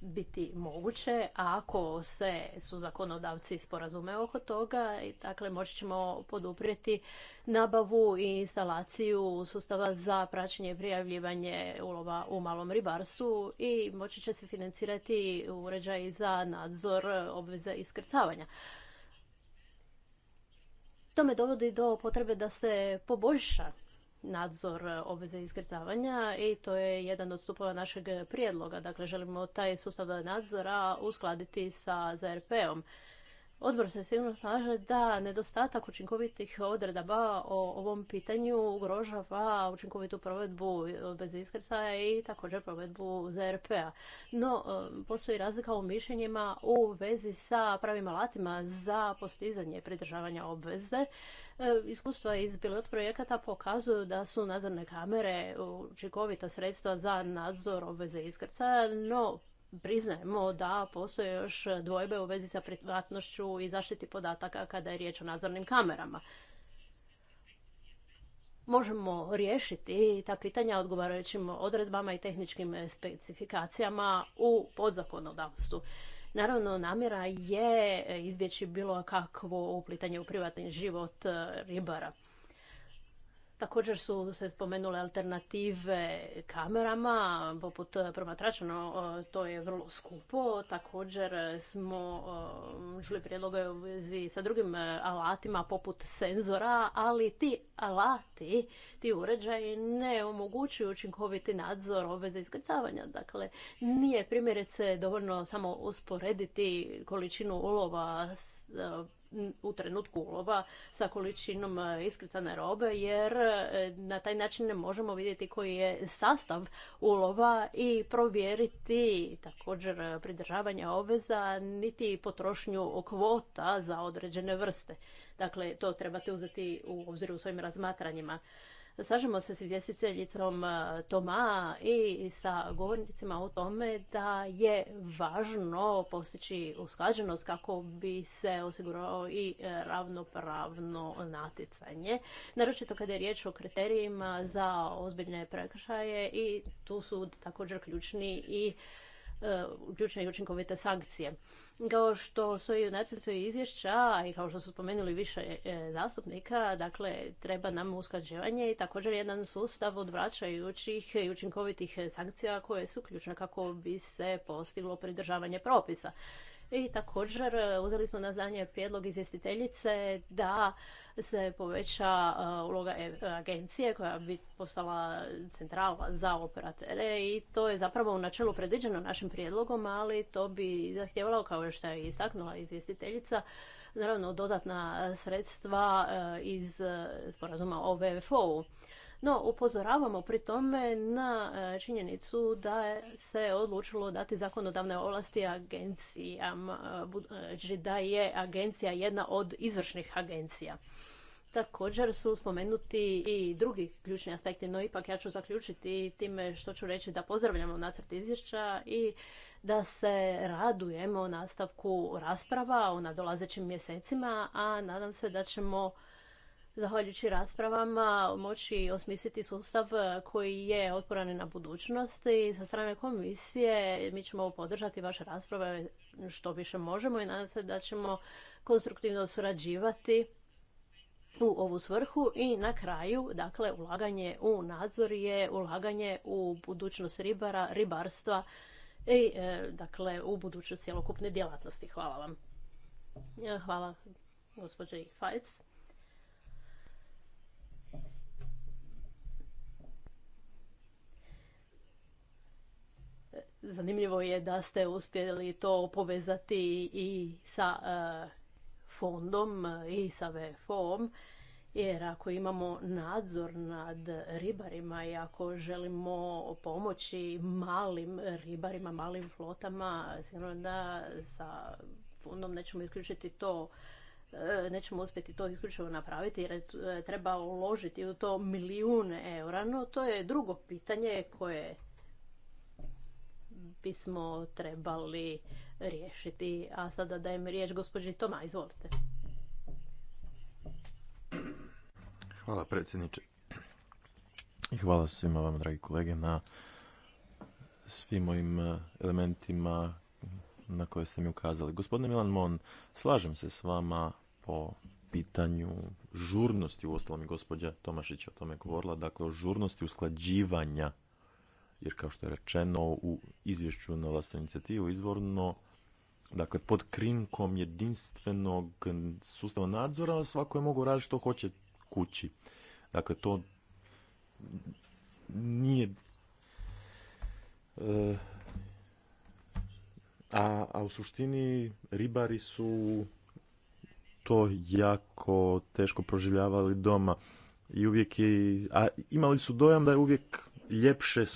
Speaker 4: biti moguće, a ako se su zakonodavci sporazume oko toga, dakle moći ćemo poduprijeti nabavu i instalaciju sustava za praćenje i prijavljivanje ulova u malom ribarstvu i moći će se financirati uređaj za nadzor obveza iskrcavanja. To me dovodi do potrebe da se poboljša nadzor e, obveze iskrcavanja i to je jedan od stupova našeg prijedloga. Dakle, želimo taj sustav nadzora uskladiti sa ZRP-om. Odbor se sigurno slaže da nedostatak učinkovitih odredaba o ovom pitanju ugrožava učinkovitu provedbu bez iskrcaja i također provedbu ZRP-a. No, postoji razlika u mišljenjima u vezi sa pravim alatima za postizanje pridržavanja obveze. Iskustva iz pilot projekata pokazuju da su nadzorne kamere učinkovita sredstva za nadzor obveze iskrcaja, no priznajemo da postoje još dvojbe u vezi sa privatnošću i zaštiti podataka kada je riječ o nadzornim kamerama. Možemo riješiti ta pitanja odgovarajućim odredbama i tehničkim specifikacijama u podzakonodavstvu. Naravno, namjera je izbjeći bilo kakvo uplitanje u privatni život eh, ribara. Također su se spomenule alternative kamerama, poput promatračno, e, to je vrlo skupo. Također smo e, čuli prijedloge u vezi sa drugim e, alatima, poput senzora, ali ti alati, ti uređaji ne omogućuju učinkoviti nadzor obveze iskrcavanja. Dakle, nije primjerice dovoljno samo usporediti količinu ulova u trenutku ulova sa količinom e, iskrcane robe jer e, na taj način ne možemo vidjeti koji je sastav ulova i provjeriti također e, pridržavanje obveza niti potrošnju kvota za određene vrste. Dakle, to trebate uzeti u obzir u svojim razmatranjima. Slažemo se s izvjestiteljicom e, Toma i sa govornicima o tome da je važno postići usklađenost kako bi se osigurao i ravnopravno natjecanje. Naročito kada je riječ o kriterijima za ozbiljne prekršaje i tu su također ključni i uključene e, i učinkovite sankcije. Kao što su i u izvješća i kao što su spomenuli više e, zastupnika, dakle, treba nam usklađivanje i također jedan sustav odvraćajućih i učinkovitih sankcija koje su ključne kako bi se postiglo pridržavanje propisa. I također e, uzeli smo na znanje prijedlog izvjestiteljice da se poveća e, uloga e, agencije koja bi postala centrala za operatere i to je zapravo u načelu predviđeno našim prijedlogom, ali to bi zahtjevalo, kao što je istaknula izvjestiteljica, naravno dodatna sredstva iz sporazuma o VFO-u. No, upozoravamo pri tome na e, činjenicu da se odlučilo dati zakonodavne ovlasti agencijama, e, budući e, znači da je agencija jedna od izvršnih agencija. Također su spomenuti i drugi ključni aspekti, no ipak ja ću zaključiti time što ću reći da pozdravljamo nacrt izvješća i da se radujemo nastavku rasprava u nadolazećim mjesecima, a nadam se da ćemo zahvaljujući raspravama moći osmisliti sustav e, koji je otporan na budućnost i sa strane komisije mi ćemo podržati vaše rasprave što više možemo i nadam se da ćemo konstruktivno surađivati u ovu svrhu i na kraju, dakle, ulaganje u nadzor je ulaganje u budućnost ribara, ribarstva i, e, dakle, u budućnost cjelokupne djelatnosti. Hvala vam. E, hvala, gospođi Fajc. Zanimljivo je da ste uspjeli to povezati i sa e, fondom e, i sa VFO-om, jer ako imamo nadzor nad ribarima i ako želimo pomoći malim ribarima, malim flotama, sigurno da sa fondom nećemo isključiti to e, nećemo uspjeti to isključivo napraviti jer treba uložiti u to milijune eura, no to je drugo pitanje koje bismo trebali riješiti. A sada dajem riječ gospođi Toma, izvolite.
Speaker 2: Hvala predsjedniče. I hvala svima vam, dragi kolege, na svim mojim e, elementima na koje ste mi ukazali. Gospodine Milan Mon, slažem se s vama po pitanju žurnosti, u ostalom i gospođa Tomašić o tome govorila, dakle o žurnosti usklađivanja jer kao što je rečeno u izvješću na vlastnu inicijativu izvorno Dakle, pod krinkom jedinstvenog sustava nadzora svako je mogao raditi što hoće kući. Dakle, to nije... E, a, a u suštini ribari su to jako teško proživljavali doma. I uvijek je, a imali su dojam da je uvijek ljepše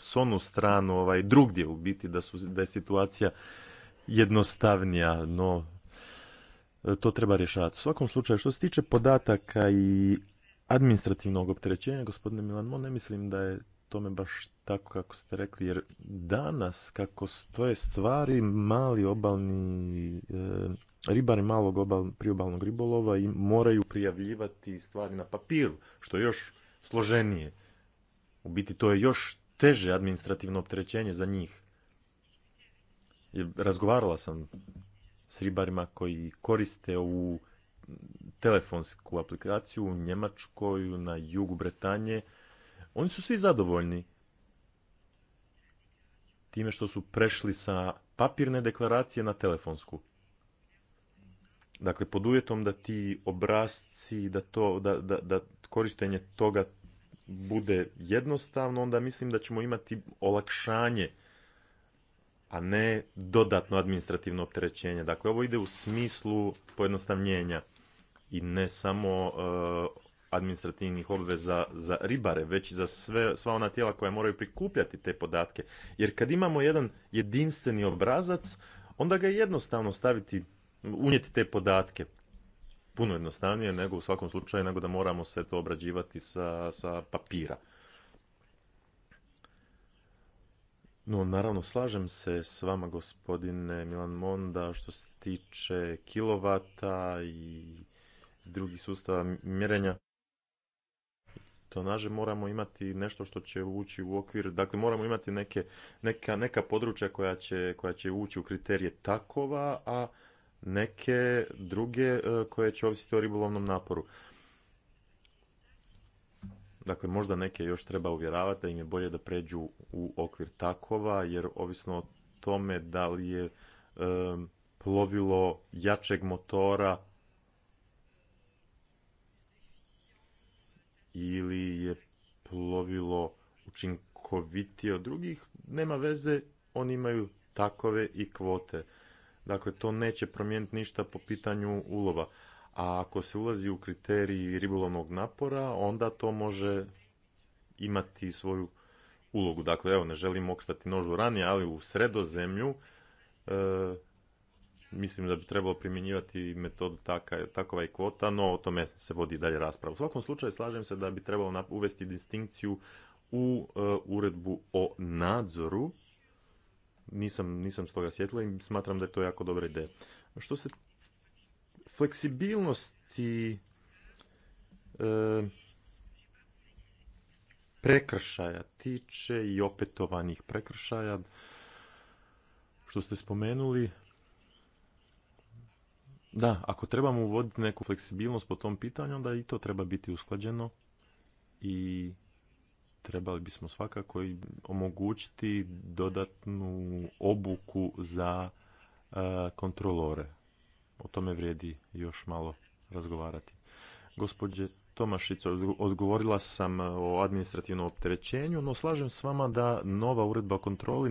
Speaker 2: s onu stranu ovaj, drugdje u biti da, su, da je situacija jednostavnija, no e, to treba rješavati. U svakom slučaju, što se tiče podataka i administrativnog opterećenja, gospodine Milan, ne mislim da je tome baš tako kako ste rekli, jer danas kako stoje stvari, mali obalni e, ribari malog obal, priobalnog ribolova i moraju prijavljivati stvari na papiru, što je još složenije. U biti to je još teže administrativno opterećenje za njih. Razgovarala sam s ribarima koji koriste ovu telefonsku aplikaciju u Njemačkoj, na jugu Bretanje. Oni su svi zadovoljni time što su prešli sa papirne deklaracije na telefonsku. Dakle, pod uvjetom da ti obrazci, da, to, da, da, da korištenje toga bude jednostavno, onda mislim da ćemo imati olakšanje, a ne dodatno administrativno opterećenje. Dakle, ovo ide u smislu pojednostavljenja i ne samo e, administrativnih obveza za ribare, već i za sve, sva ona tijela koja moraju prikupljati te podatke. Jer kad imamo jedan jedinstveni obrazac, onda ga je jednostavno staviti, unijeti te podatke puno jednostavnije nego u svakom slučaju nego da moramo se to obrađivati sa, sa papira. No, naravno, slažem se s vama, gospodine Milan Monda, što se tiče kilovata i drugih sustava mjerenja. To naže, moramo imati nešto što će ući u okvir, dakle moramo imati neke, neka, neka područja koja će, koja će ući u kriterije takova, a neke druge e, koje će ovisiti o ribolovnom naporu. Dakle, možda neke još treba uvjeravati da im je bolje da pređu u okvir takova, jer ovisno o tome da li je e, plovilo jačeg motora ili je plovilo učinkovitije od drugih, nema veze, oni imaju takove i kvote. Dakle, to neće promijeniti ništa po pitanju ulova. A ako se ulazi u kriteriji ribolovnog napora, onda to može imati svoju ulogu. Dakle, evo, ne želim okretati nožu ranije, ali u sredozemlju e, mislim da bi trebalo primjenjivati metodu taka, takova i kvota, no o tome se vodi dalje rasprava. U svakom slučaju slažem se da bi trebalo uvesti distinkciju u e, uredbu o nadzoru nisam, nisam s toga sjetila i smatram da je to jako dobra ideja. Što se fleksibilnosti e, prekršaja tiče i opetovanih prekršaja, što ste spomenuli, da, ako trebamo uvoditi neku fleksibilnost po tom pitanju, onda i to treba biti usklađeno i trebali bismo svakako omogućiti dodatnu obuku za e, kontrolore. O tome vrijedi još malo razgovarati. Gospođe Tomašić, odgovorila sam e, o administrativnom opterećenju, no slažem s vama da nova uredba o kontroli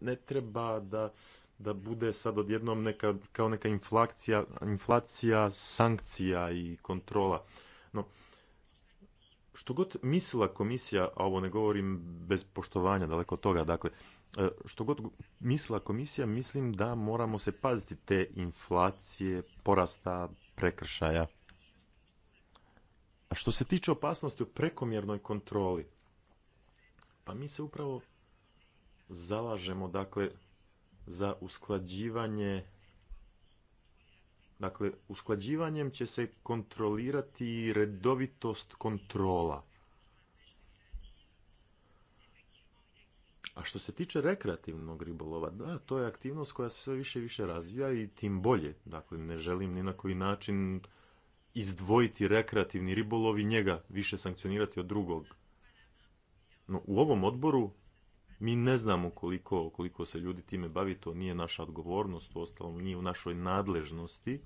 Speaker 2: ne treba da, da bude sad odjednom neka, kao neka inflacija, inflacija sankcija i kontrola. No, što god mislila komisija, a ovo ne govorim bez poštovanja, daleko od toga, dakle, e, što god mislila komisija, mislim da moramo se paziti te inflacije, porasta, prekršaja. A što se tiče opasnosti u prekomjernoj kontroli, pa mi se upravo zalažemo, dakle, za usklađivanje Dakle, usklađivanjem će se kontrolirati redovitost kontrola. A što se tiče rekreativnog ribolova, da, to je aktivnost koja se sve više i više razvija i tim bolje. Dakle, ne želim ni na koji način izdvojiti rekreativni ribolov i njega više sankcionirati od drugog. No, u ovom odboru mi ne znamo koliko, koliko se ljudi time bavi, to nije naša odgovornost, uostalom nije u našoj nadležnosti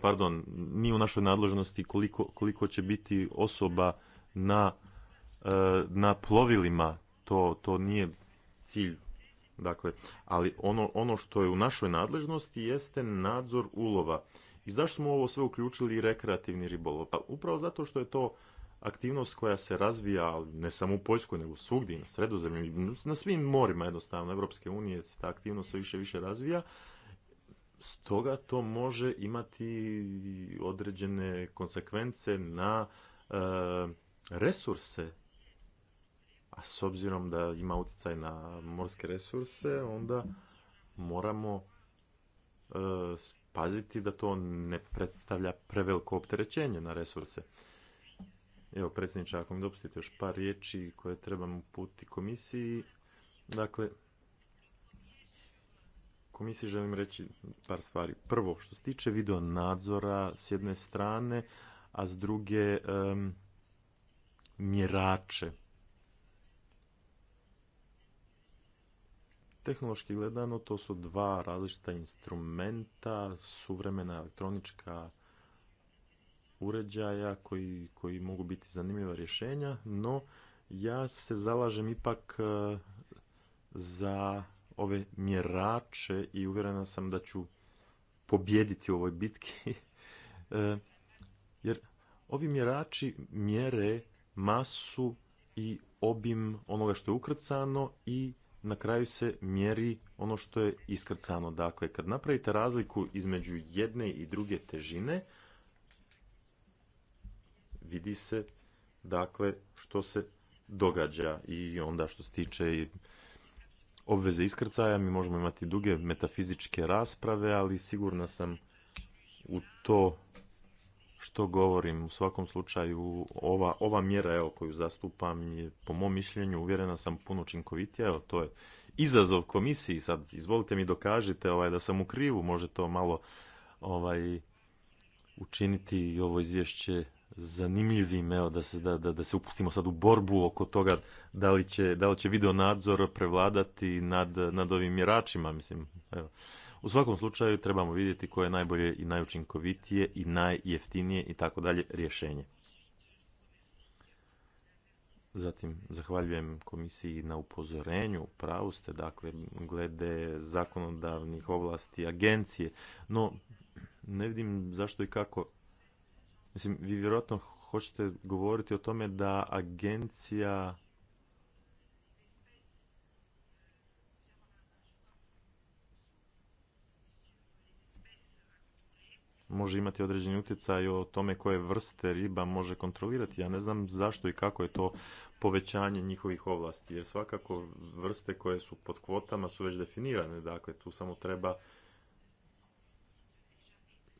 Speaker 2: pardon, nije u našoj nadležnosti koliko, koliko će biti osoba na, e, na plovilima, to, to nije cilj. Dakle, ali ono, ono što je u našoj nadležnosti jeste nadzor ulova. I zašto smo ovo sve uključili i rekreativni ribolov? Pa upravo zato što je to aktivnost koja se razvija ne samo u Poljskoj, nego svugdje, na sredozemlju, na svim morima jednostavno Evropske unije se ta aktivnost sve više više razvija, stoga to može imati određene konsekvence na e, resurse a s obzirom da ima utjecaj na morske resurse onda moramo e, paziti da to ne predstavlja preveliko opterećenje na resurse evo predsjedniče ako mi dopustite još par riječi koje trebamo uputiti komisiji dakle komisiji želim reći par stvari. Prvo, što se tiče video nadzora s jedne strane, a s druge um, mjerače. Tehnološki gledano to su dva različita instrumenta, suvremena elektronička uređaja koji, koji mogu biti zanimljiva rješenja, no ja se zalažem ipak eh, za ove mjerače i uvjerena sam da ću pobijediti u ovoj bitki. [laughs] E, jer ovi mjerači mjere masu i obim onoga što je ukrcano i na kraju se mjeri ono što je iskrcano. Dakle, kad napravite razliku između jedne i druge težine, vidi se dakle što se događa i onda što se tiče obveze iskrcaja, mi možemo imati duge metafizičke rasprave, ali sigurno sam u to što govorim. U svakom slučaju ova, ova mjera evo, koju zastupam je po mom mišljenju uvjerena sam puno učinkovitija. Evo, to je izazov komisiji. Sad izvolite mi dokažite ovaj, da sam u krivu. Može to malo ovaj, učiniti ovo izvješće zanimljivim, evo, da se, da, da, da se upustimo sad u borbu oko toga da li će, da li će video nadzor prevladati nad, nad ovim mjeračima, mislim, evo. U svakom slučaju trebamo vidjeti koje je najbolje i najučinkovitije i najjeftinije i tako dalje rješenje. Zatim, zahvaljujem komisiji na upozorenju, pravu ste, dakle, glede zakonodavnih ovlasti agencije, no ne vidim zašto i kako Mislim, vi vjerojatno hoćete govoriti o tome da agencija može imati određeni utjecaj o tome koje vrste riba može kontrolirati. Ja ne znam zašto i kako je to povećanje njihovih ovlasti, jer svakako vrste koje su pod kvotama su već definirane, dakle tu samo treba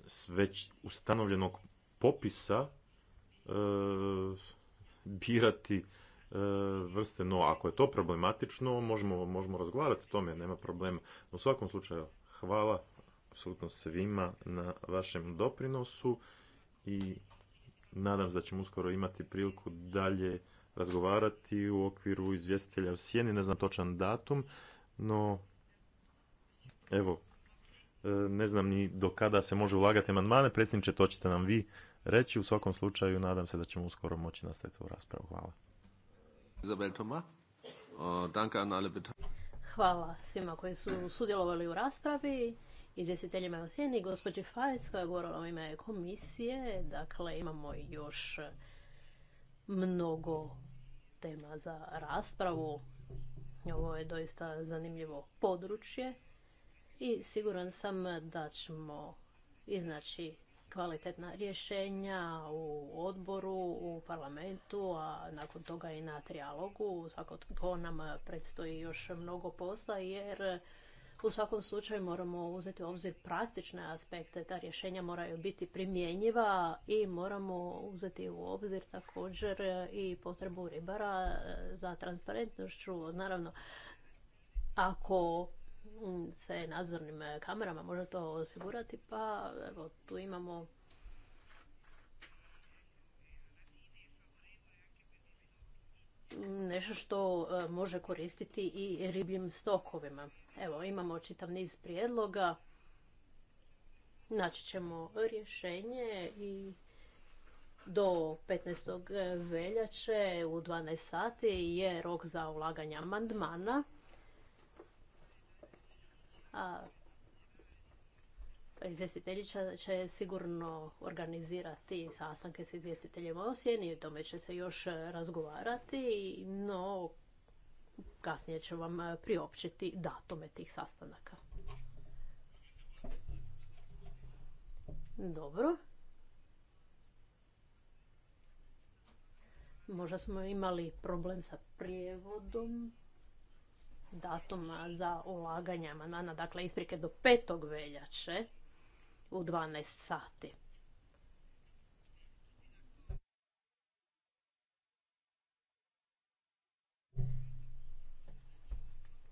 Speaker 2: s već ustanovljenog popisa e, birati e, vrste, no ako je to problematično, možemo, možemo razgovarati o tome, nema problema. U svakom slučaju, hvala apsolutno svima na vašem doprinosu i nadam se da ćemo uskoro imati priliku dalje razgovarati u okviru izvjestitelja u Sjeni, ne znam točan datum, no evo, E, ne znam ni do kada se može ulagati amandmane. Predsjedniče, to ćete nam vi reći. U svakom slučaju, nadam se da ćemo uskoro moći nastaviti u raspravu. Hvala.
Speaker 4: Toma. Hvala svima koji su sudjelovali u raspravi, izvjestiteljima u sjeni, gospođi Fajs koja je govorila o ime komisije. Dakle, imamo još mnogo tema za raspravu. Ovo je doista zanimljivo područje i siguran sam da ćemo iznaći kvalitetna rješenja u odboru, u parlamentu, a nakon toga i na trijalogu. Svakako nam predstoji još mnogo posla jer u svakom slučaju moramo uzeti u obzir praktične aspekte, ta rješenja moraju biti primjenjiva i moramo uzeti u obzir također i potrebu ribara e, za transparentnošću. Naravno, ako Mm, se nadzornim e, kamerama može to osigurati, pa evo, tu imamo nešto što e, može koristiti i ribljim stokovima. Evo, imamo čitav niz prijedloga. Naći ćemo rješenje i do 15. veljače u 12 sati je rok za ulaganje amandmana. A će sigurno organizirati sastanke s izvjestiteljima osjeni sjeni, o tome će se još razgovarati, no kasnije će vam priopćiti datume tih sastanaka. Dobro. Možda smo imali problem sa prijevodom datuma za ulaganje amandmana, dakle isprike do 5. veljače u 12 sati.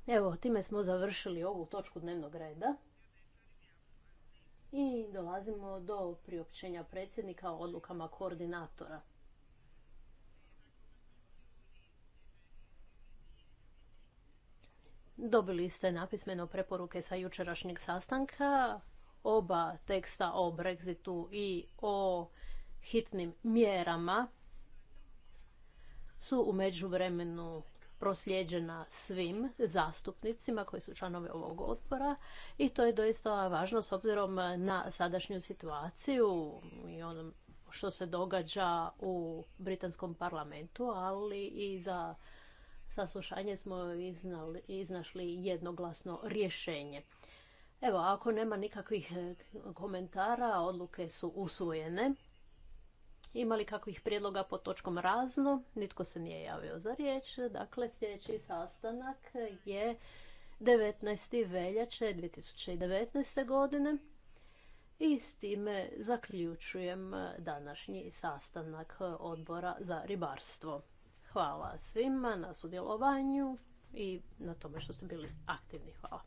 Speaker 4: Evo, time smo završili ovu točku dnevnog reda. I dolazimo do priopćenja predsjednika o odlukama koordinatora. Dobili ste napismeno preporuke sa jučerašnjeg sastanka, oba teksta o Brexitu i o hitnim mjerama su u međuvremenu proslijeđena svim zastupnicima koji su članovi ovog odbora i to je doista važno s obzirom na sadašnju situaciju i ono što se događa u britanskom parlamentu, ali i za saslušanje smo iznašli jednoglasno rješenje. Evo, ako nema nikakvih e, komentara, odluke su usvojene. Ima li kakvih prijedloga pod točkom razno? Nitko se nije javio za riječ. Dakle, sljedeći sastanak je 19. veljače 2019. godine. I s time zaključujem današnji sastanak odbora za ribarstvo. Hvala svima na sudjelovanju i na tome što ste bili aktivni. Hvala.